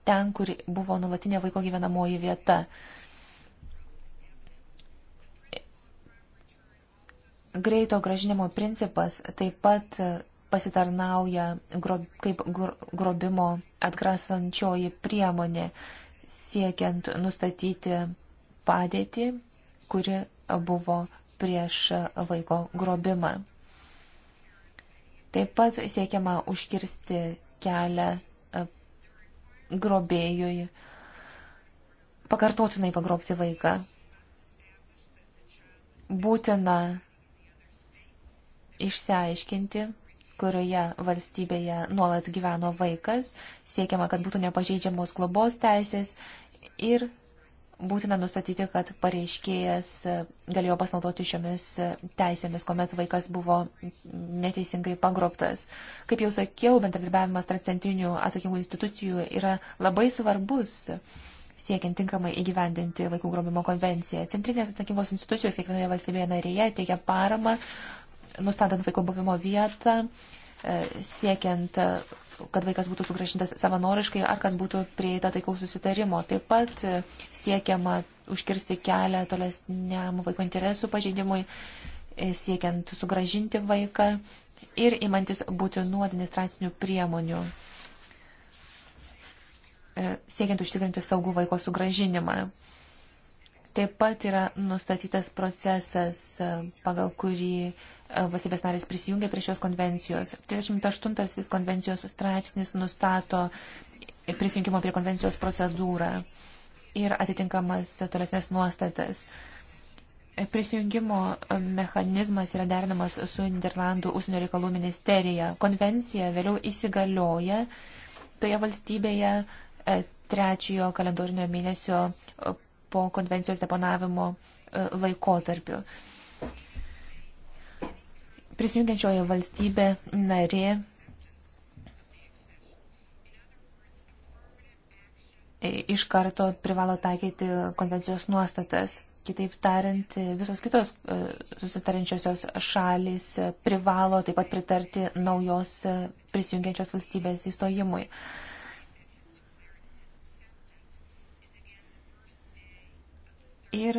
ten, kur buvo nulatinė vaiko gyvenamoji vieta. Greito gražinimo principas taip pat pasitarnauja grob, kaip grobimo atgrasančioji priemonė, siekiant nustatyti padėtį, kuri buvo prieš vaiko grobimą. Taip pat siekiama užkirsti kelią e, grobėjui pakartotinai pagrobti vaiką. Būtina išsiaiškinti, kurioje valstybėje nuolat gyveno vaikas, siekiama, kad būtų nepažeidžiamos globos teisės ir būtina nustatyti, kad pareiškėjas e, galėjo pasinaudoti šiomis e, teisėmis, kuomet vaikas buvo neteisingai pagrobtas. Kaip jau sakiau, bendradarbiavimas tarp centrinių atsakingų institucijų yra labai svarbus siekiant tinkamai įgyvendinti vaikų grobimo konvenciją. Centrinės atsakingos institucijos kiekvienoje valstybėje narėje teikia paramą nustatant vaiko buvimo vietą, e, siekiant, e, kad vaikas būtų sugražintas savanoriškai ar kad būtų prieita taikaus susitarimo. Taip pat e, siekiama užkirsti kelią tolesniam vaiko interesų pažeidimui, siekiant sugražinti vaiką ir imantis būtinų administracinių priemonių, siekiant užtikrinti saugų vaiko sugražinimą. Taip pat yra nustatytas procesas, e, pagal kurį e, valstybės narės prisijungia prie šios konvencijos. 38 konvencijos straipsnis nustato prisijungimo prie konvencijos procedūrą ir atitinkamas tolesnės nuostatas. Prisijungimo mechanizmas yra derinamas su Niderlandų užsienio reikalų ministerija. Konvencija vėliau įsigalioja toje valstybėje e, trečiojo kalendorinio mėnesio po konvencijos deponavimo e, laikotarpiu. Prisijungiančioji valstybė narė e, iš karto privalo taikyti konvencijos nuostatas. Kitaip tariant, visos kitos e, susitarinčiosios šalys privalo taip pat pritarti naujos prisijungiančios valstybės įstojimui. ir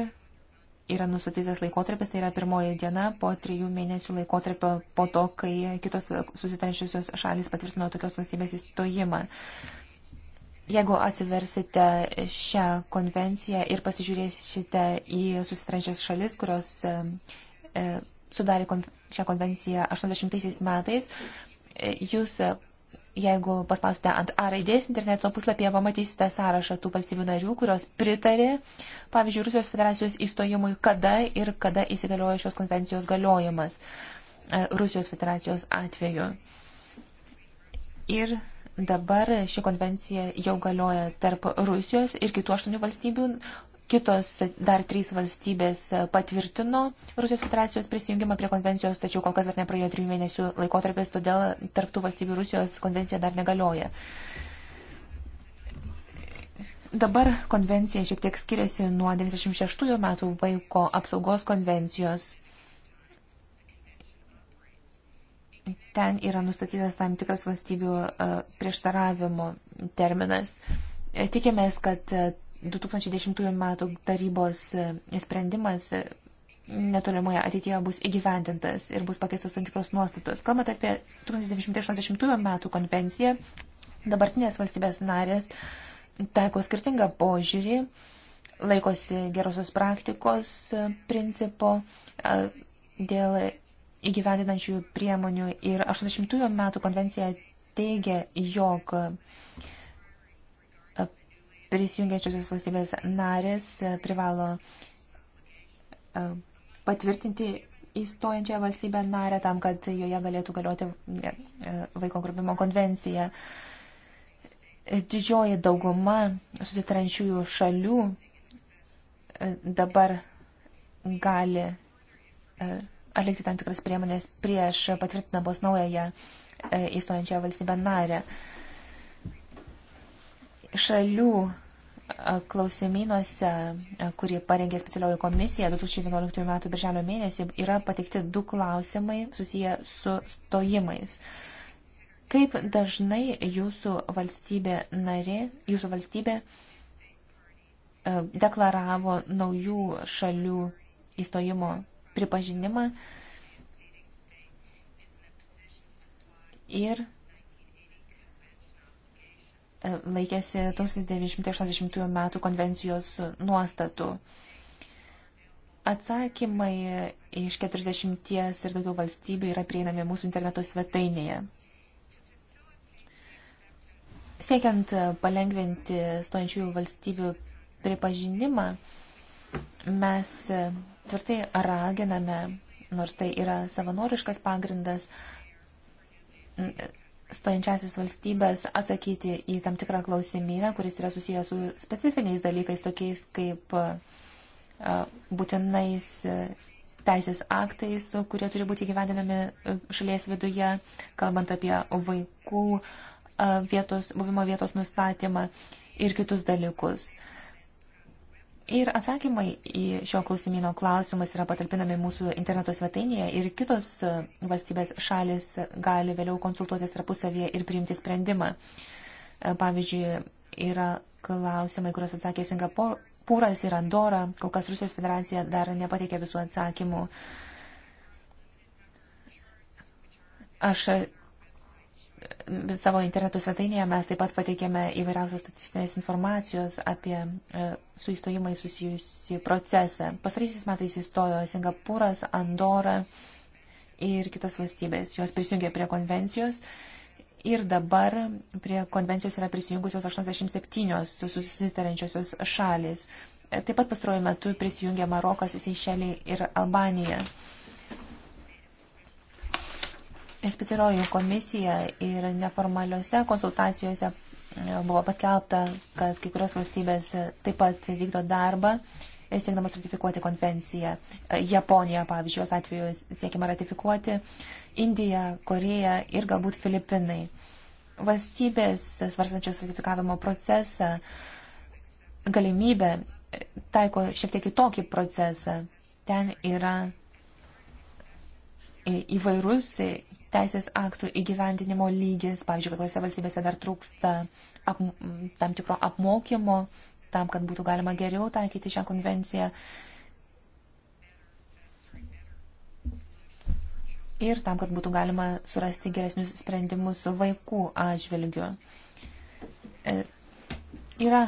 yra nustatytas laikotarpis, tai yra pirmoji diena po trijų mėnesių laikotarpio po to, kai kitos susitarančiusios šalis patvirtino tokios valstybės įstojimą. Jeigu atsiversite šią konvenciją ir pasižiūrėsite į susitrančias šalis, kurios e, e, sudarė kon šią konvenciją 80 metais, e, jūs jeigu paspausite ant A raidės interneto puslapyje, pamatysite sąrašą tų valstybių narių, kurios pritarė, pavyzdžiui, Rusijos federacijos įstojimui, kada ir kada įsigaliojo šios konvencijos galiojimas e, Rusijos federacijos atveju. Ir dabar ši konvencija jau galioja tarp Rusijos ir kitų aštuonių valstybių, Kitos dar trys valstybės patvirtino Rusijos federacijos prisijungimą prie konvencijos, tačiau kol kas dar nepraėjo trijų mėnesių laikotarpis, todėl tarptų valstybių Rusijos konvencija dar negalioja. Dabar konvencija šiek tiek skiriasi nuo 96 metų vaiko apsaugos konvencijos. Ten yra nustatytas tam tikras valstybių e, prieštaravimo terminas. E, tikimės, kad e, 2010 m. tarybos e, sprendimas e, netolimoje ateityje bus įgyvendintas ir bus pakeistos tam tikros nuostatos. Kalbant apie 1980 m. konvenciją, dabartinės valstybės narės taiko skirtingą požiūrį, laikosi gerosios praktikos e, principo dėl įgyvendinančių priemonių ir 80 m. konvencija teigia, jog prisijungiančiosios valstybės narės e, privalo e, patvirtinti įstojančią valstybę narę tam, kad joje galėtų galioti e, vaiko grobimo konvencija. Didžioji dauguma susitrančiųjų šalių dabar gali atlikti tam tikras priemonės prieš patvirtinamos naująją įstojančią valstybę narę šalių klausimynuose, kurį parengė specialioji komisija 2011 m. birželio mėnesį, yra pateikti du klausimai susiję su stojimais. Kaip dažnai jūsų valstybė narė, jūsų valstybė deklaravo naujų šalių įstojimo pripažinimą ir E, laikėsi 1980 metų konvencijos nuostatų. Atsakymai iš 40 ir daugiau valstybių yra prieinami mūsų interneto svetainėje. Siekiant palengventi stojančiųjų valstybių pripažinimą, mes tvirtai raginame, nors tai yra savanoriškas pagrindas, stojančiasis valstybės atsakyti į tam tikrą klausimyną, kuris yra susijęs su specifiniais dalykais, tokiais kaip e, būtinais e, teisės aktais, kurie turi būti gyvendinami e, šalies viduje, kalbant apie vaikų vietos, buvimo vietos nustatymą ir kitus dalykus. Ir atsakymai į šio klausimino klausimus yra patalpinami mūsų interneto svetainėje ir kitos e, valstybės šalis gali vėliau konsultuotis tarpusavėje ir priimti sprendimą. E, pavyzdžiui, yra klausimai, kuriuos atsakė Singapūras ir Andora, kol kas Rusijos federacija dar nepateikė visų atsakymų. Aš savo interneto svetainėje mes taip pat pateikėme įvairiausios statistinės informacijos apie e, su įstojimai susijusi procesą. Pastaraisiais metais įstojo Singapūras, Andora ir kitos valstybės. Jos prisijungė prie konvencijos ir dabar prie konvencijos yra prisijungusios 87 susitarančiosios šalis. E, taip pat pastaruoju metu prisijungė Marokas, Seišeliai ir Albanija. Specialioji komisija ir neformaliuose konsultacijose e, buvo paskelbta, kad kai kurios valstybės taip pat vykdo darbą e, siekdamas ratifikuoti konvenciją. E, Japonija, pavyzdžiui, jos atveju siekiama ratifikuoti, Indija, Koreja ir galbūt Filipinai. Valstybės svarstančios ratifikavimo procesą, galimybę taiko šiek tiek kitokį procesą. Ten yra įvairus teisės aktų įgyvendinimo lygis. Pavyzdžiui, kai kuriuose valstybėse dar trūksta ap, tam tikro apmokymo tam, kad būtų galima geriau taikyti šią konvenciją. Ir tam, kad būtų galima surasti geresnius sprendimus vaikų atžvilgiu. E, yra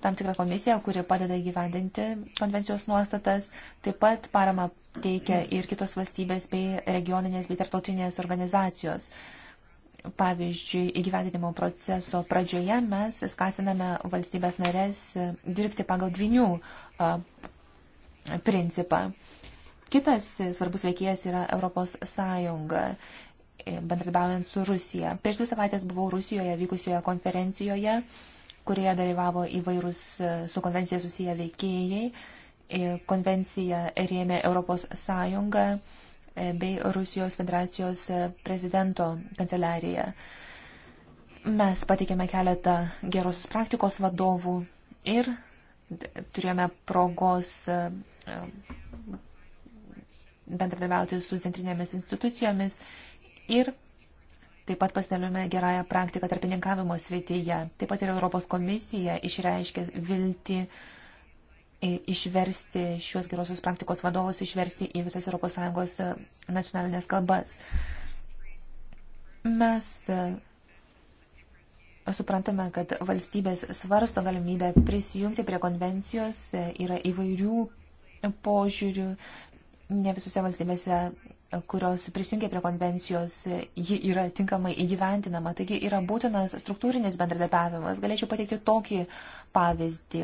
tam tikrą komisiją, kuri padeda įgyvendinti konvencijos nuostatas. Taip pat parama teikia ir kitos valstybės bei regioninės bei tarptautinės organizacijos. Pavyzdžiui, įgyvendinimo proceso pradžioje mes skatiname valstybės narės dirbti pagal dvinių principą. Kitas svarbus veikėjas yra Europos Sąjunga e, bendradaujant su Rusija. Prieš dvi savaitės buvau Rusijoje vykusioje konferencijoje kurioje dalyvavo įvairūs e, su konvencija susiję veikėjai. E, konvencija rėmė Europos Sąjungą e, bei Rusijos federacijos prezidento kanceliariją. Mes pateikėme keletą geros praktikos vadovų ir turėjome progos bendradarbiauti su centrinėmis institucijomis ir Taip pat pasidalėme gerąją praktiką tarpininkavimo srityje. Taip pat ir Europos komisija išreiškė viltį e, išversti šios gerosios praktikos vadovus, išversti į visas ES e, nacionalinės kalbas. Mes e, suprantame, kad valstybės svarsto galimybę prisijungti prie konvencijos, yra įvairių požiūrių, ne visose valstybėse kurios prisijungia prie konvencijos, ji yra tinkamai įgyventinama. Taigi yra būtinas struktūrinis bendradarbiavimas. Galėčiau pateikti tokį pavyzdį.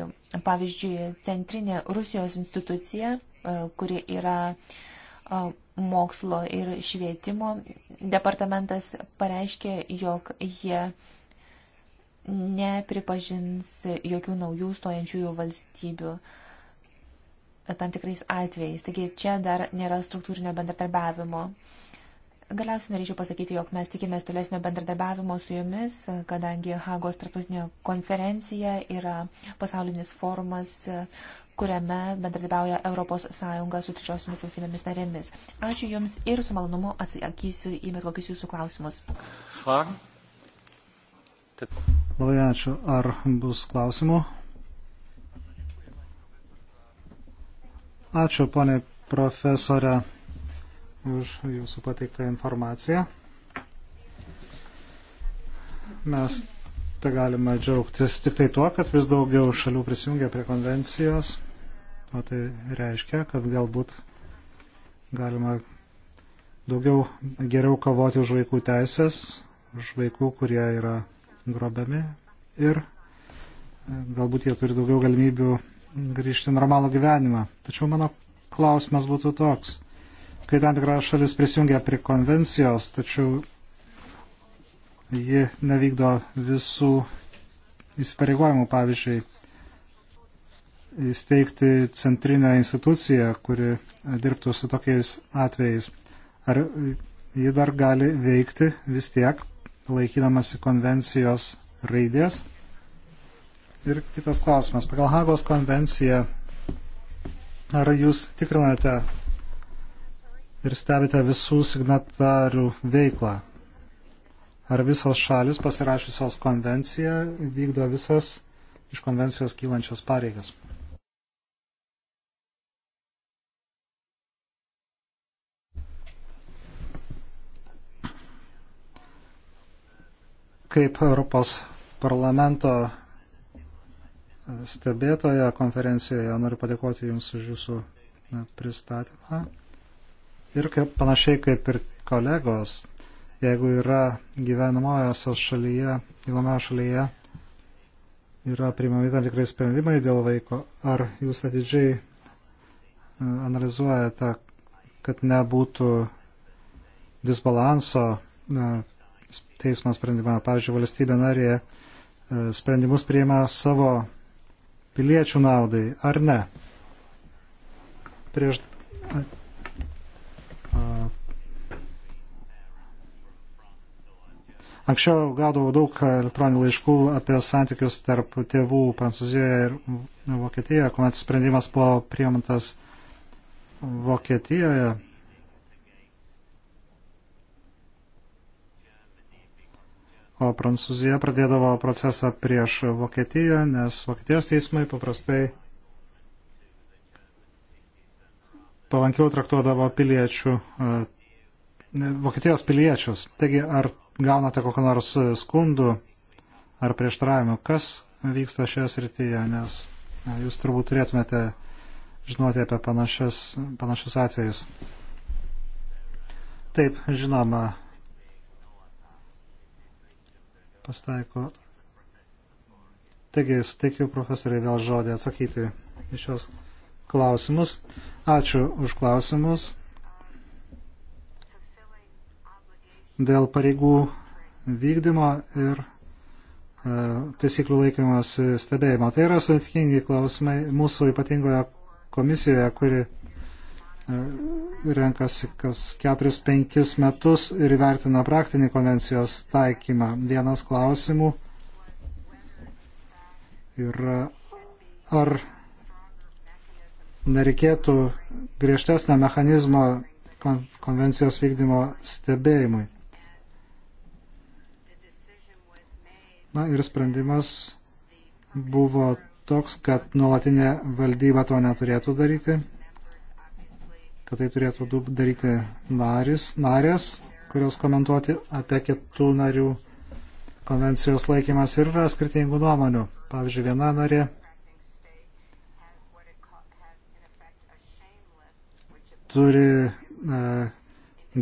Pavyzdžiui, centrinė Rusijos institucija, e, kuri yra e, mokslo ir švietimo departamentas, pareiškė, jog jie nepripažins jokių naujų stojančiųjų valstybių. Uh, tam tikrais atvejais. Taigi čia dar nėra struktūrinio bendradarbiavimo. Galiausiai norėčiau pasakyti, jog mes tikimės tolesnio bendradarbiavimo su jumis, kadangi Hagos tarptautinė konferencija yra pasaulinis forumas, kuriame bendradarbiauja ES su trečiosiomis valstybėmis narėmis. Ačiū Jums ir su malonumu atsakysiu į bet kokius Jūsų klausimus. Labai ačiū. Ar bus klausimų? Ačiū, ponė profesorė, už jūsų pateiktą informaciją. Mes te galime džiaugtis tik tai tuo, kad vis daugiau šalių prisijungia prie konvencijos, o tai reiškia, kad galbūt galima daugiau geriau kovoti už vaikų teisės, už vaikų, kurie yra grobiami ir e, galbūt jie turi daugiau galimybių grįžti normalų gyvenimą. Tačiau mano klausimas būtų toks. Kai tam tikra šalis prisijungia prie konvencijos, tačiau ji nevykdo visų įsipareigojimų, pavyzdžiui, įsteigti centrinę instituciją, kuri dirbtų su tokiais atvejais. Ar ji dar gali veikti vis tiek, laikydamasi konvencijos raidės? Ir kitas klausimas. Pagal Hagos konvenciją, ar jūs tikrinate ir stebite visų signatarių veiklą? Ar visos šalis pasirašysios konvenciją vykdo visas iš konvencijos kylančias pareigas? kaip Europos parlamento stebėtoja konferencijoje. Noriu padėkoti Jums už Jūsų pristatymą. Ir kaip, panašiai kaip ir kolegos, jeigu yra gyvenamojosios šalyje, gyvenamojo šalyje, yra priimami tam tikrai sprendimai dėl vaiko, ar Jūs atidžiai e, analizuojate, kad nebūtų disbalanso teismo sprendimą. Pavyzdžiui, valstybė narė e, sprendimus priima savo piliečių naudai, ar ne? Prieš Anksčiau gaudavau daug elektroninių laiškų apie santykius tarp tėvų Prancūzijoje ir Vokietijoje, kuomet sprendimas buvo priimtas Vokietijoje. o Prancūzija pradėdavo procesą prieš Vokietiją, nes Vokietijos teismai paprastai palankiau traktuodavo piliečių, e, Vokietijos piliečius. Taigi, ar gaunate kokią nors skundų ar prieštaravimų, kas vyksta šioje srityje, nes jūs turbūt turėtumėte žinoti apie panašias, panašius atvejus. Taip, žinoma, pasitaiko. Taigi, suteikiu profesoriai vėl žodį atsakyti į šios klausimus. Ačiū už klausimus. Dėl pareigų vykdymo ir e, taisyklių laikymas stebėjimo. Tai yra sudėtingi klausimai mūsų ypatingoje komisijoje, kuri renkasi kas 4-5 metus ir įvertina praktinį konvencijos taikymą. Vienas klausimų yra, ar nereikėtų griežtesnio mechanizmo konvencijos vykdymo stebėjimui. Na ir sprendimas buvo toks, kad nuolatinė valdyba to neturėtų daryti kad tai turėtų daryti narys, narės, kurios komentuoti apie kitų narių konvencijos laikymas ir yra skirtingų nuomonių. Pavyzdžiui, viena narė turi e,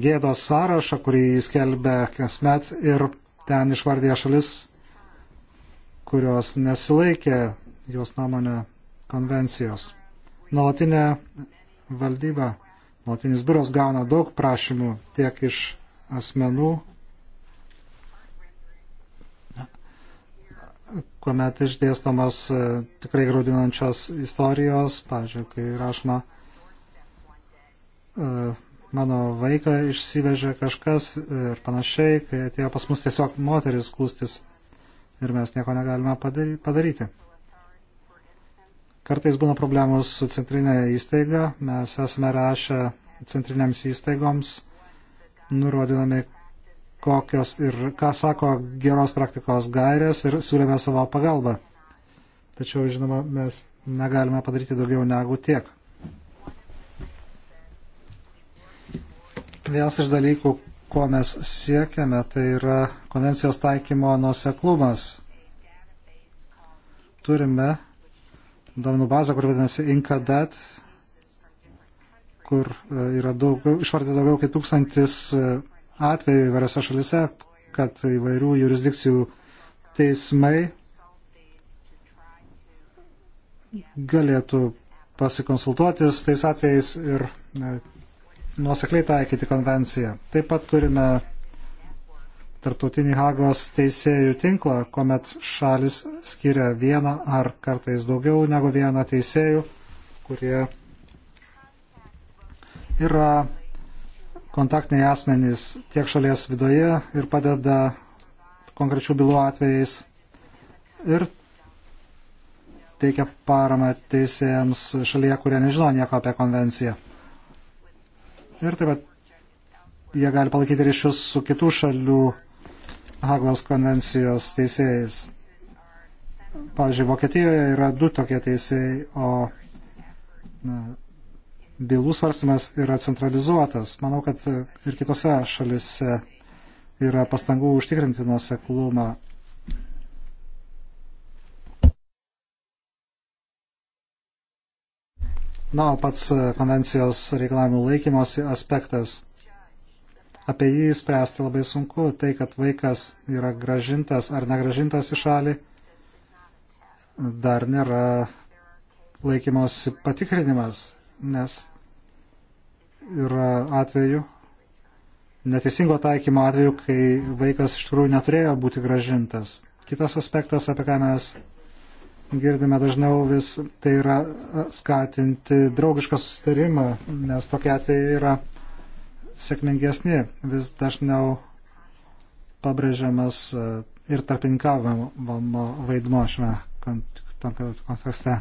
gėdos sąrašą, kurį jis kelbė kasmet ir ten išvardė šalis, kurios nesilaikė jos nuomonę konvencijos. Nuolatinė valdyba Nuolatinis biuras gauna daug prašymų tiek iš asmenų, kuomet išdėstamos e, tikrai graudinančios istorijos, pavyzdžiui, kai rašoma, e, mano vaiką išsivežė kažkas ir panašiai, kai atėjo pas mus tiesiog moteris kūstis ir mes nieko negalime padaryti. Kartais būna problemos su centrinė įstaiga. Mes esame rašę centrinėms įstaigoms, nurodinami, kokios ir ką sako geros praktikos gairės ir siūlėme savo pagalbą. Tačiau, žinoma, mes negalime padaryti daugiau negu tiek. Vienas iš dalykų, ko mes siekiame, tai yra konvencijos taikymo nuseklumas. Turime duomenų bazę, kur vadinasi Inkadat, kur yra daug, išvardyta daugiau kaip tūkstantis e, atvejų įvairiose šalise, kad įvairių jurisdikcijų teismai galėtų pasikonsultuoti su tais atvejais ir e, nuosekliai taikyti konvenciją. Taip pat turime tarptautinį Hagos teisėjų tinklą, kuomet šalis skiria vieną ar kartais daugiau negu vieną teisėjų, kurie yra kontaktiniai asmenys tiek šalies viduje ir padeda konkrečių bylų atvejais ir teikia paramą teisėjams šalyje, kurie nežino nieko apie konvenciją. Ir taip pat jie gali palaikyti ryšius su kitų šalių Hagos konvencijos teisėjais. Pavyzdžiui, Vokietijoje yra du tokie teisėjai, o na, bylų svarstymas yra centralizuotas. Manau, kad ir kitose šalise yra pastangų užtikrinti nuoseklumą Na, o pats konvencijos reikalavimų laikymosi aspektas apie jį spręsti labai sunku. Tai, kad vaikas yra gražintas ar negražintas į šalį, dar nėra laikymosi patikrinimas, nes yra atveju, neteisingo taikymo atveju, kai vaikas iš tikrųjų neturėjo būti gražintas. Kitas aspektas, apie ką mes girdime dažniau vis, tai yra skatinti draugišką susitarimą, nes tokie atvejai yra sėkmingesni, vis dažniau pabrėžiamas e, ir tarpininkavimo vaidmo šiame kontekste.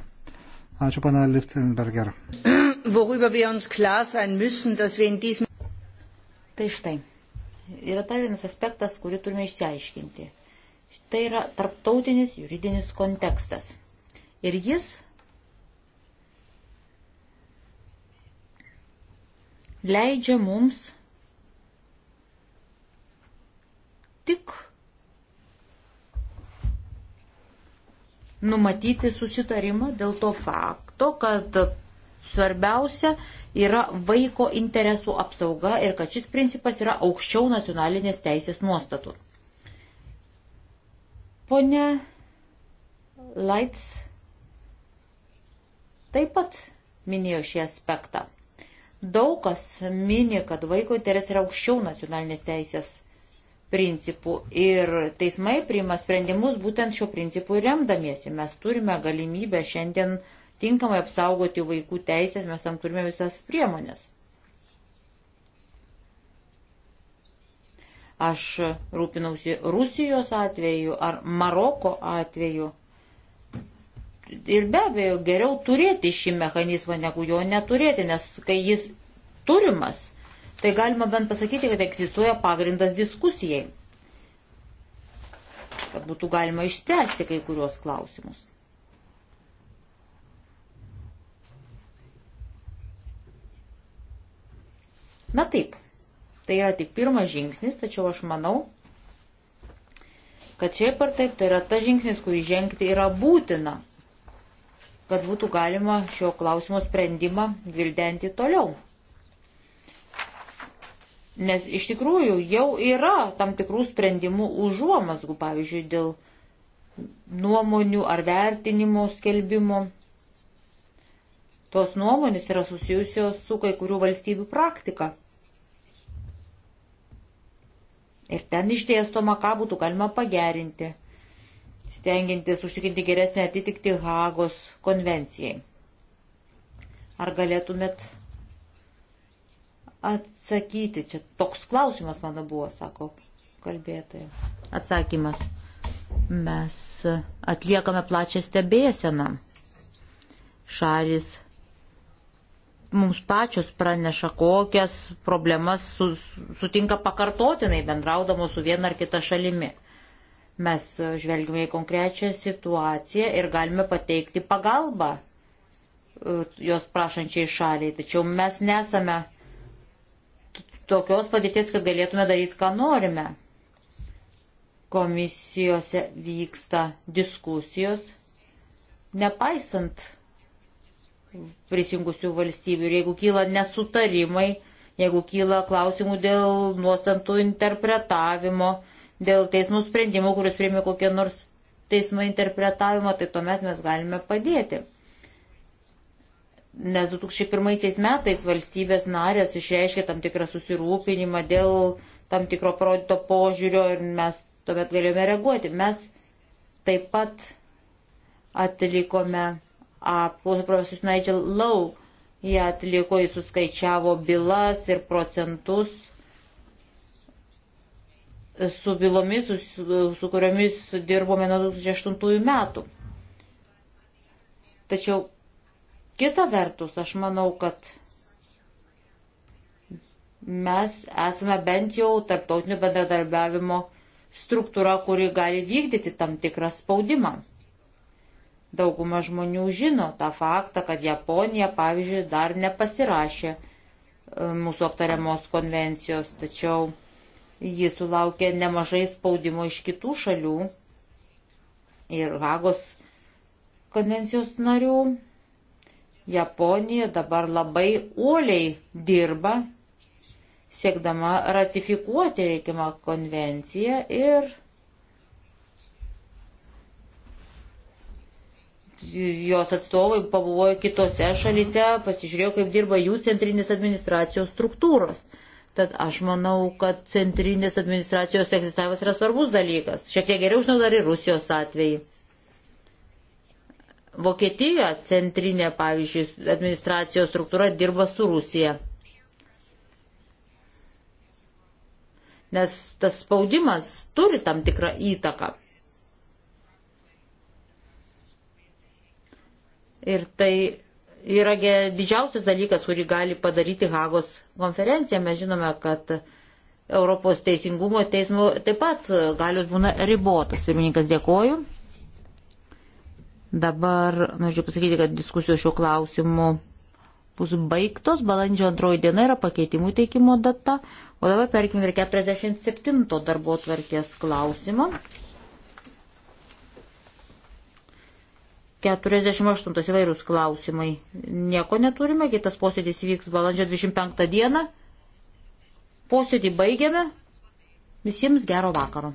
Ačiū, pana Liftenberger. Tai štai, yra ta vienas aspektas, kurį turime išsiaiškinti. Tai yra tarptautinis juridinis kontekstas. Ir jis leidžia mums tik numatyti susitarimą dėl to fakto, kad svarbiausia yra vaiko interesų apsauga ir kad šis principas yra aukščiau nacionalinės teisės nuostatų. Pone Laits taip pat minėjo šį aspektą. Daug kas mini, kad vaiko interesai yra aukščiau nacionalinės teisės principų ir teismai priima sprendimus būtent šio principu remdamiesi. Mes turime galimybę šiandien tinkamai apsaugoti vaikų teisės, mes tam turime visas priemonės. Aš rūpinausi Rusijos atveju ar Maroko atveju ir be abejo geriau turėti šį mechanizmą, negu jo neturėti, nes kai jis turimas, tai galima bent pasakyti, kad egzistuoja pagrindas diskusijai, kad būtų galima išspręsti kai kurios klausimus. Na taip, tai yra tik pirmas žingsnis, tačiau aš manau, kad šiaip ar taip tai yra tas žingsnis, kurį žengti yra būtina, kad būtų galima šio klausimo sprendimą gvildenti toliau. Nes iš tikrųjų jau yra tam tikrų sprendimų užuomasgų, pavyzdžiui, dėl nuomonių ar vertinimo skelbimo. Tos nuomonės yra susijusios su kai kurių valstybių praktika. Ir ten išdėstoma, ką būtų galima pagerinti stengiantis užtikrinti geresnę atitikti Hagos konvencijai. Ar galėtumėt atsakyti? Čia toks klausimas mano buvo, sako kalbėtoja. Atsakymas. Mes atliekame plačią stebėseną. Šalis mums pačios praneša, kokias problemas su, sutinka pakartotinai bendraudamos su viena ar kita šalimi. Mes žvelgime į konkrečią situaciją ir galime pateikti pagalbą e, jos prašančiai šaliai. Tačiau mes nesame tokios padėties, kad galėtume daryti, ką norime. Komisijose vyksta diskusijos, nepaisant prisijungusių valstybių. Ir jeigu kyla nesutarimai, jeigu kyla klausimų dėl nuostantų interpretavimo, dėl teismų sprendimų, kuriuos priėmė kokie nors teismo interpretavimo, tai tuomet mes galime padėti. Nes 2001 metais valstybės narės išreiškė tam tikrą susirūpinimą dėl tam tikro parodyto požiūrio ir mes tuomet galėjome reaguoti. Mes taip pat atlikome apklausą profesorius Nigel Lau, jie atliko, jis suskaičiavo bylas ir procentus su bylomis, su, su kuriomis dirbome nuo 2008 metų. Tačiau kita vertus, aš manau, kad mes esame bent jau tarptautinio bendradarbiavimo struktūra, kuri gali vykdyti tam tikrą spaudimą. Dauguma žmonių žino tą faktą, kad Japonija, pavyzdžiui, dar nepasirašė e, mūsų aptariamos konvencijos, tačiau Jis sulaukė nemažai spaudimo iš kitų šalių ir Hagos konvencijos narių. Japonija dabar labai uoliai dirba, siekdama ratifikuoti reikimą konvenciją ir jos atstovai pabuvojo kitose šalyse, pasižiūrėjo, kaip dirba jų centrinės administracijos struktūros. Tad aš manau, kad centrinės administracijos egzistavimas yra svarbus dalykas. Šiek tiek geriau žinau dar ir Rusijos atvejį. Vokietijoje centrinė, pavyzdžiui, administracijos struktūra dirba su Rusija. Nes tas spaudimas turi tam tikrą įtaką. Ir tai yra didžiausias dalykas, kurį gali padaryti Hagos konferencija. Mes žinome, kad Europos teisingumo teismo taip pat galios būna ribotas. Pirmininkas dėkoju. Dabar noriu pasakyti, kad diskusijos šiuo klausimu bus baigtos. Balandžio antroji diena yra pakeitimų teikimo data. O dabar perkime prie 47 darbo tvarkės klausimo. 48 įvairūs klausimai. Nieko neturime, kitas posėdis vyks balandžio 25 dieną. Posėdį baigiame. Visiems gero vakaro.